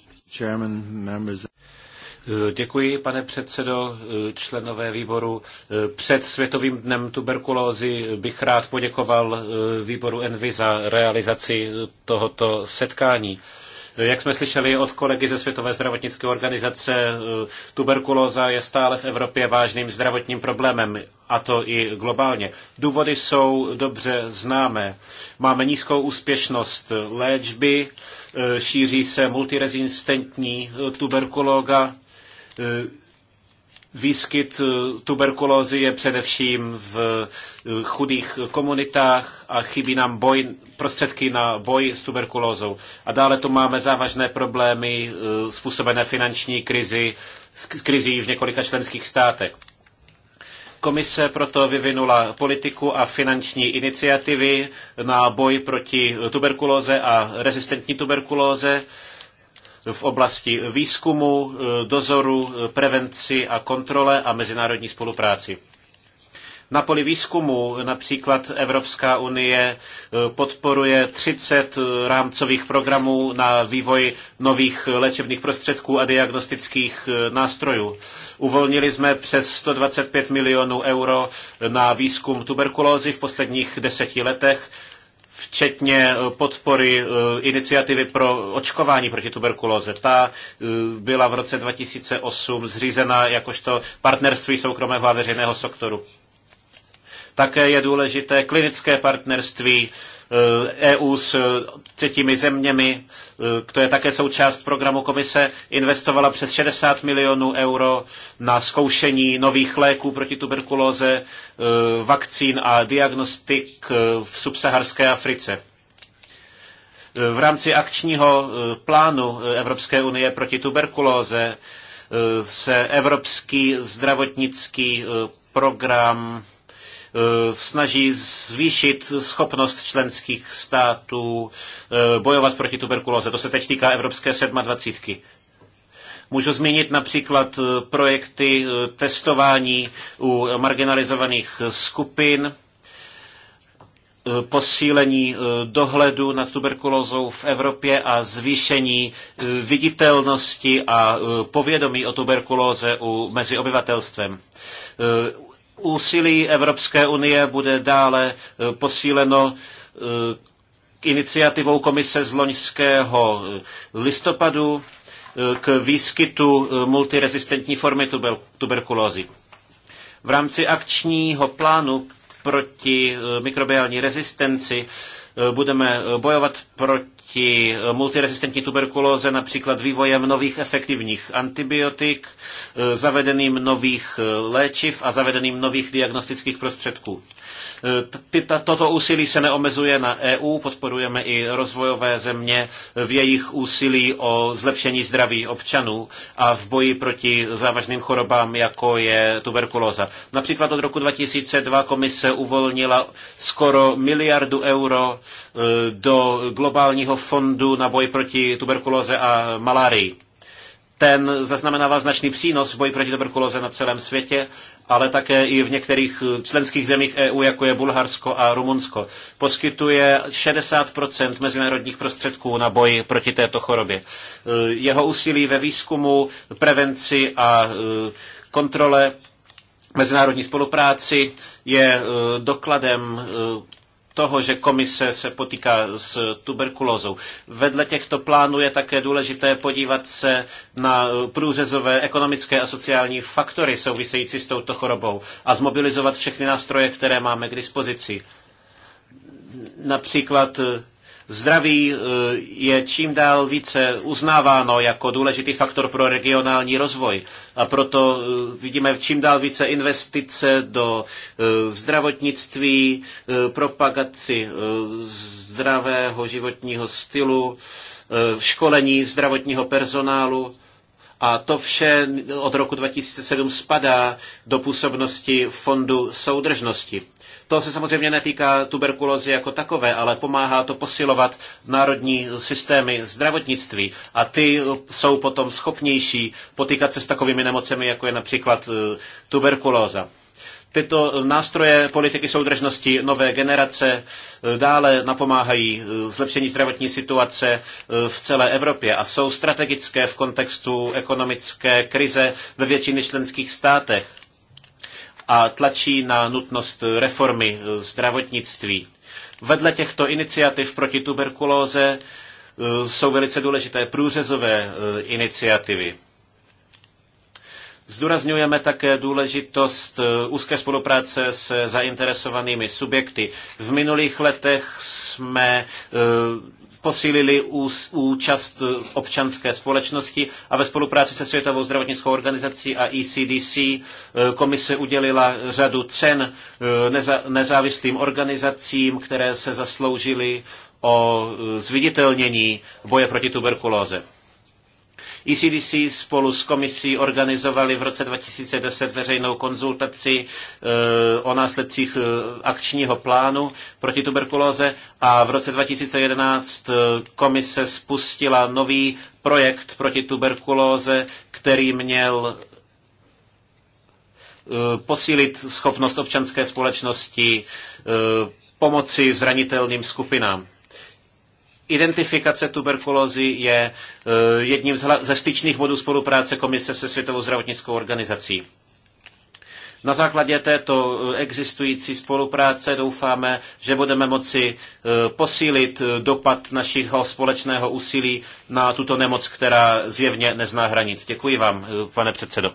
Děkuji, pane předsedo, členové výboru. Před Světovým dnem tuberkulózy bych rád poděkoval výboru Envy za realizaci tohoto setkání. Jak jsme slyšeli od kolegy ze Světové zdravotnické organizace, tuberkulóza je stále v Evropě vážným zdravotním problémem, a to i globálně. Důvody jsou dobře známé. Máme nízkou úspěšnost léčby, šíří se multirezistentní tuberkulóga, Výskyt tuberkulózy je především v chudých komunitách a chybí nám boj prostředky na boj s tuberkulózou. A dále tu máme závažné problémy e, způsobené finanční krizi, krizi v několika členských státech. Komise proto vyvinula politiku a finanční iniciativy na boj proti tuberkulóze a rezistentní tuberkulóze v oblasti výzkumu, e, dozoru, e, prevenci a kontrole a mezinárodní spolupráci. Na poli výzkumu například Evropská unie eh, podporuje 30 eh, rámcových programů na vývoj nových eh, léčebných prostředků a diagnostických nástrojů. Uvolnili jsme přes 125 milionů euro na výzkum tuberkulózy v posledních deseti letech včetně podpory iniciativy pro očkování proti tuberkulóze. Ta byla v roce 2008 zřízena jakožto partnerství soukromého a veřejného sektoru. Také je důležité klinické partnerství EU eh, e s eh, třetími zeměmi, eh, to je také součást programu komise, investovala přes 60 milionů euro na zkoušení nových léků proti tuberkulóze, vakcín a diagnostik v subsaharské Africe. V rámci akčního plánu Evropské unie proti tuberkulóze se Evropský zdravotnický program Eh, snaží zvýšit schopnost členských států eh, bojovat proti tuberkulóze. To se teď týká Evropské 27. Můžu zmínit například eh, projekty testování u marginalizovaných skupin, posílení dohledu nad tuberkulózou v Evropě a zvýšení viditelnosti a povědomí o tuberkulóze u, mezi obyvatelstvem. Úsilí Evropské unie bude dále eh, posíleno eh, iniciativou komise z loňského eh, listopadu k výskytu multiresistentní formy tuberkulózy. V rámci akčního plánu proti mikrobiální rezistenci budeme bojovat proti proti eh, multiresistentní tuberkulóze například vývojem nových efektivních antibiotik, eh, zavedením nových eh, léčiv a zavedením nových diagnostických prostředků. Toto úsilí se neomezuje na EU, podporujeme i rozvojové země v jejich úsilí o zlepšení zdraví občanů a v boji proti závažným chorobám, jako je tuberkulóza. Například od roku 2002 komise uvolnila skoro miliardu euro eh, do globálního fondu na boj proti tuberkulóze a malárii ten zaznamenává značný přínos v boji proti tuberkulóze na celém světě ale také i v některých eh, členských zemích EU, jako je Bulharsko a Rumunsko. Poskytuje 60 mezinárodních prostředků na boj proti této chorobě. Eh, jeho úsilí ve výzkumu, prevenci a eh, kontrole mezinárodní spolupráci je dokladem toho, že komise se potýká s tuberkulózou. Vedle těchto plánů je také důležité podívat se na průřezové ekonomické a sociální faktory související s touto chorobou a zmobilizovat všechny nástroje, které máme k dispozici. Například Zdraví eh, je čím dál více uznáváno jako důležitý faktor pro regionální rozvoj a proto eh, vidíme čím dál více investice do eh, zdravotnictví, propagaci zdravého životního stylu, školení zdravotního personálu. A to vše od roku 2007 spadá do působnosti Fondu soudržnosti. To se samozřejmě netýká tuberkulózy jako takové, ale pomáhá to posilovat národní systémy zdravotnictví a ty jsou potom schopnější potýkat se s takovými nemocemi, jako je například e, tuberkulóza tyto nástroje politiky soudržnosti nové generace e, dále napomáhají e, zlepšení zdravotní situace v celé Evropě a jsou strategické v kontextu ekonomické krize ve většině členských státech a tlačí na nutnost reformy zdravotnictví. Vedle těchto iniciativ proti tuberkulóze e, jsou velice důležité průřezové e, iniciativy. Zdůrazňujeme také důležitost e, úzké spolupráce se zainteresovanými subjekty. V minulých letech jsme posílili účast občanské společnosti a ve spolupráci se Světovou zdravotnickou organizací a ECDC eh, komise udělila řadu cen eh, nezávislým organizacím, které se zasloužily o eh, zviditelnění boje proti tuberkulóze. ECDC spolu s komisí organizovali v roce 2010 veřejnou konzultaci e, o následcích e, akčního plánu proti tuberkulóze a v roce 2011 e, komise spustila nový projekt proti tuberkulóze, který měl posílit schopnost občanské společnosti pomoci zranitelným skupinám. Identifikace tuberkulózy je eh, jedním ze styčných modů spolupráce Komise se Světovou zdravotnickou organizací. Na základě této eh, existující spolupráce doufáme, že budeme moci eh, posílit dopad našeho společného úsilí na tuto nemoc, která zjevně nezná hranic. Děkuji vám, pane předsedo.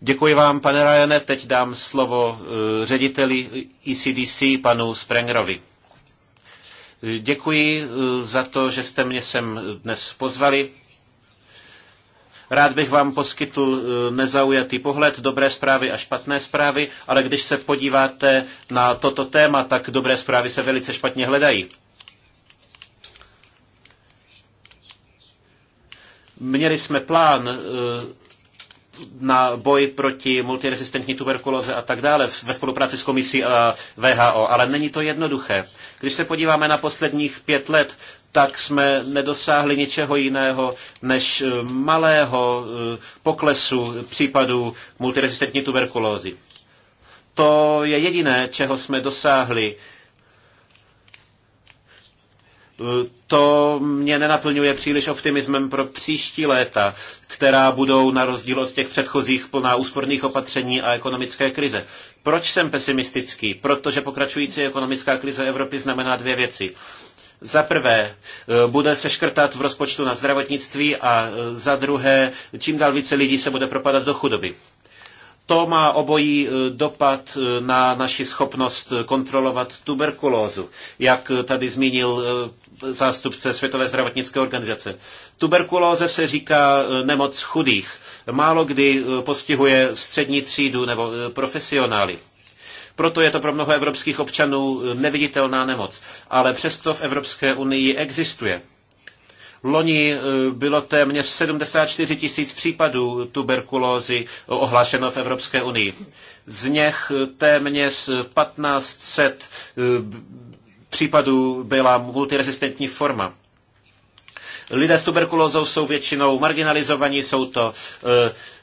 Děkuji vám, pane Rajane. Teď dám slovo řediteli ECDC, panu Sprengerovi. Děkuji eh, za to, že jste mě sem dnes pozvali. Rád bych vám poskytl eh, nezaujatý pohled, dobré zprávy a špatné zprávy, ale když se podíváte na toto téma, tak dobré zprávy se velice špatně hledají. Měli jsme plán eh, na boj proti multiresistentní tuberkulóze a tak dále ve spolupráci s komisí a eh, VHO, ale není to jednoduché. Když se podíváme na posledních pět let, tak jsme nedosáhli ničeho jiného než eh, malého eh, poklesu případů multiresistentní tuberkulózy. To je jediné, čeho jsme dosáhli to mě nenaplňuje příliš optimismem pro příští léta, která budou na rozdíl od těch předchozích plná úsporných opatření a ekonomické krize. Proč jsem pesimistický? Protože pokračující ekonomická krize Evropy znamená dvě věci. Za prvé, e, bude se škrtat v rozpočtu na zdravotnictví a e, za druhé, čím dál více lidí se bude propadat do chudoby. To má obojí e, dopad e, na naši schopnost kontrolovat tuberkulózu, jak tady zmínil e, zástupce Světové zdravotnické organizace. Tuberkulóze se říká nemoc chudých. Málo kdy postihuje střední třídu nebo profesionály. Proto je to pro mnoho evropských občanů neviditelná nemoc, ale přesto v Evropské unii existuje. Loni eh, bylo téměř 74 tisíc případů tuberkulózy ohlášeno v Evropské unii. Z nich eh, téměř 1500 eh, případů byla multiresistentní forma. Lidé s tuberkulózou jsou většinou marginalizovaní, jsou to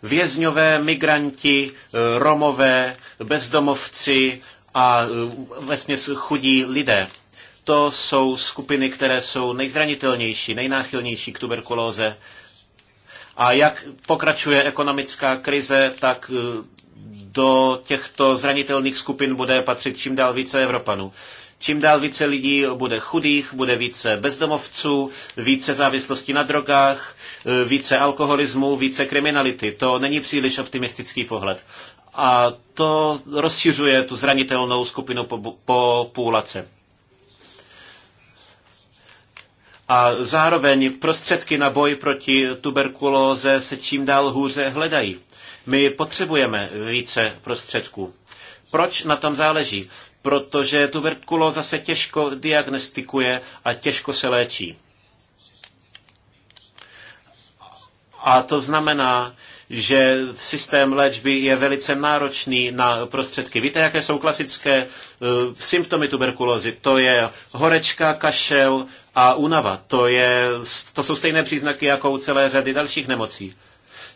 vězňové, migranti, romové, bezdomovci a vesměs chudí lidé. To jsou skupiny, které jsou nejzranitelnější, nejnáchylnější k tuberkulóze. A jak pokračuje ekonomická krize, tak eh, do těchto zranitelných skupin bude patřit čím dál více Evropanů. Čím dál více lidí bude chudých, bude více bezdomovců, více závislosti na drogách, eh, více alkoholismu, více kriminality. To není příliš optimistický pohled. A to rozšiřuje tu zranitelnou skupinu populace. Po A zároveň prostředky na boj proti tuberkulóze se čím dál hůře hledají. My potřebujeme více prostředků. Proč na tom záleží? Protože tuberkulóza se těžko diagnostikuje a těžko se léčí. A to znamená, že systém léčby je velice náročný na prostředky. Víte, jaké jsou klasické eh, symptomy tuberkulózy? To je horečka, kašel a únava. To, je, to jsou stejné příznaky jako u celé řady dalších nemocí.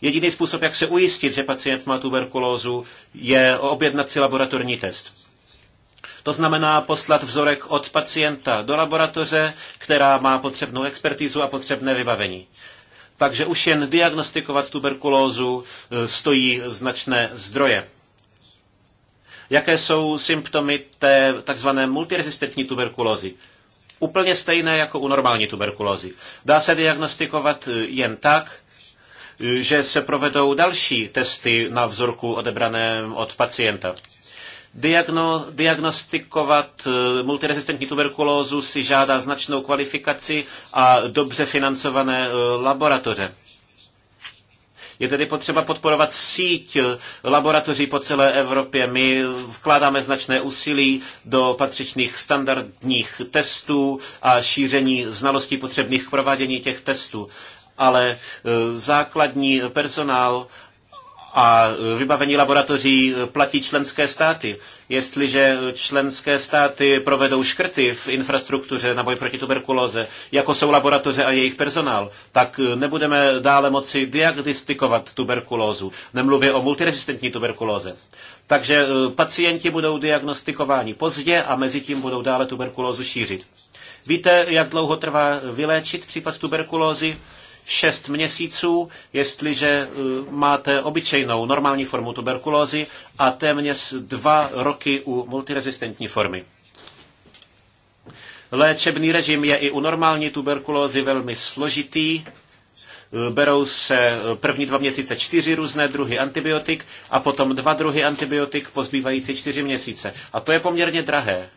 Jediný způsob, jak se ujistit, že pacient má tuberkulózu, je objednat si laboratorní test. To znamená poslat vzorek od pacienta do laboratoře, která má potřebnou expertizu a potřebné vybavení. Takže už jen diagnostikovat tuberkulózu e, stojí značné zdroje. Jaké jsou symptomy té takzvané multiresistentní tuberkulózy? Úplně stejné jako u normální tuberkulózy. Dá se diagnostikovat e, jen tak, e, že se provedou další testy na vzorku odebraném od pacienta. Diagno, diagnostikovat eh, multiresistentní tuberkulózu si žádá značnou kvalifikaci a dobře financované eh, laboratoře. Je tedy potřeba podporovat síť eh, laboratoří po celé Evropě. My vkládáme značné úsilí do patřičných standardních testů a šíření znalostí potřebných k provádění těch testů. Ale základní personál a vybavení laboratoří platí členské státy. Jestliže členské státy provedou škrty v infrastruktuře na boj proti tuberkulóze, jako jsou laboratoře a jejich personál, tak nebudeme dále moci diagnostikovat tuberkulózu, nemluvě o multiresistentní tuberkulóze. Takže eh, pacienti budou diagnostikováni pozdě a mezi tím budou dále tuberkulózu šířit. Víte, jak dlouho trvá vyléčit případ tuberkulózy? 6 měsíců, jestliže e, máte obyčejnou normální formu tuberkulózy a téměř 2 roky u multirezistentní formy. Léčebný režim je i u normální tuberkulózy velmi složitý. E, berou se první dva měsíce čtyři různé druhy antibiotik a potom dva druhy antibiotik pozbývající čtyři měsíce. A to je poměrně drahé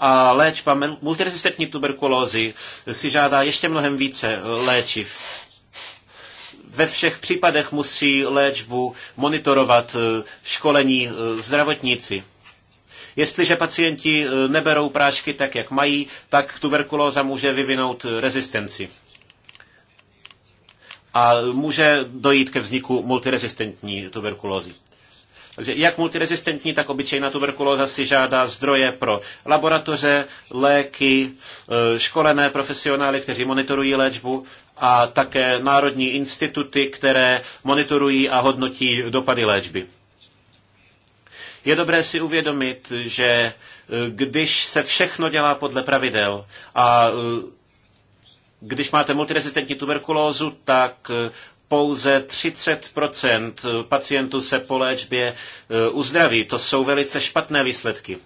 a léčba multiresistentní tuberkulózy si žádá ještě mnohem více léčiv ve všech případech musí léčbu monitorovat eh, školení eh, zdravotníci. Jestliže pacienti eh, neberou prášky tak, jak mají, tak tuberkulóza může vyvinout rezistenci. A může dojít ke vzniku multirezistentní tuberkulózy. Takže jak multirezistentní, tak obyčejná tuberkulóza si žádá zdroje pro laboratoře, léky, eh, školené profesionály, kteří monitorují léčbu a také národní instituty, které monitorují a hodnotí dopady léčby. Je dobré si uvědomit, že eh, když se všechno dělá podle pravidel a eh, když máte multiresistentní tuberkulózu, tak pouze 30 pacientů se po léčbě e, uzdraví. To jsou velice špatné výsledky.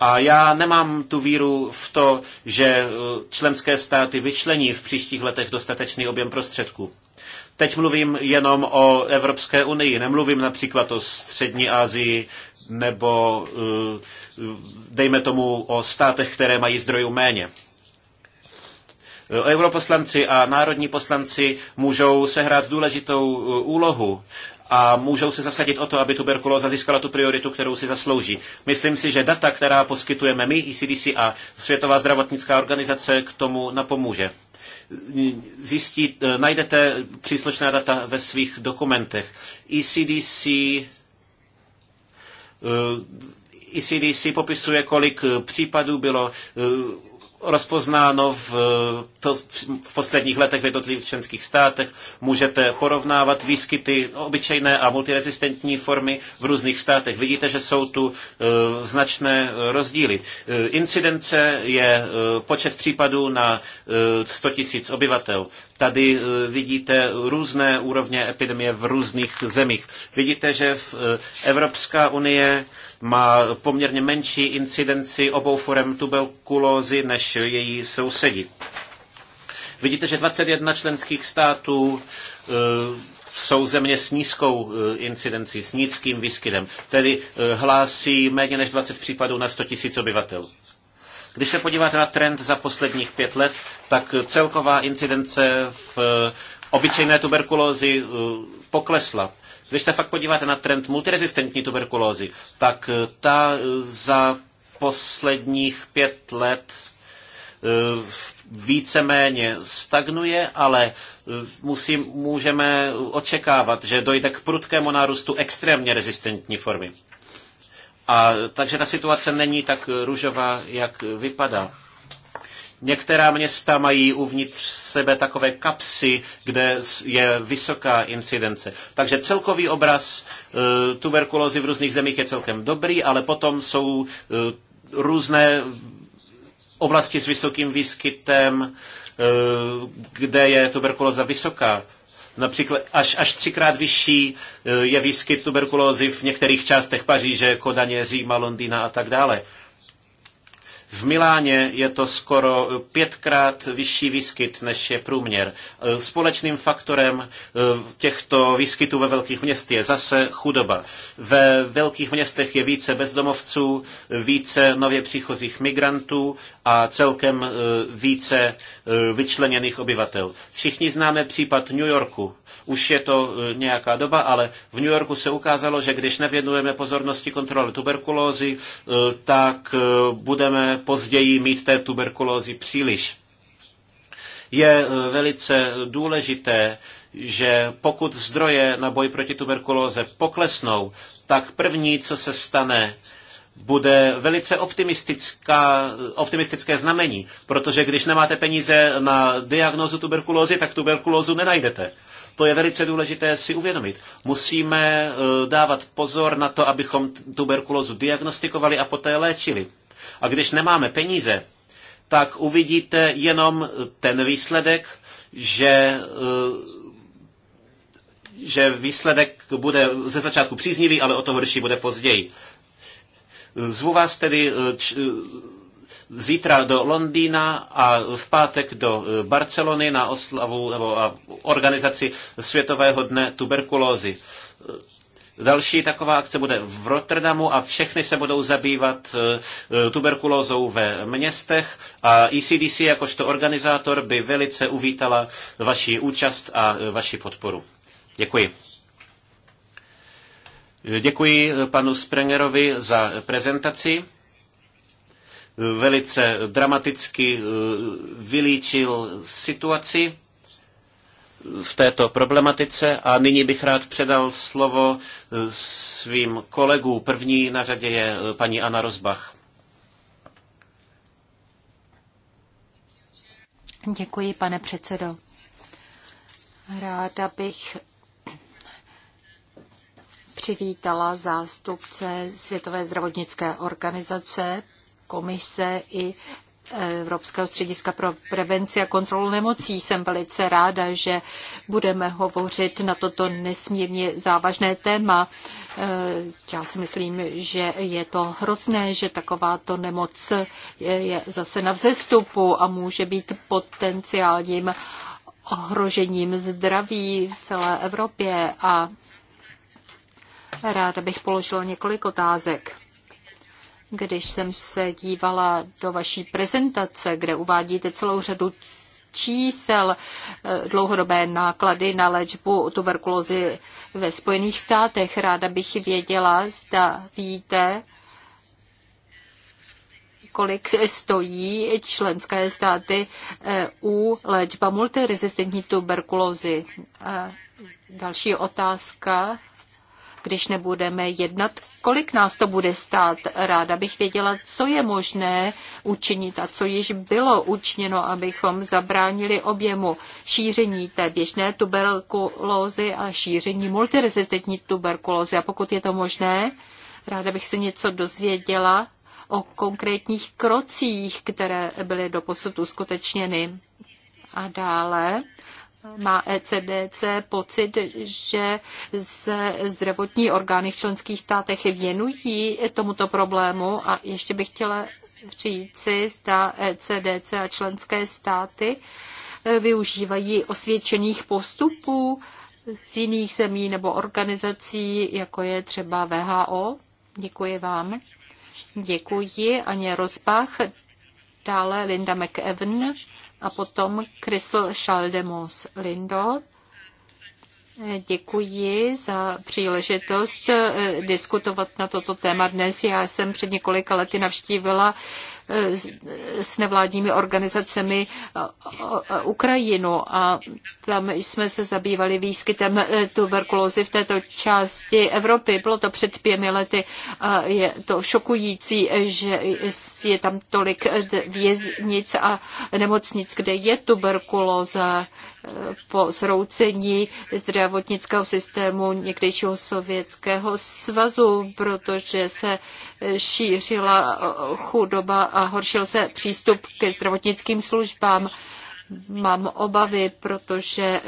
A já nemám tu víru v to, že e, členské státy vyčlení v příštích letech dostatečný objem prostředků. Teď mluvím jenom o Evropské unii, nemluvím například o Střední Asii nebo e, dejme tomu o státech, které mají zdrojů méně. Eh, europoslanci a národní poslanci můžou sehrát důležitou eh, úlohu a můžou se zasadit o to, aby tuberkulóza získala tu prioritu, kterou si zaslouží. Myslím si, že data, která poskytujeme my, ECDC a Světová zdravotnická organizace, k tomu napomůže. Zjistí, eh, najdete příslušná data ve svých dokumentech. ECDC ECDC e popisuje, kolik případů bylo rozpoznáno v, v posledních letech v jednotlivých členských státech. Můžete porovnávat výskyty obyčejné a multirezistentní formy v různých státech. Vidíte, že jsou tu e, značné rozdíly. E, incidence je e, počet případů na 100 000 obyvatel. Tady vidíte různé úrovně epidemie v různých zemích. Vidíte, že v Evropská unie má poměrně menší incidenci obou forem tuberkulózy než její sousedí. Vidíte, že 21 členských států e, jsou země s nízkou e, incidencí, s nízkým výskytem, tedy e, hlásí méně než 20 případů na 100 000 obyvatel. Když se podíváte na trend za posledních pět let, tak celková incidence v obyčejné tuberkulózy poklesla. Když se fakt podíváte na trend multiresistentní tuberkulózy, tak eh, ta eh, za posledních pět let eh, víceméně stagnuje, ale musím, můžeme očekávat, že dojde k prudkému nárůstu extrémně rezistentní formy. A, takže ta situace není tak růžová, jak vypadá. Některá města mají uvnitř sebe takové kapsy, kde je vysoká incidence. Takže celkový obraz e, tuberkulózy v různých zemích je celkem dobrý, ale potom jsou e, různé oblasti s vysokým výskytem, e, kde je tuberkulóza vysoká. Například až, až třikrát vyšší je výskyt tuberkulózy v některých částech Paříže, Kodaně, Říma, Londýna a tak dále. V Miláně je to skoro pětkrát vyšší výskyt, než je průměr. E, společným faktorem e, těchto výskytů ve velkých městech je zase chudoba. Ve velkých městech je více bezdomovců, více nově příchozích migrantů a celkem e, více vyčleněných obyvatel. Všichni známe případ New Yorku. Už je to nějaká doba, ale v New Yorku se ukázalo, že když nevěnujeme pozornosti kontrole tuberkulózy, tak budeme později mít té tuberkulózy příliš. Je eh, velice důležité, že pokud zdroje na boj proti tuberkulóze poklesnou, tak první, co se stane, bude velice optimistická, optimistické znamení, protože když nemáte peníze na diagnózu tuberkulózy, tak tuberkulózu nenajdete. To je velice důležité si uvědomit. Musíme eh, dávat pozor na to, abychom tuberkulózu diagnostikovali a poté léčili. A když nemáme peníze, tak uvidíte jenom ten výsledek, že eh, že výsledek bude ze začátku příznivý, ale o to horší bude později. Zvu vás tedy eh, č, eh, zítra do Londýna a v pátek do Barcelony na oslavu nebo organizaci Světového dne tuberkulózy. Další taková akce bude v Rotterdamu a všechny se budou zabývat e, e, tuberkulózou ve městech a ECDC jakožto organizátor by velice uvítala vaši účast a e, vaši podporu. Děkuji. Děkuji panu Sprengerovi za prezentaci. Velice dramaticky vylíčil situaci v této problematice a nyní bych rád předal slovo eh, svým kolegům. První na řadě je eh, paní Anna Rozbach. Děkuji, pane předsedo. Ráda bych přivítala zástupce Světové zdravotnické organizace, komise i Evropského střediska pro prevenci a kontrolu nemocí. Jsem velice ráda, že budeme hovořit na toto nesmírně závažné téma. Eh, já si myslím, že je to hrozné, že takováto nemoc je zase na vzestupu a může být potenciálním ohrožením zdraví v celé Evropě a ráda bych položila několik otázek. Když jsem se dívala do vaší prezentace, kde uvádíte celou řadu čísel eh, dlouhodobé náklady na léčbu tuberkulózy ve Spojených státech. Ráda bych věděla, zda víte, kolik stojí členské státy e u léčba multiresistentní tuberkulózy. Další otázka když nebudeme jednat, kolik nás to bude stát. Ráda bych věděla, co je možné učinit a co již bylo učiněno, abychom zabránili objemu šíření té běžné tuberkulózy a šíření multirezistentní tuberkulózy. A pokud je to možné, ráda bych se něco dozvěděla o konkrétních krocích, které byly doposud uskutečněny. A dále má ECDC pocit, že se zdravotní orgány v členských státech věnují tomuto problému? A ještě bych chtěla říci, zda ECDC a členské státy e, využívají osvědčených postupů z jiných zemí nebo organizací, jako je třeba VHO. Děkuji vám. Děkuji Aně Rozbach, dále Linda McEwen a potom Crystal Šaldemos Lindo. Děkuji za příležitost eh, diskutovat na toto téma dnes. Já jsem před několika lety navštívila s nevládními organizacemi Ukrajinu a tam jsme se zabývali výskytem e, tuberkulózy v této části Evropy. Bylo to před pěmi lety a je to šokující, že je tam tolik věznic a nemocnic, kde je tuberkulóza e, po zroucení zdravotnického systému někdejšího sovětského svazu, protože se šířila eh, chudoba a horšil se přístup ke zdravotnickým službám. Mám obavy, protože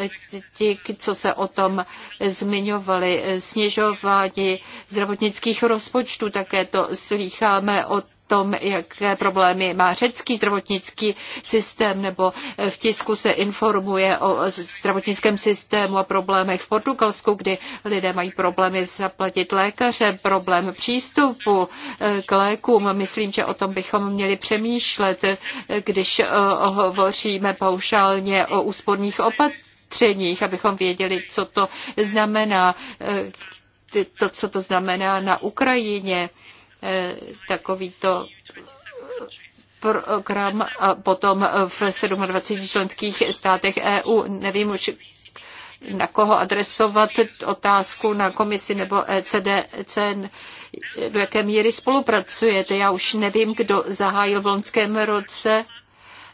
ti, co se o tom zmiňovali, snižování zdravotnických rozpočtů, také to slýcháme od tom, jaké problémy má řecký zdravotnický systém, nebo v tisku se informuje o zdravotnickém systému a problémech v Portugalsku, kdy lidé mají problémy zaplatit lékaře, problém přístupu eh, k lékům. Myslím, že o tom bychom měli přemýšlet, eh, když eh, hovoříme paušálně o úsporných opatřeních, abychom věděli, co to znamená, to, co to znamená na Ukrajině Eh, takovýto program a potom v 27 členských státech EU. Nevím už, na koho adresovat otázku na komisi nebo ECDC, do jaké míry spolupracujete. Já už nevím, kdo zahájil v loňském roce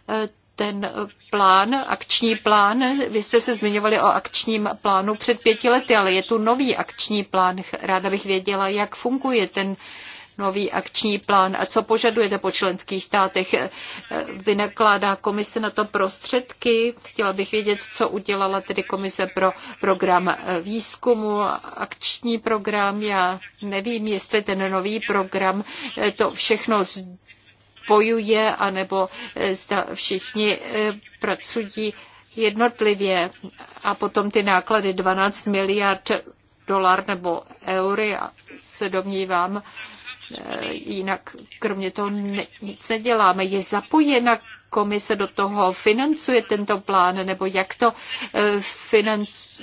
eh, ten plán, akční plán. Vy jste se zmiňovali o akčním plánu před pěti lety, ale je tu nový akční plán. Ráda bych věděla, jak funguje ten nový akční plán. A co požadujete po členských státech? Vynakládá komise na to prostředky? Chtěla bych vědět, co udělala tedy komise pro program výzkumu, akční program. Já nevím, jestli ten nový program to všechno spojuje, anebo zda všichni eh, pracují jednotlivě a potom ty náklady 12 miliard dolar nebo eury, se domnívám, Eh, jinak kromě toho ne, nic neděláme. Je zapojena komise do toho, financuje tento plán, nebo jak to, eh, financu,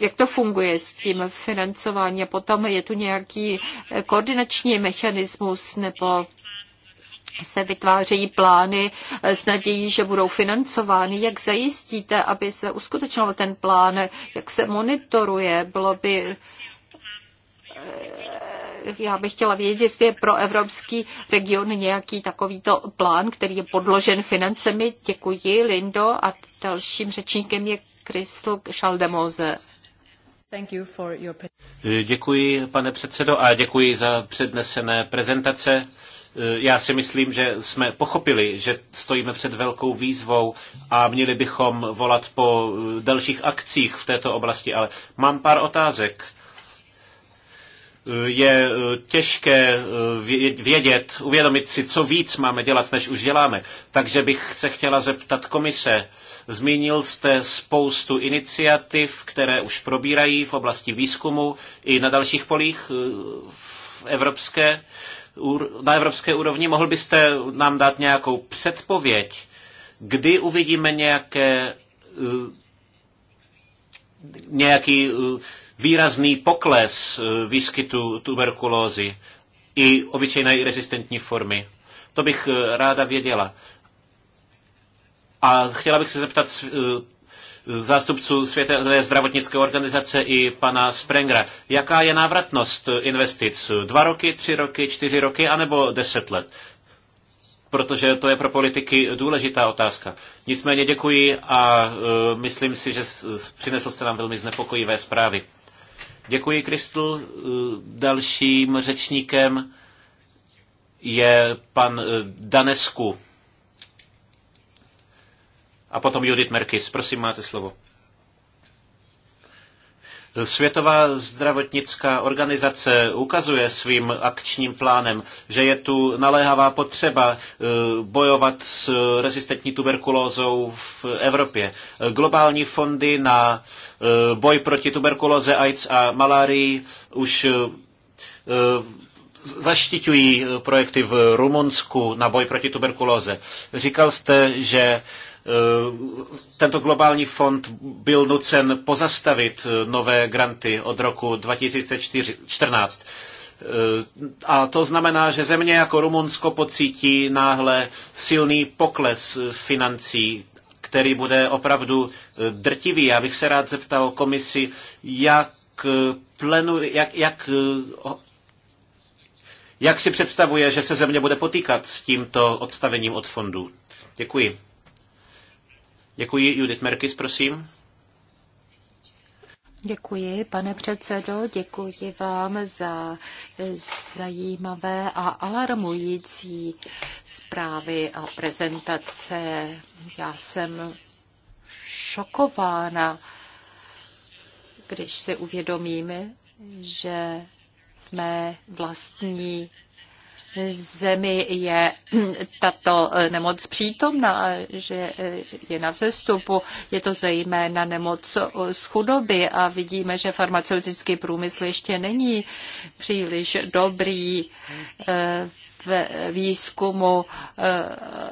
jak to funguje s tím financováním. Potom je tu nějaký eh, koordinační mechanismus, nebo se vytvářejí plány s nadějí, že budou financovány. Jak zajistíte, aby se uskutečnil ten plán? Jak se monitoruje? Bylo by já bych chtěla vědět, jestli je pro evropský region nějaký takovýto plán, který je podložen financemi. Děkuji, Lindo. A dalším řečníkem je Kristl Šaldemoze. Your... Děkuji, pane předsedo, a děkuji za přednesené prezentace. Já si myslím, že jsme pochopili, že stojíme před velkou výzvou a měli bychom volat po dalších akcích v této oblasti, ale mám pár otázek je eh, těžké eh, vědět, uvědomit si, co víc máme dělat, než už děláme. Takže bych se chtěla zeptat komise. Zmínil jste spoustu iniciativ, které už probírají v oblasti výzkumu i na dalších polích eh, v evropské, na evropské úrovni. Mohl byste nám dát nějakou předpověď, kdy uvidíme nějaké, nějaký výrazný pokles eh, výskytu tuberkulózy i obyčejné i rezistentní formy. To bych eh, ráda věděla. A chtěla bych se zeptat eh, zástupců Světové zdravotnické organizace i pana Sprengera. Jaká je návratnost investic? Dva roky, tři roky, čtyři roky, anebo deset let? Protože to je pro politiky důležitá otázka. Nicméně děkuji a myslím si, že přinesl jste nám velmi znepokojivé zprávy. Děkuji, Kristl. Dalším řečníkem je pan Danesku. A potom Judith Merkis. Prosím, máte slovo. Světová zdravotnická organizace ukazuje svým akčním plánem, že je tu naléhavá potřeba eh, bojovat s rezistentní tuberkulózou v Evropě. Globální fondy na eh, boj proti tuberkulóze, AIDS a malárii už eh, zaštiťují projekty v Rumunsku na boj proti tuberkulóze. Říkal jste, že Eh, tento globální fond byl nucen pozastavit eh, nové granty od roku 2014. Eh, a to znamená, že země jako Rumunsko pocítí náhle silný pokles financí, který bude opravdu drtivý. Já bych se rád zeptal komisi, jak plenu, jak, jak jak si představuje, že se země bude potýkat s tímto odstavením od fondů? Děkuji. Děkuji. Judith Merkis, prosím. Děkuji, pane předsedo, děkuji vám za zajímavé a alarmující zprávy a prezentace. Já jsem šokována, když si uvědomíme, že v mé vlastní zemi je tato eh, nemoc přítomná, že eh, je na vzestupu. Je to zejména nemoc eh, z chudoby a vidíme, že farmaceutický průmysl ještě není příliš dobrý v výzkumu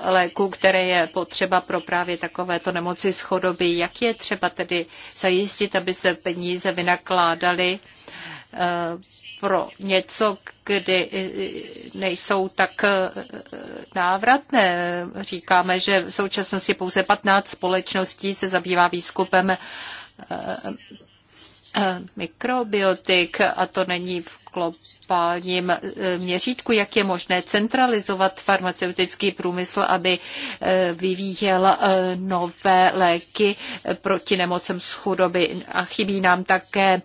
léku, které je potřeba pro právě takovéto nemoci z chudoby. Jak je třeba tedy zajistit, aby se peníze vynakládaly pro něco, kdy nejsou tak eh, návratné. Říkáme, že v současnosti pouze 15 společností se zabývá výzkupem eh, eh, mikrobiotik a to není v globálním eh, měřítku, jak je možné centralizovat farmaceutický průmysl, aby eh, vyvíjel eh, nové léky proti nemocem z chudoby. A chybí nám také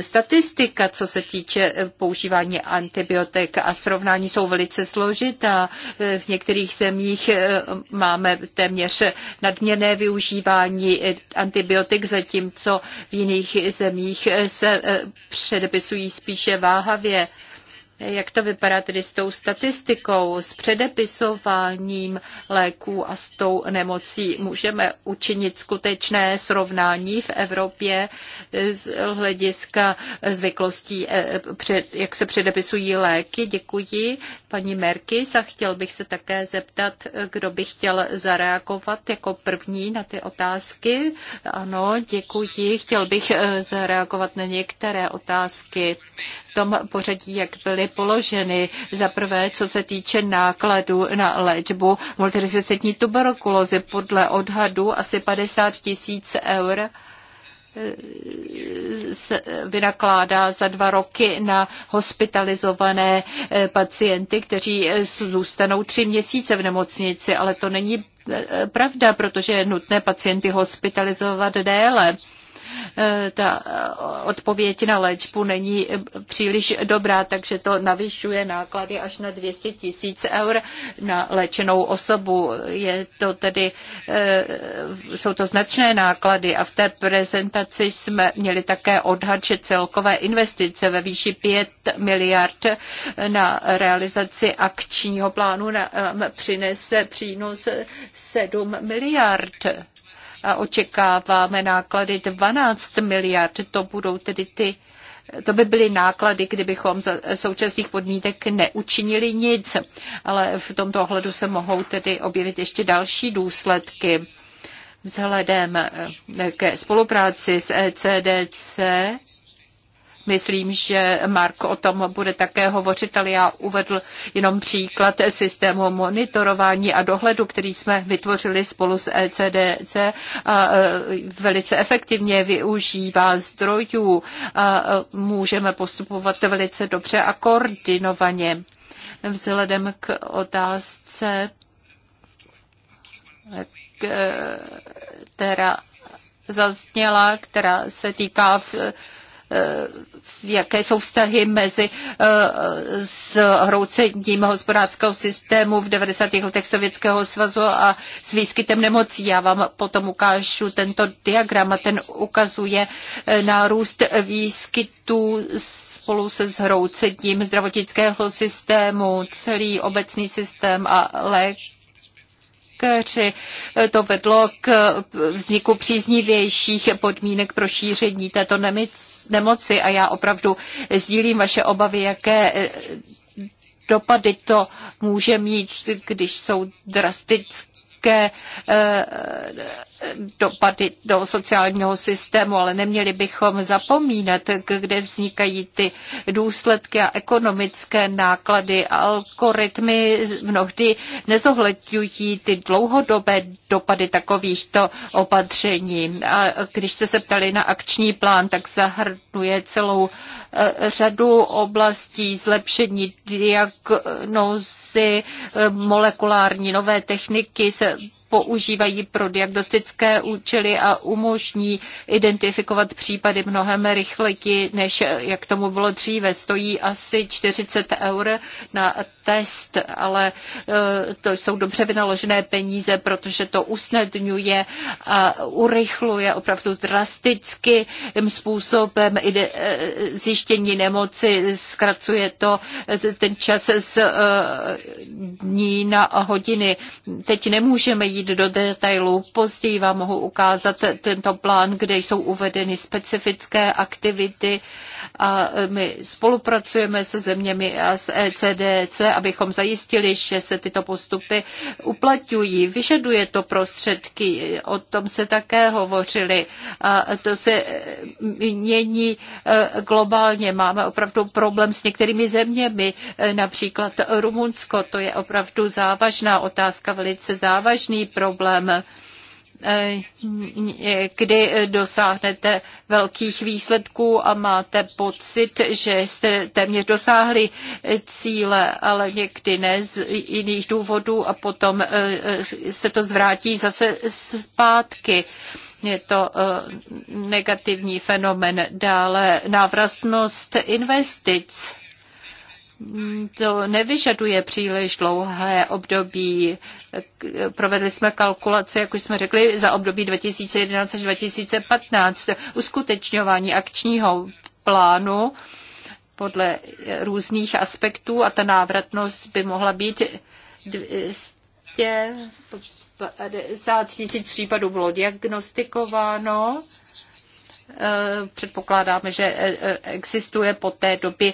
statistika, co se týče používání antibiotik a srovnání jsou velice složitá. V některých zemích máme téměř nadměrné využívání antibiotik, zatímco v jiných zemích se předepisují spíše váhavě. Jak to vypadá tedy s tou statistikou, s předepisováním léků a s tou nemocí? Můžeme učinit skutečné srovnání v Evropě z hlediska zvyklostí, eh, jak se předepisují léky? Děkuji paní Merkis a chtěl bych se také zeptat, kdo by chtěl zareagovat jako první na ty otázky. Ano, děkuji. Chtěl bych eh, zareagovat na některé otázky v tom pořadí, jak byly položeny. Za prvé, co se týče nákladů na léčbu multiresistentní tuberkulózy, podle odhadu asi 50 tisíc eur se vynakládá za dva roky na hospitalizované e, pacienty, kteří e, zůstanou tři měsíce v nemocnici, ale to není e, pravda, protože je nutné pacienty hospitalizovat déle. Eh, ta eh, odpověď na léčbu není eh, příliš dobrá, takže to navyšuje náklady až na 200 tisíc eur na léčenou osobu. Je to tedy, jsou to značné náklady a v té prezentaci jsme měli také odhad, že celkové investice ve výši 5 miliard na realizaci akčního plánu přinese přínos 7 miliard a očekáváme náklady 12 miliard. To budou tedy ty to by byly náklady, kdybychom za současných podmínek neučinili nic, ale v tomto ohledu se mohou tedy objevit ještě další důsledky. Vzhledem ke spolupráci s ECDC Myslím, že Mark o tom bude také hovořit, ale já uvedl jenom příklad systému monitorování a dohledu, který jsme vytvořili spolu s ECDC a e, velice efektivně využívá zdrojů a e, můžeme postupovat velice dobře a koordinovaně. Vzhledem k otázce e, která zazněla, která se týká v Eh, jaké jsou vztahy mezi zhroucením eh, hospodářského systému v 90. letech Sovětského svazu a s výskytem nemocí. Já vám potom ukážu tento diagram a ten ukazuje eh, nárůst výskytu spolu se zhroucením zdravotnického systému, celý obecný systém a léky lékaři. To vedlo k vzniku příznivějších podmínek pro šíření této nemoci a já opravdu sdílím vaše obavy, jaké dopady to může mít, když jsou drastické také eh, dopady do sociálního systému, ale neměli bychom zapomínat, kde vznikají ty důsledky a ekonomické náklady. Algoritmy mnohdy nezohledňují ty dlouhodobé dopady takovýchto opatření. A když jste se ptali na akční plán, tak zahrnuje celou eh, řadu oblastí zlepšení diagnózy, eh, molekulární nové techniky se používají pro diagnostické účely a umožní identifikovat případy mnohem rychleji, než jak tomu bylo dříve. Stojí asi 40 eur na test, ale e, to jsou dobře vynaložené peníze, protože to usnadňuje a urychluje opravdu drasticky způsobem e, zjištění nemoci, zkracuje to e, ten čas z dní na hodiny. Teď nemůžeme jít jít do detailu. Později vám mohu ukázat tento plán, kde jsou uvedeny specifické aktivity a my spolupracujeme se zeměmi a s ECDC, abychom zajistili, že se tyto postupy uplatňují. Vyžaduje to prostředky, o tom se také hovořili. A to se mění e, globálně. Máme opravdu problém s některými zeměmi, e, například Rumunsko. To je opravdu závažná otázka, velice závažný problém eh, kdy dosáhnete velkých výsledků a máte pocit, že jste téměř dosáhli cíle, ale někdy ne z jiných důvodů a potom eh, eh, se to zvrátí zase zpátky. Je to negativní fenomen. Dále návratnost investic Mm, to nevyžaduje příliš dlouhé období. Provedli jsme kalkulace, jak už jsme řekli, za období 2011 až 2015. Uskutečňování akčního plánu podle různých aspektů a ta návratnost by mohla být 250 tisíc případů bylo diagnostikováno Eh, předpokládáme, že eh, eh, existuje po té době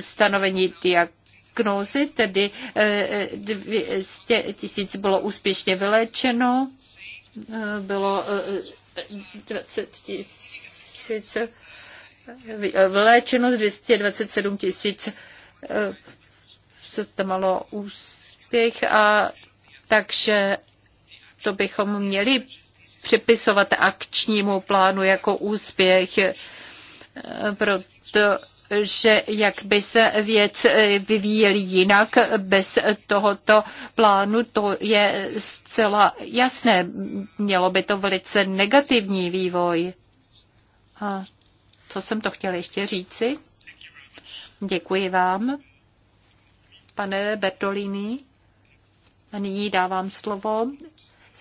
stanovení diagnózy, tedy 200 tisíc bylo úspěšně vyléčeno, bylo 20 tisíc vyléčeno, 227 tisíc se malo úspěch a takže to bychom měli připisovat akčnímu plánu jako úspěch, protože jak by se věc vyvíjel jinak bez tohoto plánu, to je zcela jasné. Mělo by to velice negativní vývoj. A co jsem to chtěla ještě říci? Děkuji vám, pane Bertolini. A nyní dávám slovo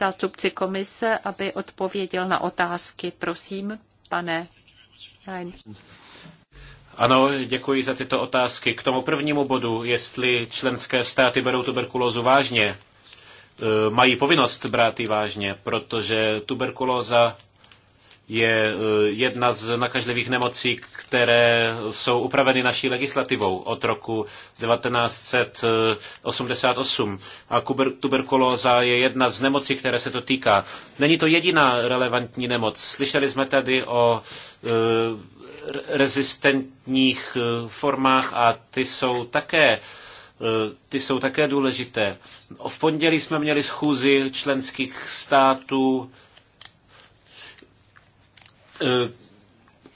zástupci komise, aby odpověděl na otázky. Prosím, pane Ano, děkuji za tyto otázky. K tomu prvnímu bodu, jestli členské státy berou tuberkulózu vážně, e, mají povinnost brát ji vážně, protože tuberkulóza je e, jedna z nakažlivých nemocí, které jsou upraveny naší legislativou od roku 1988. A tuberkulóza je jedna z nemocí, které se to týká. Není to jediná relevantní nemoc. Slyšeli jsme tady o e, rezistentních e, formách a ty jsou také e, ty jsou také důležité. V pondělí jsme měli schůzi členských států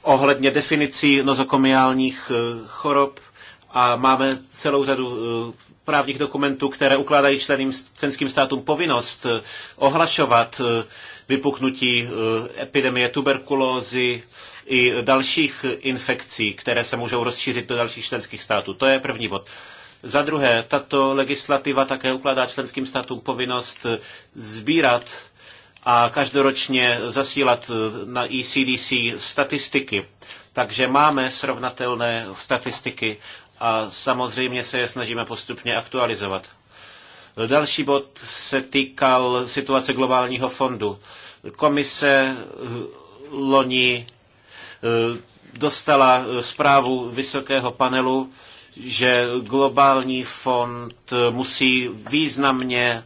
ohledně definicí nozokomiálních eh, chorob a máme celou řadu eh, právních dokumentů, které ukládají členým, členským státům povinnost eh, ohlašovat vypuknutí epidemie tuberkulózy i dalších infekcí, které se můžou rozšířit do dalších členských států. To je první bod. Za druhé, tato legislativa také ukládá členským státům povinnost sbírat a každoročně zasílat eh, na ECDC statistiky. Takže máme srovnatelné statistiky a samozřejmě se je snažíme postupně aktualizovat. Další bod se týkal situace globálního fondu. Komise eh, loni eh, dostala zprávu vysokého panelu, že globální fond musí významně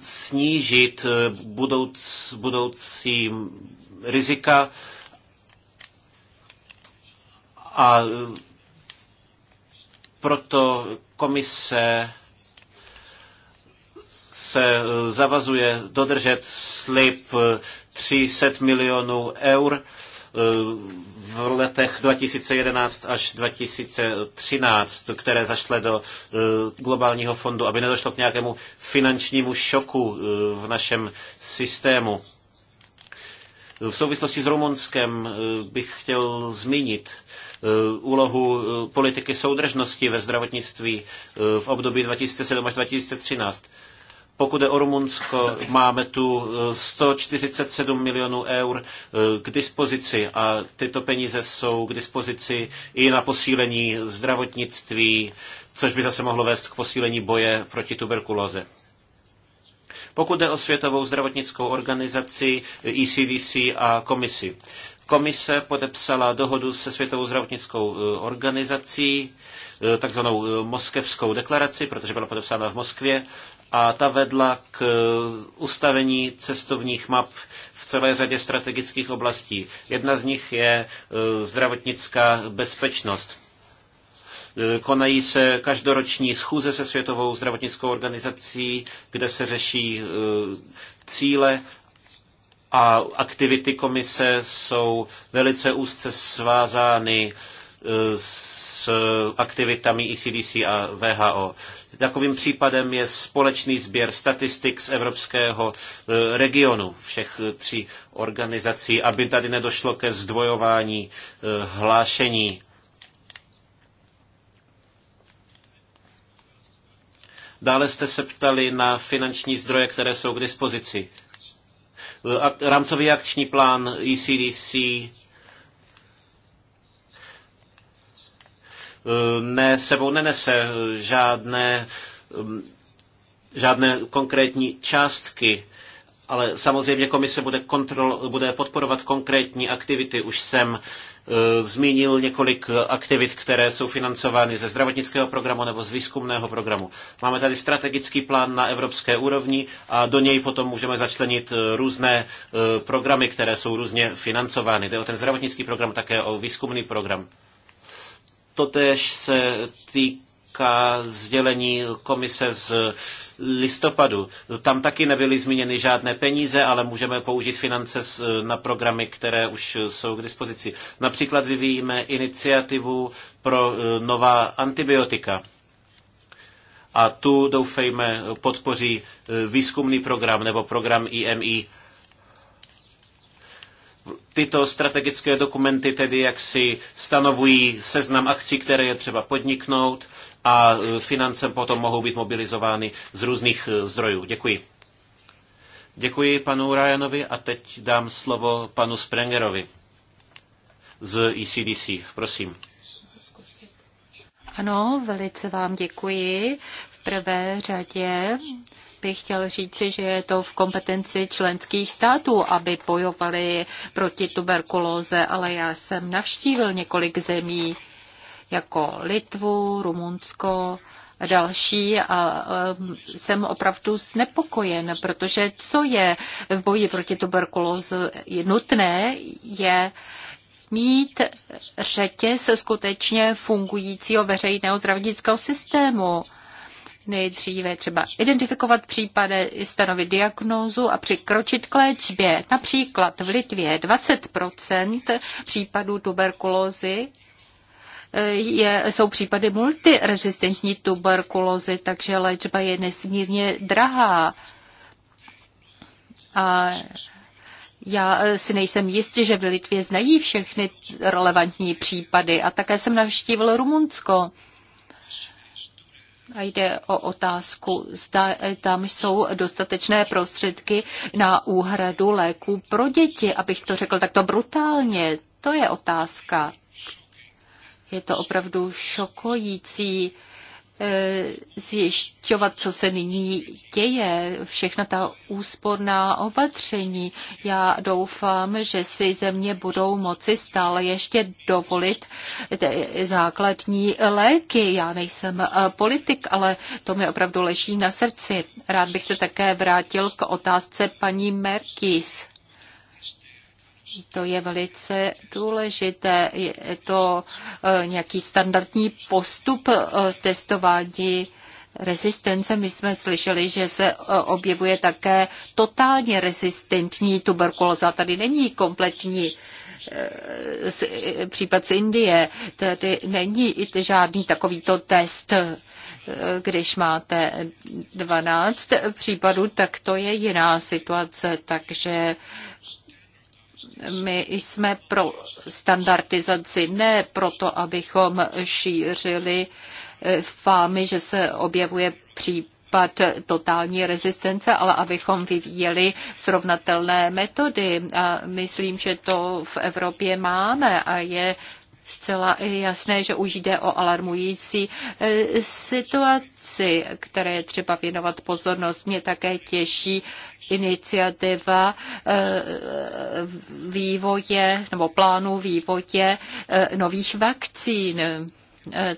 snížit eh, budouc, budoucí rizika a eh, proto komise se eh, zavazuje dodržet slib 300 milionů eur v letech 2011 až 2013, které zašle do eh, globálního fondu, aby nedošlo k nějakému finančnímu šoku eh, v našem systému. V souvislosti s Rumunskem eh, bych chtěl zmínit úlohu politiky soudržnosti ve zdravotnictví v období 2007 až 2013. Pokud je o Rumunsko, máme tu 147 eh, milionů eur eh, k dispozici a tyto peníze jsou k dispozici i na posílení zdravotnictví, což by zase mohlo vést k posílení boje proti tuberkulóze. Pokud jde o Světovou zdravotnickou organizaci, ECDC eh, e a komisi. Komise podepsala dohodu se Světovou zdravotnickou organizací, takzvanou Moskevskou deklaraci, protože byla podepsána v Moskvě, a ta vedla k ustavení cestovních map v celé řadě strategických oblastí. Jedna z nich je e, zdravotnická bezpečnost. E, konají se každoroční schůze se Světovou zdravotnickou organizací, kde se řeší e, cíle a aktivity komise jsou velice úzce svázány Eh, s aktivitami ECDC a VHO. Takovým případem je společný sběr statistik z evropského eh, regionu všech eh, tří organizací, aby tady nedošlo ke zdvojování hlášení. Dále jste se ptali na finanční zdroje, které jsou k dispozici. Rámcový akční plán ECDC Eh, ne, sebou nenese žádné, mm, žádné konkrétní částky, ale samozřejmě komise bude, kontrol, bude podporovat konkrétní aktivity. Už jsem eh, zmínil několik aktivit, které jsou financovány ze zdravotnického programu nebo z výzkumného programu. Máme tady strategický plán na evropské úrovni a do něj potom můžeme začlenit eh, různé programy, které jsou různě financovány. Jde o ten zdravotnický program, také o výzkumný program. Totež se týká sdělení komise z listopadu. Tam taky nebyly zmíněny žádné peníze, ale můžeme použít finance na programy, které už jsou k dispozici. Například vyvíjíme iniciativu pro e, nová antibiotika. A tu doufejme podpoří e, výzkumný program nebo program IMI Tyto strategické dokumenty tedy jaksi stanovují seznam akcí, které je třeba podniknout a e, finance potom mohou být mobilizovány z různých e, zdrojů. Děkuji. Děkuji panu Ryanovi a teď dám slovo panu Sprengerovi z ECDC. Prosím. Ano, velice vám děkuji. V prvé řadě bych chtěl říci, že je to v kompetenci členských států, aby bojovali proti tuberkulóze, ale já jsem navštívil několik zemí, jako Litvu, Rumunsko, další a um, jsem opravdu znepokojen, protože co je v boji proti tuberkulóze nutné, je mít řetěz skutečně fungujícího veřejného zdravotnického systému nejdříve třeba identifikovat případy, stanovit diagnózu a přikročit k léčbě. Například v Litvě 20% případů tuberkulózy eh, je, jsou případy multirezistentní tuberkulózy, takže léčba je nesmírně drahá. A já eh, si nejsem jistý, že v Litvě znají všechny relevantní případy a také jsem navštívil Rumunsko. A jde o otázku, zda eh, tam jsou dostatečné prostředky na úhradu léků pro děti, abych to řekl takto brutálně. To je otázka. Je to opravdu šokující, Eh, zjišťovat, co se nyní děje, všechna ta úsporná opatření. Já doufám, že si země budou moci stále ještě dovolit základní léky. Já nejsem eh, politik, ale to mi opravdu leží na srdci. Rád bych se také vrátil k otázce paní Merkis. To je velice důležité. Je to e, nějaký standardní postup e, testování rezistence. My jsme slyšeli, že se e, objevuje také totálně rezistentní tuberkulóza. Tady není kompletní případ z Indie. Tady není žádný takovýto test. Když máte 12 případů, tak to je jiná situace, takže my jsme pro standardizaci, ne proto, abychom šířili eh, fámy, že se objevuje případ totální rezistence, ale abychom vyvíjeli srovnatelné metody. A myslím, že to v Evropě máme a je zcela jasné, že už jde o alarmující eh, situaci, které je třeba věnovat pozornost. Mě také těší iniciativa eh, vývoje nebo plánu vývoje eh, nových vakcín.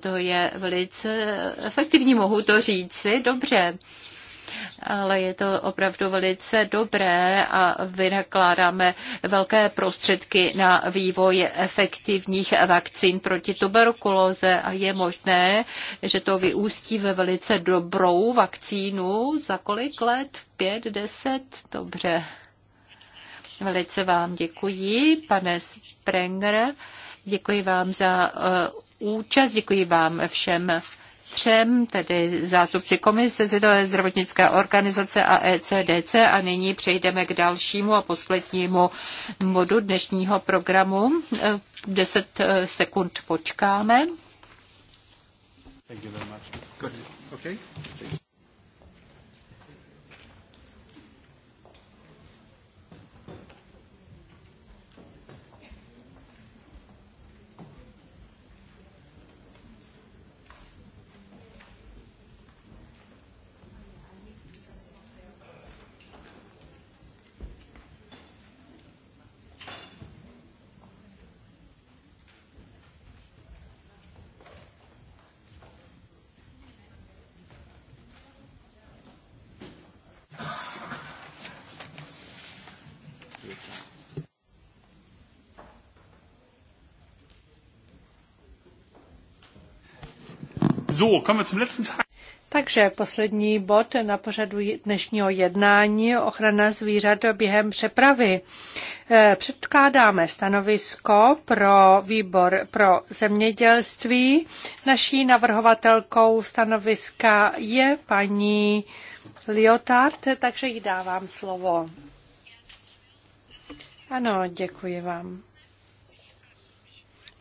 To je velice efektivní, mohu to říci, dobře ale je to opravdu velice dobré a vynakládáme velké prostředky na vývoj efektivních vakcín proti tuberkulóze a je možné, že to vyústí ve velice dobrou vakcínu za kolik let? Pět, deset? Dobře. Velice vám děkuji, pane Sprenger. Děkuji vám za eh, účast, děkuji vám všem třem, tedy zástupci komise, Světové zdravotnické organizace a ECDC a nyní přejdeme k dalšímu a poslednímu modu dnešního programu. Eh, deset eh, sekund počkáme. Thank you very much. Good. Okay. So, kommen wir zum letzten Teil. Takže poslední bod na pořadu dnešního jednání ochrana zvířat během přepravy. Eh, předkládáme stanovisko pro výbor pro zemědělství. Naší navrhovatelkou stanoviska je paní Liotard, takže jí dávám slovo. Ano, děkuji vám.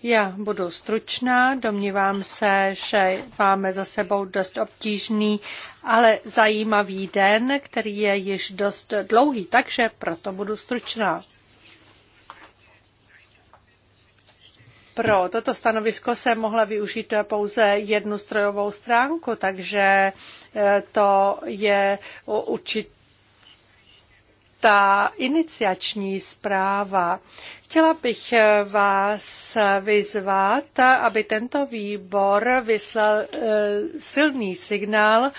Já budu stručná, domnívám se, že máme za sebou dost obtížný, ale zajímavý den, který je již dost dlouhý, takže proto budu stručná. Pro toto stanovisko jsem mohla využít pouze jednu strojovou stránku, takže eh, to je určitě ta iniciační zpráva. Chtěla bych eh, vás vyzvat, aby tento výbor vyslal eh, silný signál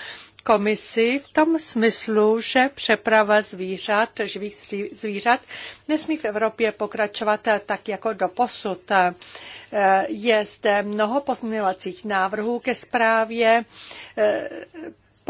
komisi v tom smyslu, že přeprava zvířat, živých zvířat, nesmí v Evropě pokračovat tak jako do posud. Eh, je zde mnoho pozměňovacích návrhů ke zprávě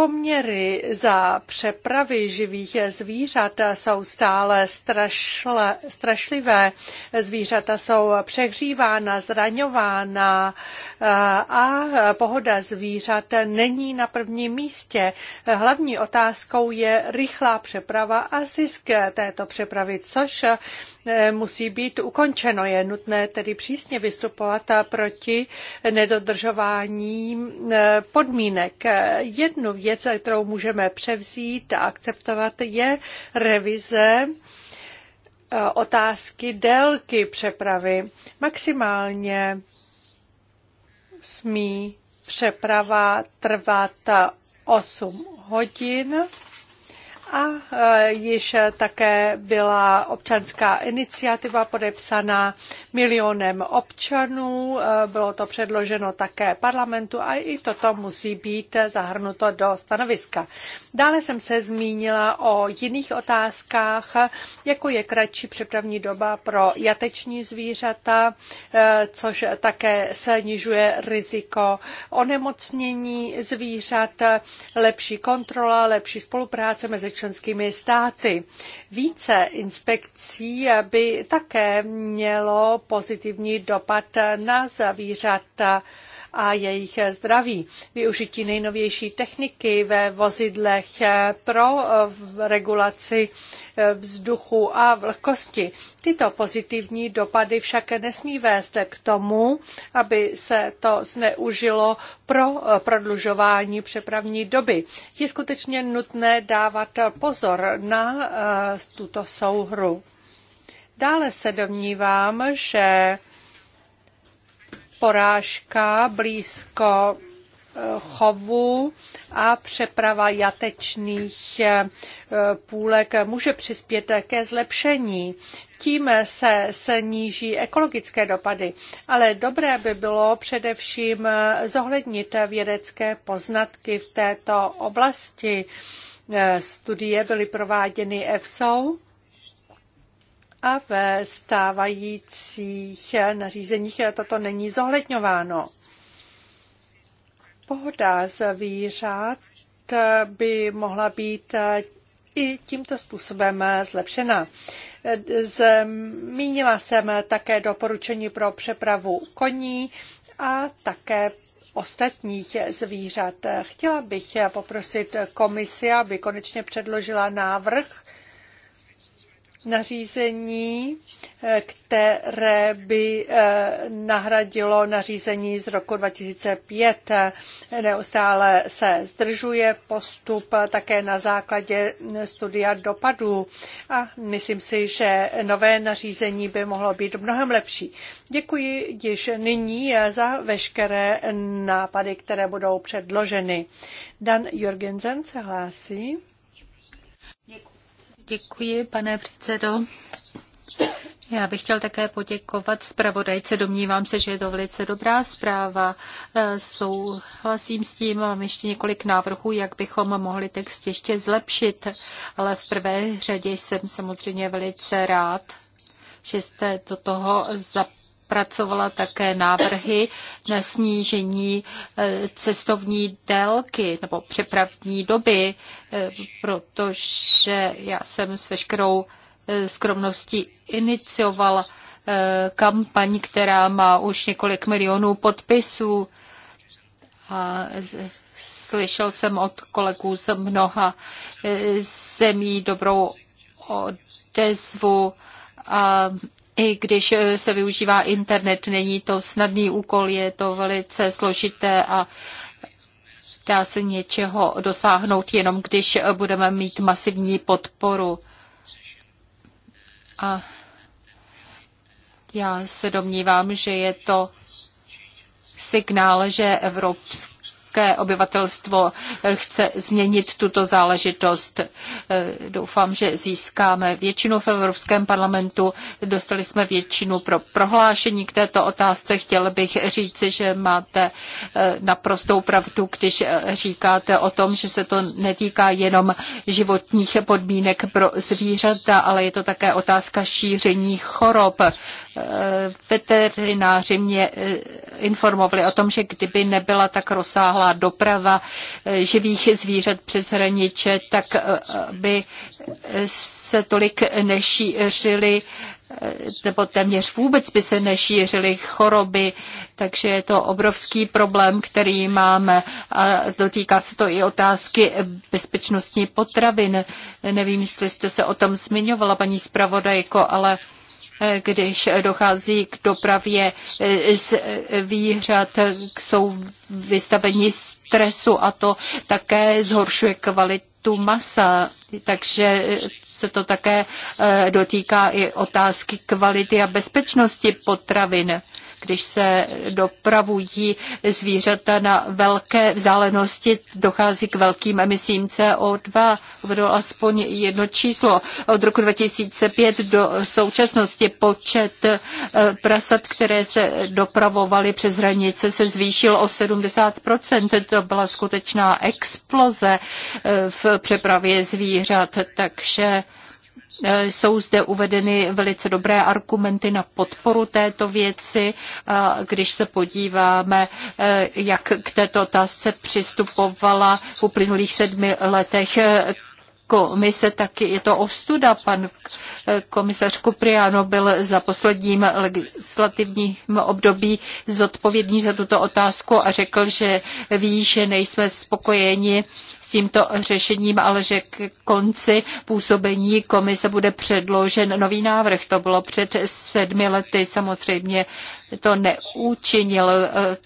Poměry za přepravy živých zvířat jsou stále strašle, strašlivé. Zvířata jsou přehřívána, zraňována eh, a pohoda zvířat není na prvním místě. Hlavní otázkou je rychlá přeprava a zisk této přepravy, což E, musí být ukončeno. Je nutné tedy přísně vystupovat proti nedodržování e, podmínek. E, jednu věc, kterou můžeme převzít a akceptovat, je revize otázky délky přepravy. Maximálně smí přeprava trvat 8 hodin a e, již také byla občanská iniciativa podepsaná milionem občanů. E, bylo to předloženo také parlamentu a i toto musí být zahrnuto do stanoviska. Dále jsem se zmínila o jiných otázkách, jako je kratší přepravní doba pro jateční zvířata, e, což také snižuje riziko onemocnění zvířat, lepší kontrola, lepší spolupráce mezi členskými státy. Více inspekcí by také mělo pozitivní dopad na zvířata a jejich zdraví. Využití nejnovější techniky ve vozidlech eh, pro eh, regulaci eh, vzduchu a vlhkosti. Tyto pozitivní dopady však nesmí vést k tomu, aby se to zneužilo pro prodlužování přepravní doby. Je skutečně nutné dávat pozor na tuto souhru. Dále se domnívám, že porážka blízko eh, chovu a přeprava jatečných eh, půlek může přispět ke zlepšení. Tím se sníží ekologické dopady, ale dobré by bylo především eh, zohlednit vědecké poznatky v této oblasti. Studie byly prováděny EFSO, a ve stávajících nařízeních toto není zohledňováno. Pohoda zvířat by mohla být i tímto způsobem zlepšena. Zmínila jsem také doporučení pro přepravu koní a také ostatních zvířat. Chtěla bych poprosit komisi, aby konečně předložila návrh nařízení, eh, které by eh, nahradilo nařízení z roku 2005. Neustále se zdržuje postup eh, také na základě studia dopadů a myslím si, že nové nařízení by mohlo být mnohem lepší. Děkuji již nyní za veškeré nápady, které budou předloženy. Dan Jorgensen se hlásí. Děkuji, pane předsedo. Já bych chtěl také poděkovat zpravodajce. Domnívám se, že je to velice dobrá zpráva. E, souhlasím s tím, mám ještě několik návrhů, jak bychom mohli text ještě zlepšit, ale v prvé řadě jsem samozřejmě velice rád, že jste do toho zapojili zpracovala také návrhy na snížení eh, cestovní délky nebo přepravní doby, eh, protože já jsem s veškerou eh, skromností inicioval kampaň, která má už několik milionů podpisů. A slyšel jsem od kolegů z mnoha zemí dobrou odezvu a i když eh, se využívá internet, není to snadný úkol, je to velice složité a dá se něčeho dosáhnout jenom, když eh, budeme mít masivní podporu. A já se domnívám, že je to signál, že Evropská také obyvatelstvo chce změnit tuto záležitost. Eh, doufám, že získáme většinu v Evropském parlamentu. Dostali jsme většinu pro prohlášení k této otázce. Chtěl bych říci, že máte eh, naprostou pravdu, když eh, říkáte o tom, že se to netýká jenom životních podmínek pro zvířata, ale je to také otázka šíření chorob. Veterináři mě informovali o tom, že kdyby nebyla tak rozsáhlá doprava eh, živých zvířat přes hraniče, tak eh, by se tolik nešířily eh, nebo téměř vůbec by se nešířily choroby, takže je to obrovský problém, který máme a dotýká se to i otázky bezpečnostní potravin. Nevím, jestli jste se o tom zmiňovala, paní zpravodajko, ale když dochází k dopravě zvířat, jsou vystaveni stresu a to také zhoršuje kvalitu masa. Takže se to také eh, dotýká i otázky kvality a bezpečnosti potravin. Když se dopravují zvířata na velké vzdálenosti, dochází k velkým emisím CO2. Uvedu aspoň jedno číslo. Od roku 2005 do současnosti počet eh, prasat, které se dopravovaly přes hranice, se zvýšil o 70%. To byla skutečná exploze eh, v přepravě zvířat, takže Eh, jsou zde uvedeny velice dobré argumenty na podporu této věci. Když se podíváme, eh, jak k této otázce přistupovala v uplynulých sedmi letech komise, taky. je to ostuda. Pan eh, komisař Kupriano byl za posledním legislativním období zodpovědný za tuto otázku a řekl, že ví, že nejsme spokojeni s tímto řešením, ale že k konci působení komise bude předložen nový návrh. To bylo před sedmi lety. Samozřejmě to neučinil eh,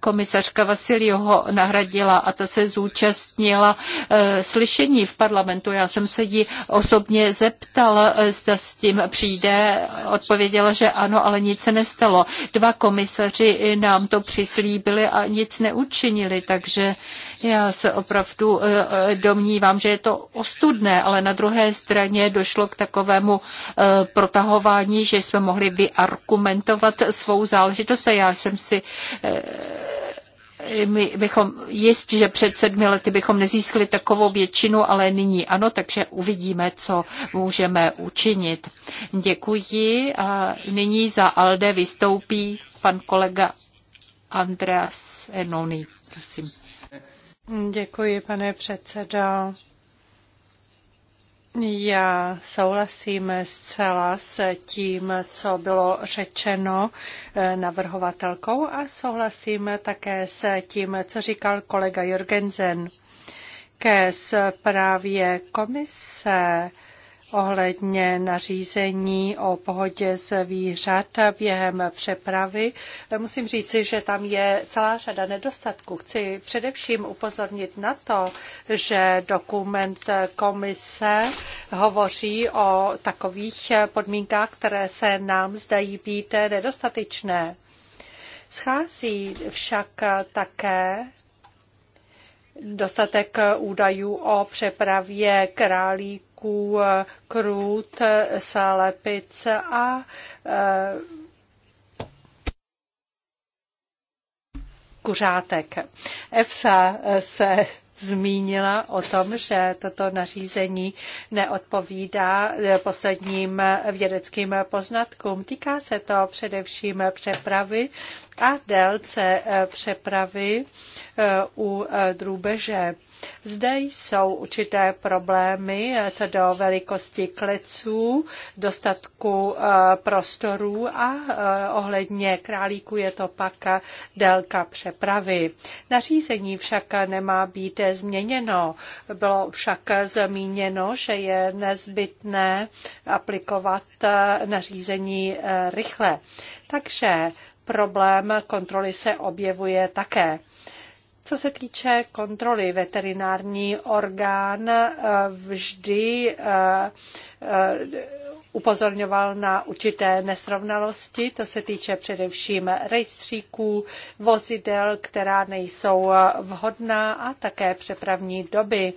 komisařka Vasilio nahradila a ta se zúčastnila eh, slyšení v parlamentu. Já jsem se jí osobně zeptala, eh, zda s tím přijde. Odpověděla, že ano, ale nic se nestalo. Dva komisaři nám to přislíbili a nic neučinili, takže já se opravdu eh, domnívám, že je to ostudné, ale na druhé straně došlo k takovému protahování, že jsme mohli vyargumentovat svou záležitost a já jsem si my bychom, jist, že před sedmi lety bychom nezískali takovou většinu, ale nyní ano, takže uvidíme, co můžeme učinit. Děkuji a nyní za ALDE vystoupí pan kolega Andreas Enoni. Prosím. Děkuji, pane předsedo. Já souhlasím zcela s tím, co bylo řečeno eh, navrhovatelkou a souhlasím také s tím, co říkal kolega Jorgensen. Ke zprávě komise ohledně nařízení o pohodě zvířat během přepravy. Musím říci, že tam je celá řada nedostatků. Chci především upozornit na to, že dokument komise hovoří o takových podmínkách, které se nám zdají být nedostatečné. Schází však také dostatek údajů o přepravě králíků výrobků eh, krůt, eh, sále a eh, kuřátek. EFSA se zmínila o tom, že toto nařízení neodpovídá posledním vědeckým poznatkům. Týká se to především přepravy a délce e, přepravy e, u e, drůbeže. Zde jsou určité problémy co do velikosti kleců, dostatku prostorů a ohledně králíku je to pak délka přepravy. Nařízení však nemá být změněno. Bylo však zmíněno, že je nezbytné aplikovat nařízení rychle. Takže problém kontroly se objevuje také. Co se týče kontroly, veterinární orgán eh, vždy eh, eh, upozorňoval na určité nesrovnalosti, to se týče především rejstříků, vozidel, která nejsou vhodná a také přepravní doby.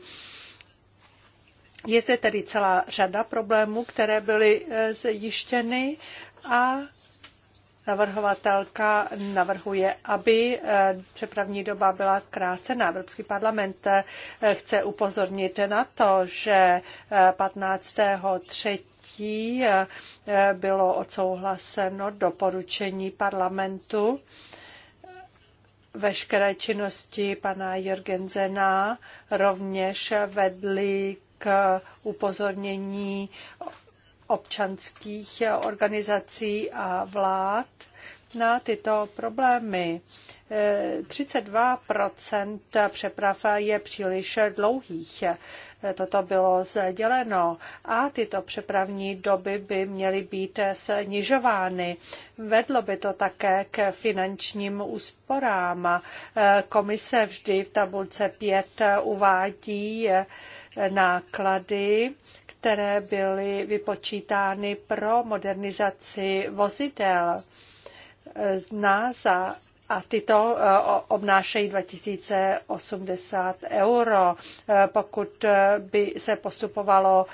Je zde tedy celá řada problémů, které byly zjištěny a Navrhovatelka navrhuje, aby eh, přepravní doba byla krácena. Evropský parlament eh, chce upozornit na to, že 15. Eh, 3 třetí bylo odsouhlaseno doporučení parlamentu veškeré činnosti pana Jorgensena rovněž vedly k upozornění občanských organizací a vlád na tyto problémy. 32 přeprav je příliš dlouhých. Toto bylo sděleno a tyto přepravní doby by měly být snižovány. Vedlo by to také k finančním úsporám. Komise vždy v tabulce 5 uvádí náklady, které byly vypočítány pro modernizaci vozidel. NASA a tyto eh, obnášejí 2080 euro. Eh, pokud eh, by se postupovalo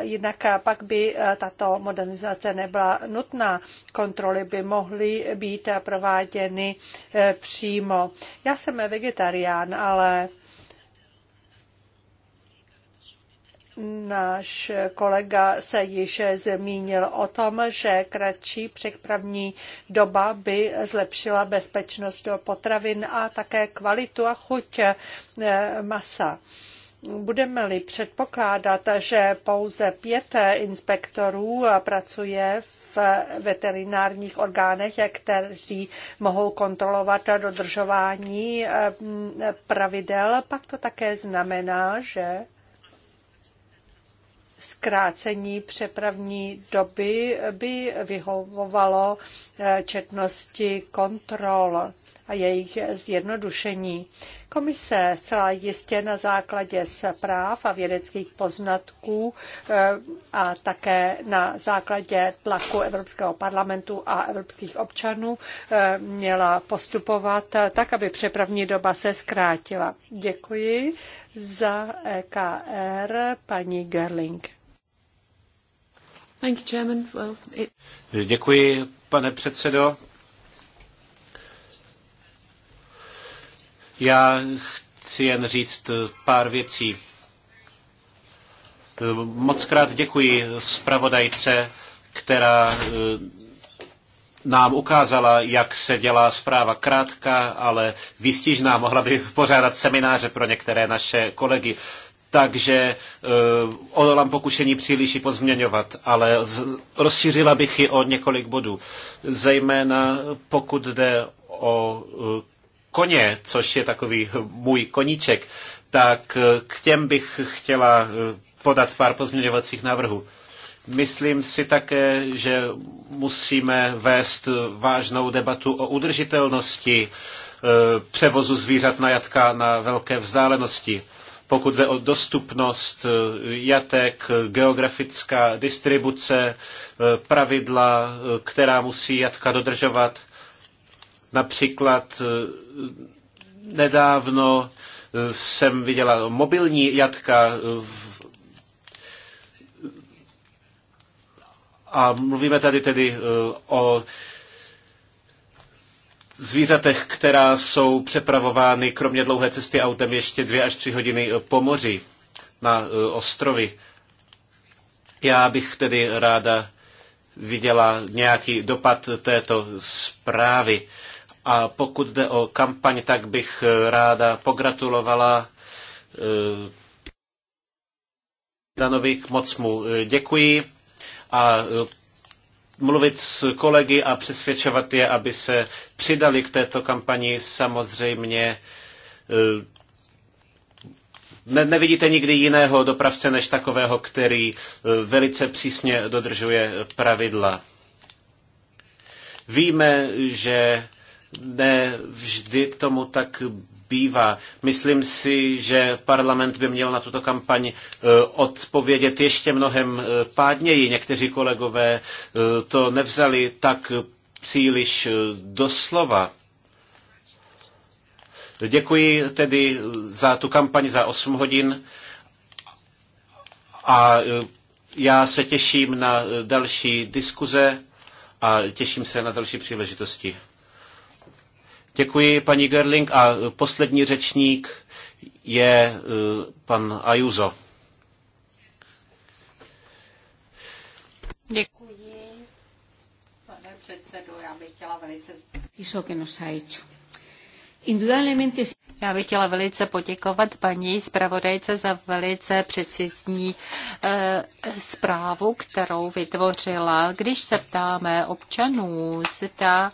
jinak, pak by tato modernizace nebyla nutná. Kontroly by mohly být prováděny přímo. Já jsem vegetarián, ale Náš kolega se již zmínil o tom, že kratší přepravní doba by zlepšila bezpečnost potravin a také kvalitu a chuť eh, masa. Budeme-li předpokládat, že pouze pět inspektorů pracuje v veterinárních orgánech, kteří mohou kontrolovat dodržování eh, pravidel, pak to také znamená, že zkrácení přepravní doby by vyhovovalo eh, četnosti kontrol a jejich zjednodušení. Komise zcela jistě na základě zpráv a vědeckých poznatků eh, a také na základě tlaku Evropského parlamentu a evropských občanů eh, měla postupovat tak, aby přepravní doba se zkrátila. Děkuji za EKR paní Gerling. Thank you, Chairman. Well, it... Děkuji, pane předsedo. Já chci jen říct pár věcí. Moc krát děkuji zpravodajce, která eh, nám ukázala, jak se dělá zpráva krátká, ale výstižná. Mohla by pořádat semináře pro některé naše kolegy takže e, odolám pokušení příliš ji pozměňovat, ale rozšířila bych ji o několik bodů. Zejména pokud jde o e, koně, což je takový můj koníček, tak e, k těm bych chtěla podat pár pozměňovacích návrhů. Myslím si také, že musíme vést vážnou debatu o udržitelnosti převozu zvířat na jatka na velké vzdálenosti pokud jde o dostupnost eh, jatek, geografická distribuce, eh, pravidla, eh, která musí jatka dodržovat. Například nedávno jsem viděla mobilní jatka v a mluvíme tady tedy o zvířatech, která jsou přepravovány kromě dlouhé cesty autem ještě dvě až tři hodiny eh, po moři na eh, ostrovy. Já bych tedy ráda viděla nějaký dopad této zprávy. A pokud jde o kampaň, tak bych eh, ráda pogratulovala Danovi, moc mu děkuji a mluvit s kolegy a přesvědčovat je, aby se přidali k této kampani. Samozřejmě eh, ne, nevidíte nikdy jiného dopravce než takového, který eh, velice přísně dodržuje pravidla. Víme, že ne vždy tomu tak bývá. Myslím si, že parlament by měl na tuto kampaň e, odpovědět ještě mnohem e, pádněji. Někteří kolegové e, to nevzali tak příliš doslova. Děkuji tedy za tu kampaň za 8 hodin a já se těším na další diskuze a těším se na další příležitosti. Děkuji, paní Gerling. A poslední řečník je eh, pan Ajuzo. Děkuji, pane předsedo. Já bych chtěla velice... Eso que nos ha hecho. Indudablemente... Já bych chtěla velice poděkovat paní zpravodajce za velice precizní e, zprávu, kterou vytvořila. Když se ptáme občanů, zda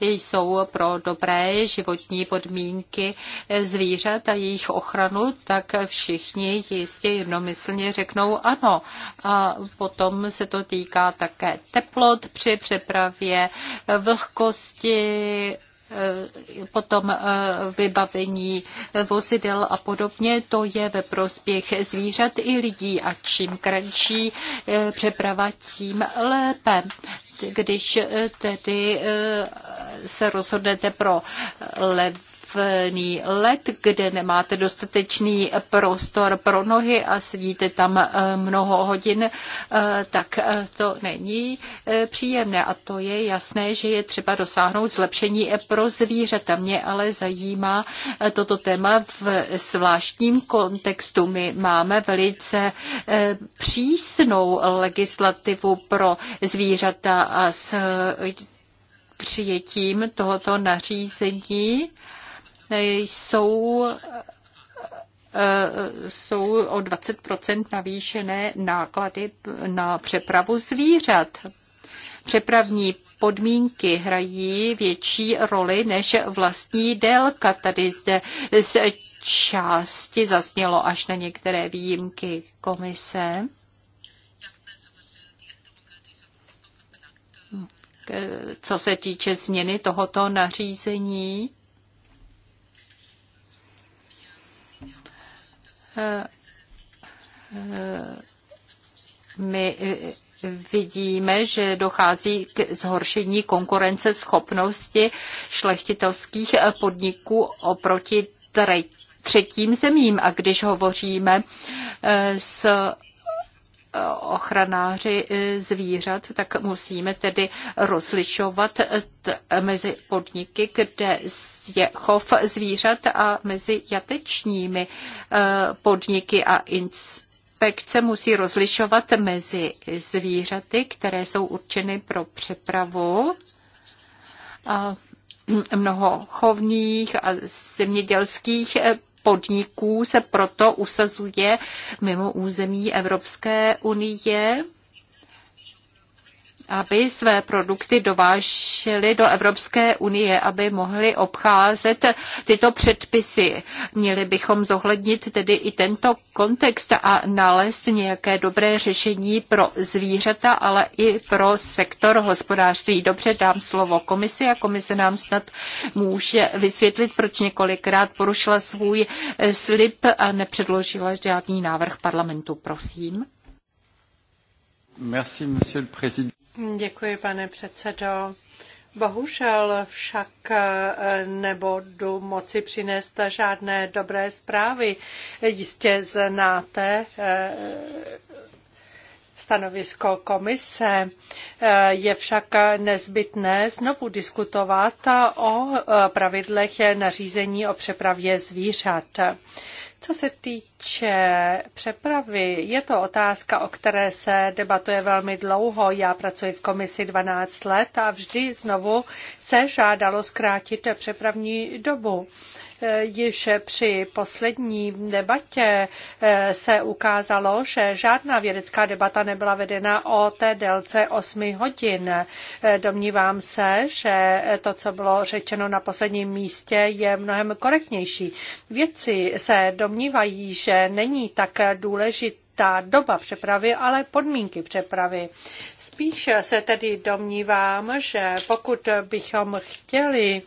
jsou pro dobré životní podmínky zvířat a jejich ochranu, tak všichni jistě jednomyslně řeknou ano. A potom se to týká také teplot při přepravě, vlhkosti, eh, potom eh, vybavení vozidel a podobně, to je ve prospěch zvířat i lidí a čím kratší eh, přeprava, tím lépe když tedy eh, se rozhodnete pro lev trávný let, kde nemáte dostatečný prostor pro nohy a sedíte tam eh, mnoho hodin, eh, tak eh, to není příjemné a to je jasné, že je třeba dosáhnout zlepšení pro zvířata. Mě ale zajímá toto téma v zvláštním kontextu. My máme velice přísnou legislativu pro zvířata a s přijetím tohoto nařízení jsou e, jsou o 20% navýšené náklady na přepravu zvířat. Přepravní podmínky hrají větší roli než vlastní délka. Tady zde z části zaznělo až na některé výjimky komise. Co se týče změny tohoto nařízení, my vidíme, že dochází k zhoršení konkurenceschopnosti šlechtitelských podniků oproti třetím zemím. A když hovoříme s ochranáři e, zvířat, tak musíme tedy rozlišovat e, mezi podniky, kde je chov zvířat a mezi jatečními e, podniky a inspekce musí rozlišovat mezi zvířaty, které jsou určeny pro přepravu. A mnoho chovních a zemědělských podniků se proto usazuje mimo území Evropské unie aby své produkty dovážely do Evropské unie, aby mohli obcházet tyto předpisy. Měli bychom zohlednit tedy i tento kontext a nalézt nějaké dobré řešení pro zvířata, ale i pro sektor hospodářství. Dobře, dám slovo komisi a komise nám snad může vysvětlit, proč několikrát porušila svůj slib a nepředložila žádný návrh parlamentu. Prosím. Merci, monsieur le président. Děkuji, pane předsedo. Bohužel však eh, nebudu moci přinést žádné dobré zprávy. Jistě znáte eh, stanovisko komise. Eh, je však nezbytné znovu diskutovat o pravidlech nařízení o přepravě zvířat. Co se týče přepravy, je to otázka, o které se debatuje velmi dlouho. Já pracuji v komisi 12 let a vždy znovu se žádalo zkrátit přepravní dobu. Již při poslední debatě eh, se ukázalo, že žádná vědecká debata nebyla vedena o té délce 8 hodin. Eh, domnívám se, že to, co bylo řečeno na posledním místě, je mnohem korektnější. Vědci se domnívají, že není tak důležitá doba přepravy, ale podmínky přepravy. Spíše se tedy domnívám, že pokud bychom chtěli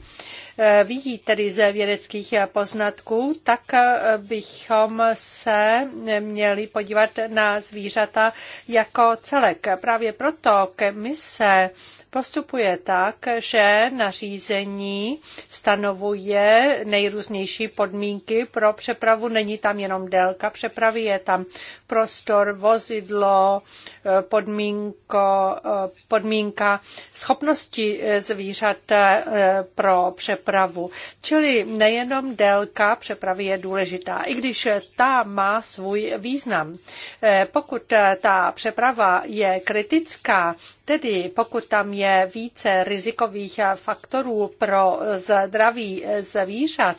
eh, vyjít tedy ze vědeckých poznatků, tak eh, bychom se měli podívat na zvířata jako celek. Právě proto komise postupuje tak, že nařízení stanovuje nejrůznější podmínky pro přepravu. Není tam jenom délka přepravy, je tam prostor, vozidlo, eh, podmínko Eh, podmínka schopnosti eh, zvířat eh, pro přepravu. Čili nejenom délka přepravy je důležitá, i když ta má svůj význam. Pokud ta přeprava je kritická, Tedy pokud tam je více rizikových faktorů pro zdraví zvířat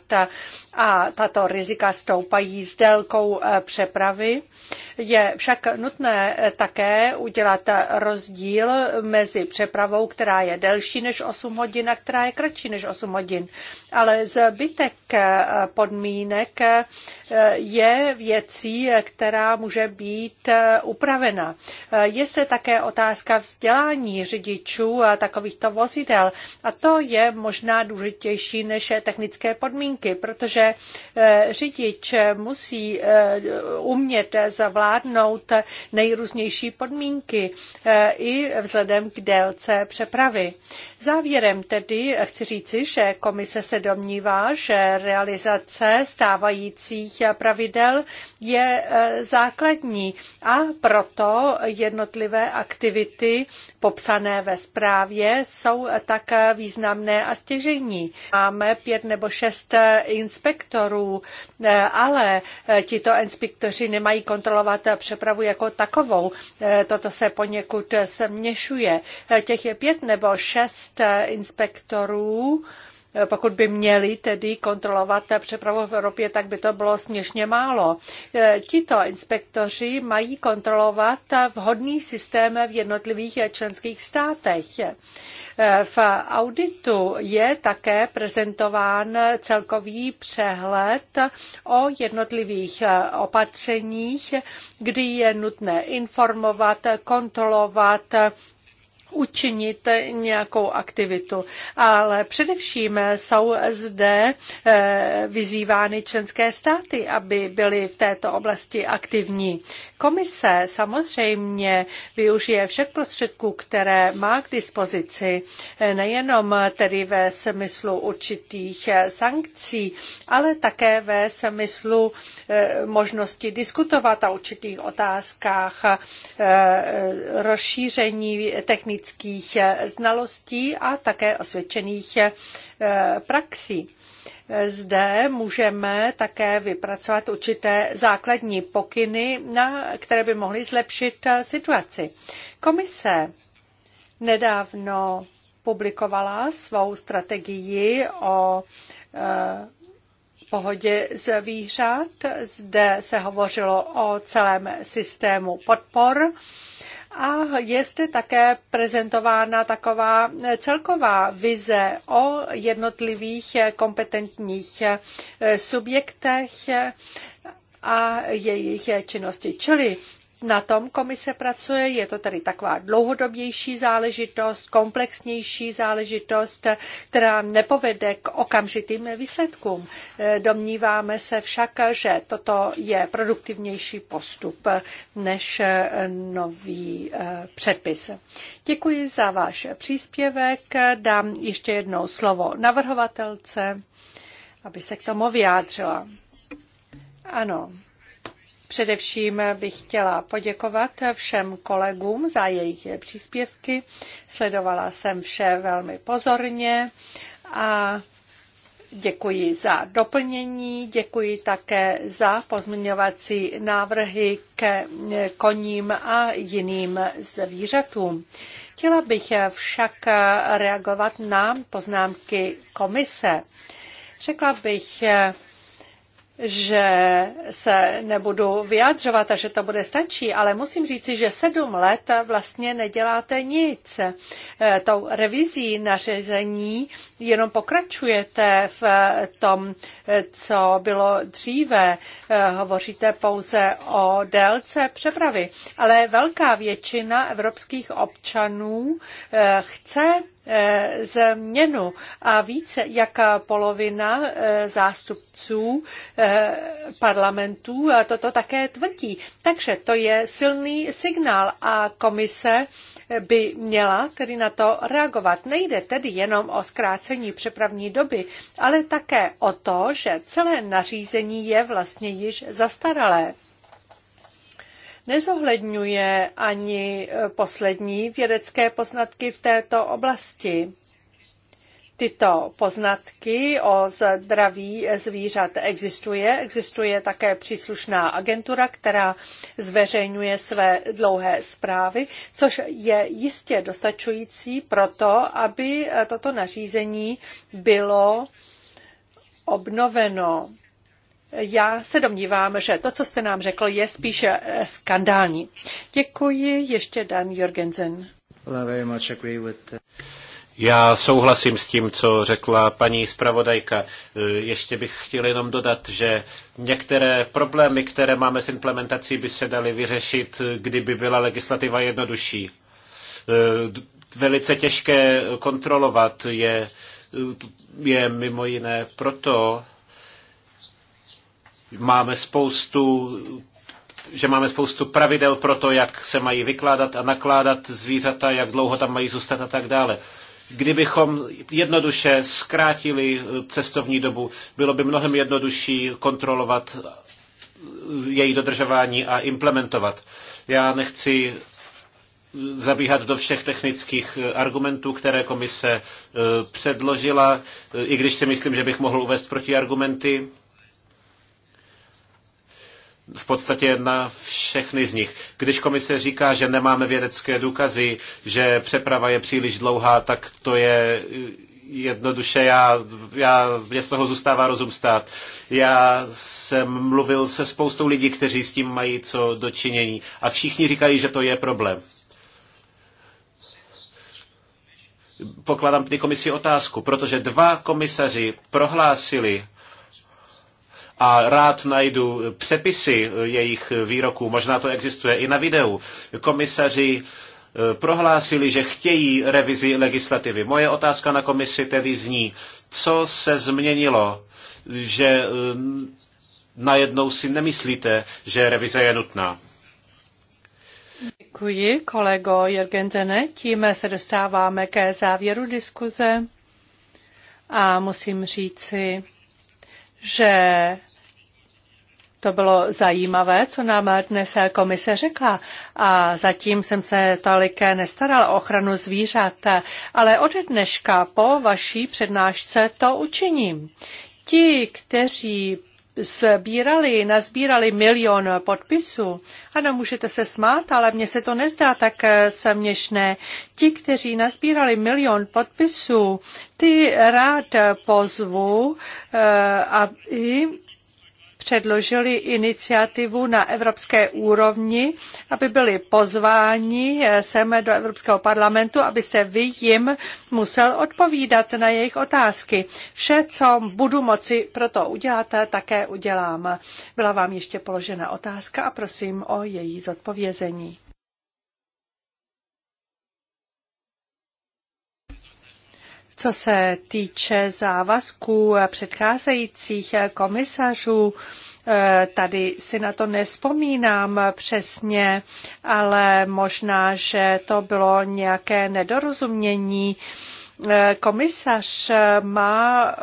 a tato rizika stoupají s délkou přepravy, je však nutné také udělat rozdíl mezi přepravou, která je delší než 8 hodin a která je kratší než 8 hodin. Ale zbytek podmínek je věcí, která může být upravena. Je se také otázka vzdělání vzdělání řidičů eh, takovýchto vozidel. A to je možná důležitější než technické podmínky, protože eh, řidič musí eh, umět zavládnout nejrůznější podmínky i vzhledem k délce přepravy. Závěrem tedy chci říci, že komise se domnívá, že realizace stávajících pravidel je základní a proto jednotlivé aktivity popsané ve zprávě jsou tak významné a stěžení. Máme pět nebo šest inspektorů, ale tito inspektoři nemají kontrolovat přepravu jako takovou. Toto se poněkud směšuje. Těch je pět nebo šest inspektorů, Eh, pokud by měli tedy kontrolovat přepravu v Evropě, tak by to bylo směšně málo. Eh, tito inspektoři mají kontrolovat vhodný systém v jednotlivých členských státech. Eh, v auditu je také prezentován celkový přehled o jednotlivých opatřeních, kdy je nutné informovat, kontrolovat, učinit nějakou aktivitu. Ale především jsou zde eh, vyzývány členské státy, aby byly v této oblasti aktivní. Komise samozřejmě využije všech prostředků, které má k dispozici, eh, nejenom tedy ve smyslu určitých eh, sankcí, ale také ve smyslu možnosti diskutovat o určitých otázkách rozšíření technických praktických eh, znalostí a také osvědčených eh, praxí. Zde můžeme také vypracovat určité základní pokyny, na, které by mohly zlepšit eh, situaci. Komise nedávno publikovala svou strategii o pohodě zvířat. Zde se hovořilo o celém systému podpor a je zde také prezentována taková celková vize o jednotlivých kompetentních eh, subjektech a jejich činnosti. Čili na tom komise pracuje, je to tedy taková dlouhodobější záležitost, komplexnější záležitost, která nepovede k okamžitým výsledkům. Domníváme se však, že toto je produktivnější postup než nový eh, předpis. Děkuji za váš příspěvek. Dám ještě jednou slovo navrhovatelce, aby se k tomu vyjádřila. Ano, Především bych chtěla poděkovat všem kolegům za jejich příspěvky. Sledovala jsem vše velmi pozorně a děkuji za doplnění, děkuji také za pozměňovací návrhy ke koním a jiným zvířatům. Chtěla bych však reagovat na poznámky komise. Řekla bych, že se nebudu vyjadřovat a že to bude stačí, ale musím říci, že sedm let vlastně neděláte nic. Eh, tou revizí nařízení jenom pokračujete v tom, eh, co bylo dříve. Eh, hovoříte pouze o délce přepravy, ale velká většina evropských občanů chce Eh, změnu a více jak polovina eh, zástupců eh, parlamentů toto také tvrdí. Takže to je silný signál a komise by měla tedy na to reagovat. Nejde tedy jenom o zkrácení přepravní doby, ale také o to, že celé nařízení je vlastně již zastaralé nezohledňuje ani e, poslední vědecké poznatky v této oblasti. Tyto poznatky o zdraví zvířat existuje. Existuje také příslušná agentura, která zveřejňuje své dlouhé zprávy, což je jistě dostačující pro to, aby e, toto nařízení bylo obnoveno. Já se domnívám, že to, co jste nám řekl, je spíše eh, skandální. Děkuji ještě Dan Jorgensen. Já souhlasím s tím, co řekla paní zpravodajka. Eh, ještě bych chtěl jenom dodat, že některé problémy, které máme s implementací, by se daly vyřešit, kdyby byla legislativa jednodušší. Eh, velice těžké kontrolovat je, je mimo jiné proto, máme spoustu že máme spoustu pravidel pro to, jak se mají vykládat a nakládat zvířata, jak dlouho tam mají zůstat a tak dále. Kdybychom jednoduše zkrátili eh, cestovní dobu, bylo by mnohem jednodušší kontrolovat eh, její dodržování a implementovat. Já nechci eh, zabíhat do všech technických argumentů, které komise předložila, i když si myslím, že bych mohl uvést protiargumenty. argumenty v podstatě na všechny z nich. Když komise říká, že nemáme vědecké důkazy, že přeprava je příliš dlouhá, tak to je eh, jednoduše, já, já, mě z toho zůstává rozum stát. Já jsem mluvil se spoustou lidí, kteří s tím mají co dočinění a všichni říkají, že to je problém. Pokládám ty komisi otázku, protože dva komisaři prohlásili, a rád najdu přepisy jejich výroků, možná to existuje i na videu. Komisaři eh, prohlásili, že chtějí revizi legislativy. Moje otázka na komisi tedy zní, co se změnilo, že eh, najednou si nemyslíte, že revize je nutná. Děkuji, kolego Jörgentene. Tím se dostáváme ke závěru diskuze a musím říci, že to bylo zajímavé, co nám dnes komise řekla. A zatím jsem se tolik nestaral o ochranu zvířat, ale od dneška po vaší přednášce to učiním. Ti, kteří sbírali, nazbírali milion podpisů. Ano, můžete se smát, ale mně se to nezdá tak eh, směšné. Ti, kteří nazbírali milion podpisů, ty rád pozvu, eh, aby předložili iniciativu na evropské úrovni, aby byli pozváni eh, sem do Evropského parlamentu, aby se vy jim musel odpovídat na jejich otázky. Vše, co budu moci pro to udělat, eh, také udělám. Byla vám ještě položena otázka a prosím o její zodpovězení. Co se týče závazků předcházejících komisařů, eh, tady si na to nespomínám přesně, ale možná, že to bylo nějaké nedorozumění. Eh, komisař má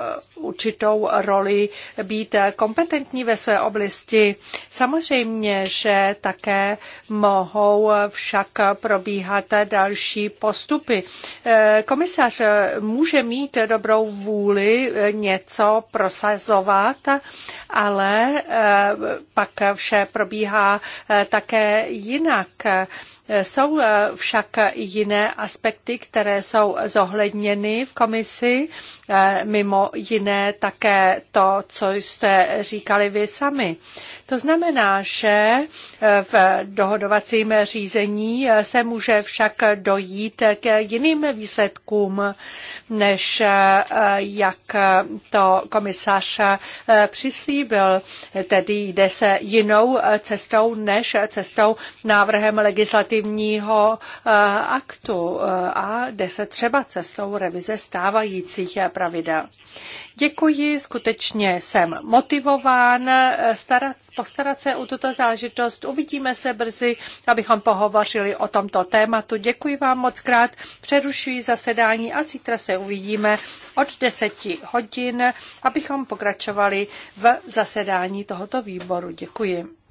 určitou roli být kompetentní ve své oblasti. Samozřejmě, že také mohou však probíhat další postupy. Eh, komisař může mít dobrou vůli něco prosazovat, ale eh, pak vše probíhá eh, také jinak. Jsou však i jiné aspekty, které jsou zohledněny v komisi, mimo jiné jiné také to, co jste říkali vy sami. To znamená, že eh, v dohodovacím řízení eh, se může však dojít k jiným výsledkům, než eh, jak to komisař přislíbil. Tedy jde se jinou cestou než cestou návrhem legislativního aktu a jde se třeba cestou revize stávajících pravidel. Děkuji, skutečně jsem motivován starat, postarat se o tuto záležitost. Uvidíme se brzy, abychom pohovořili o tomto tématu. Děkuji vám moc krát, přerušuji zasedání a zítra se uvidíme od 10 hodin, abychom pokračovali v zasedání tohoto výboru. Děkuji.